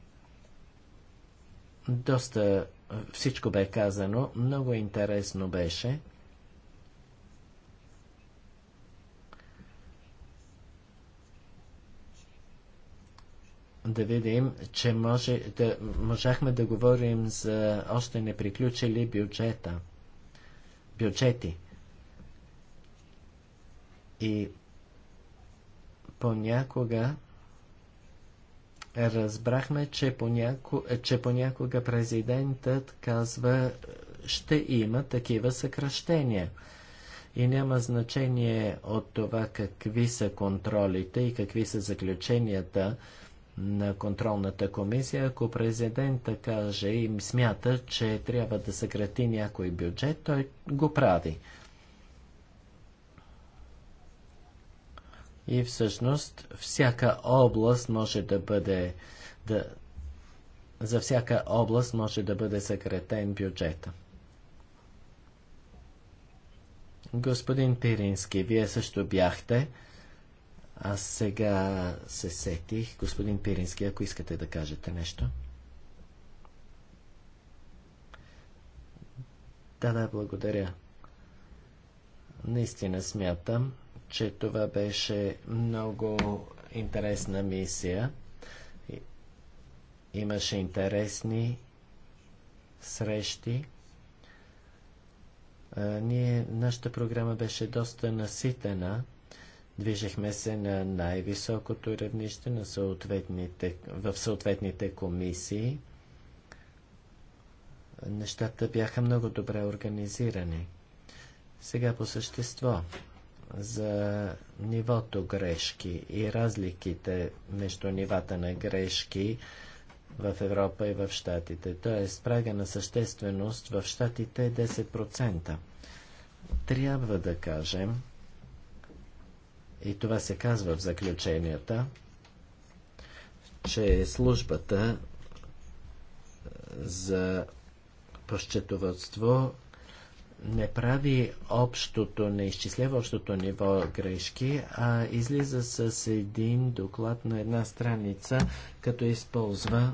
доста всичко бе казано, много интересно беше. да видим, че може, да, можахме да говорим за още не приключили бюджета. Бюджети. И понякога разбрахме, че понякога, че понякога президентът казва, ще има такива съкръщения. И няма значение от това какви са контролите и какви са заключенията на контролната комисия. Ако президента каже и смята, че трябва да съкрати някой бюджет, той го прави. И всъщност всяка област може да бъде да, за всяка област може да бъде съкретен бюджета. Господин Пирински, вие също бяхте. Аз сега се сетих. Господин Пирински, ако искате да кажете нещо. Да, да, благодаря. Наистина смятам, че това беше много интересна мисия. Имаше интересни срещи. А, ние, нашата програма беше доста наситена. Движехме се на най-високото равнище на съответните, в съответните комисии. Нещата бяха много добре организирани. Сега по същество за нивото грешки и разликите между нивата на грешки в Европа и в Штатите. Тоест, прага на същественост в Штатите е 10%. Трябва да кажем, и това се казва в заключенията, че службата е, за по счетоводство не прави общото, не изчислява общото ниво грешки, а излиза с един доклад на една страница, като използва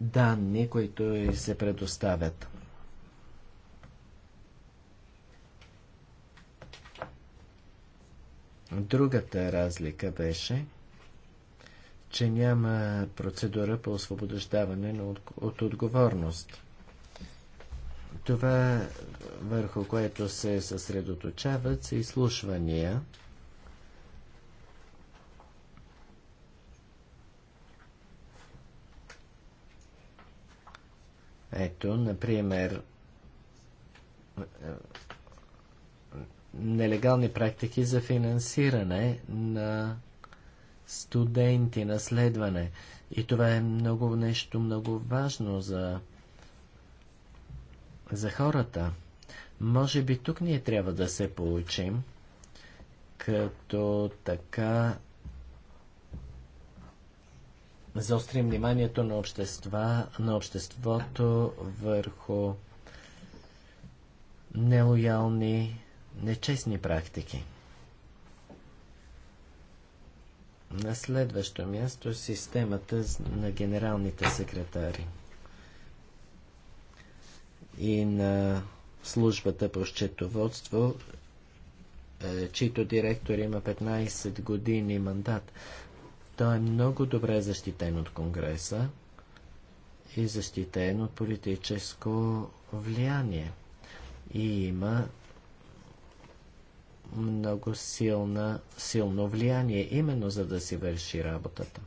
данни, които се предоставят. Другата разлика беше, че няма процедура по освобождаване от, от отговорност. Това, върху което се съсредоточават, са изслушвания. Ето, например, нелегални практики за финансиране на студенти, наследване. И това е много нещо много важно за за хората. Може би тук ние трябва да се получим, като така заострим вниманието на, общества, на обществото върху нелоялни, нечестни практики. На следващо място системата на генералните секретари – и на службата по счетоводство, е, чийто директор има 15 години мандат. Той е много добре защитен от Конгреса и защитен от политическо влияние. И има много силна, силно влияние, именно за да си върши работата.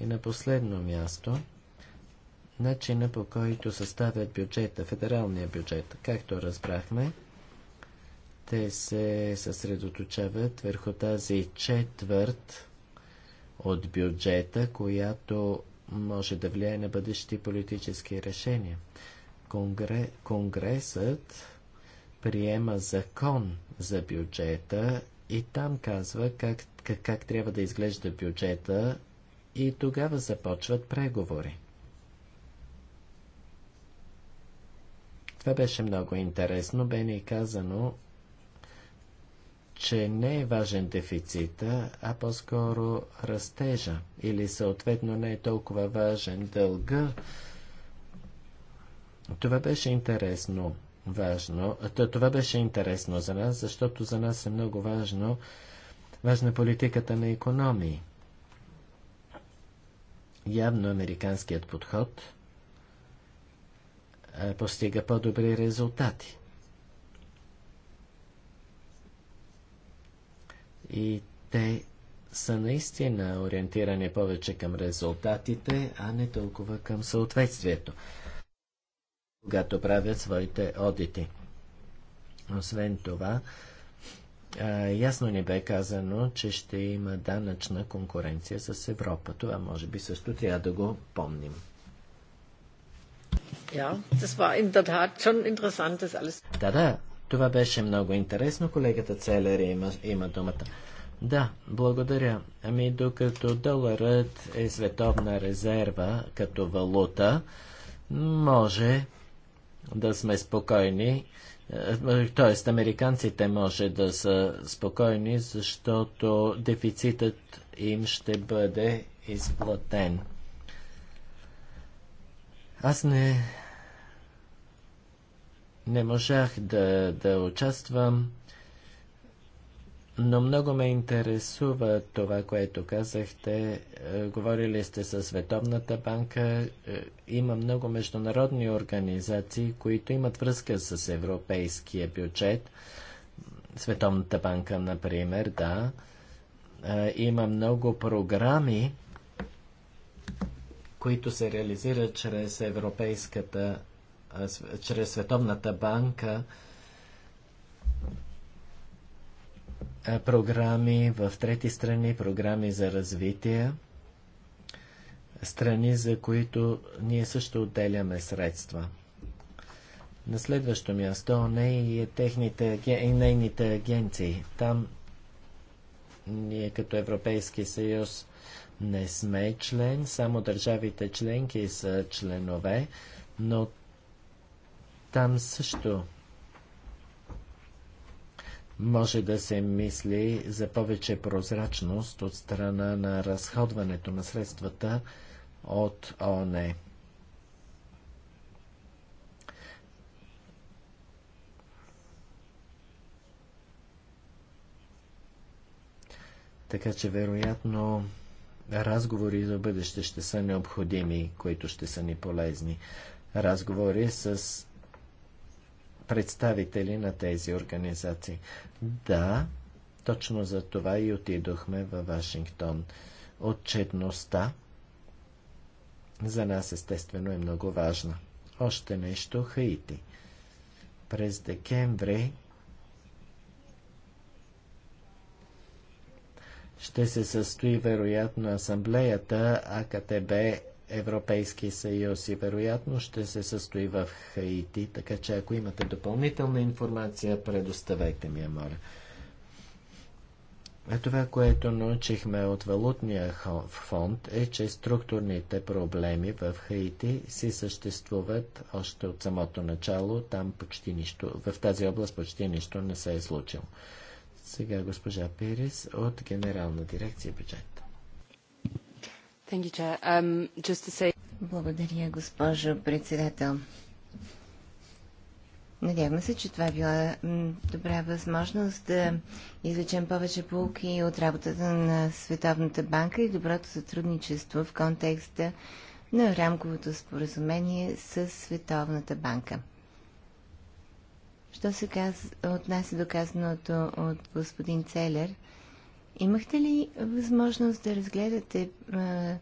И на последно място – начина по който съставят бюджета, федералния бюджет. Както разбрахме, те се съсредоточават върху тази четвърт от бюджета, която може да влияе на бъдещи политически решения. Конгре... Конгресът приема закон за бюджета и там казва как, как, как трябва да изглежда бюджета и тогава започват преговори. Това беше много интересно. Бе ни казано, че не е важен дефицита, а по-скоро растежа. Или съответно не е толкова важен дълга. Това беше интересно. Важно. Това беше интересно за нас, защото за нас е много важно важна е политиката на економии. Явно американският подход – е, постига по-добри резултати. И те са наистина ориентирани повече към резултатите, а не толкова към съответствието, когато правят своите одити. Освен това, ясно ни бе казано, че ще има данъчна конкуренция с Европа. Това може би също трябва да го помним. Ja, das war in der Tat schon interessant, das alles. Да, да, това беше много интересно. Колегата Целер има, има думата. Да, благодаря. Ами докато доларът е световна резерва като валута, може да сме спокойни. Е, тоест, американците може да са спокойни, защото дефицитът им ще бъде изплатен. Аз не, не можах да, да участвам, но много ме интересува това, което казахте. Е, говорили сте със Световната банка. Е, има много международни организации, които имат връзка с европейския бюджет. Световната банка, например, да. Е, има много програми, които се реализират чрез Европейската, чрез Световната банка, програми в трети страни, програми за развитие, страни, за които ние също отделяме средства. На следващо място не и, е техните, и нейните агенции. Там ние като Европейски съюз не сме член, само държавите членки са членове, но там също може да се мисли за повече прозрачност от страна на разходването на средствата от ОНЕ. Така че вероятно разговори за бъдеще ще са необходими, които ще са ни полезни. Разговори с представители на тези организации. Да, точно за това и отидохме във Вашингтон. Отчетността за нас естествено е много важна. Още нещо Хаити. През декември ще се състои вероятно асамблеята АКТБ Европейски съюз и вероятно ще се състои в Хаити, така че ако имате допълнителна информация, предоставете ми я, моля. А това, което научихме от валутния фонд е, че структурните проблеми в Хаити си съществуват още от самото начало. Там почти нищо, в тази област почти нищо не се е случило. Сега госпожа Перес от Генерална дирекция бюджет. Um, Благодаря, госпожо председател. Надявам се, че това е била добра възможност да излечем повече полки от работата на Световната банка и доброто сътрудничество в контекста на рамковото споразумение с Световната банка. Що се каз... отнася до казаното от господин Целер, имахте ли възможност да разгледате а,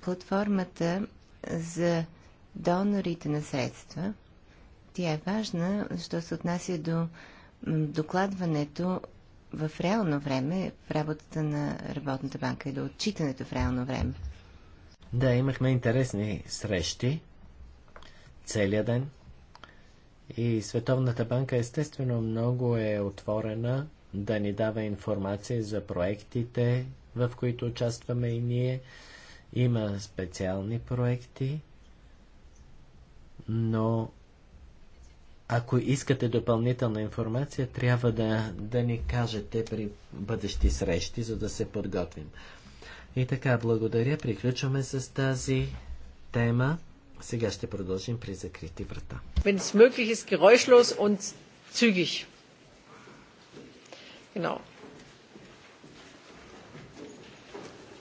платформата за донорите на средства? Тя е важна, що се отнася до докладването в реално време, в работата на Работната банка и до отчитането в реално време. Да, имахме интересни срещи целият ден – и Световната банка естествено много е отворена да ни дава информация за проектите, в които участваме и ние. Има специални проекти, но ако искате допълнителна информация, трябва да, да ни кажете при бъдещи срещи, за да се подготвим. И така, благодаря. Приключваме с тази тема. Сега ще продължим при закрити врата. Wenn es möglich ist, geräuschlos und zügig. Genau.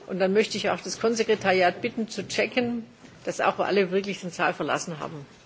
Und dann möchte ich auch das Konsekretariat bitten zu checken, dass auch alle wirklich den Saal verlassen haben.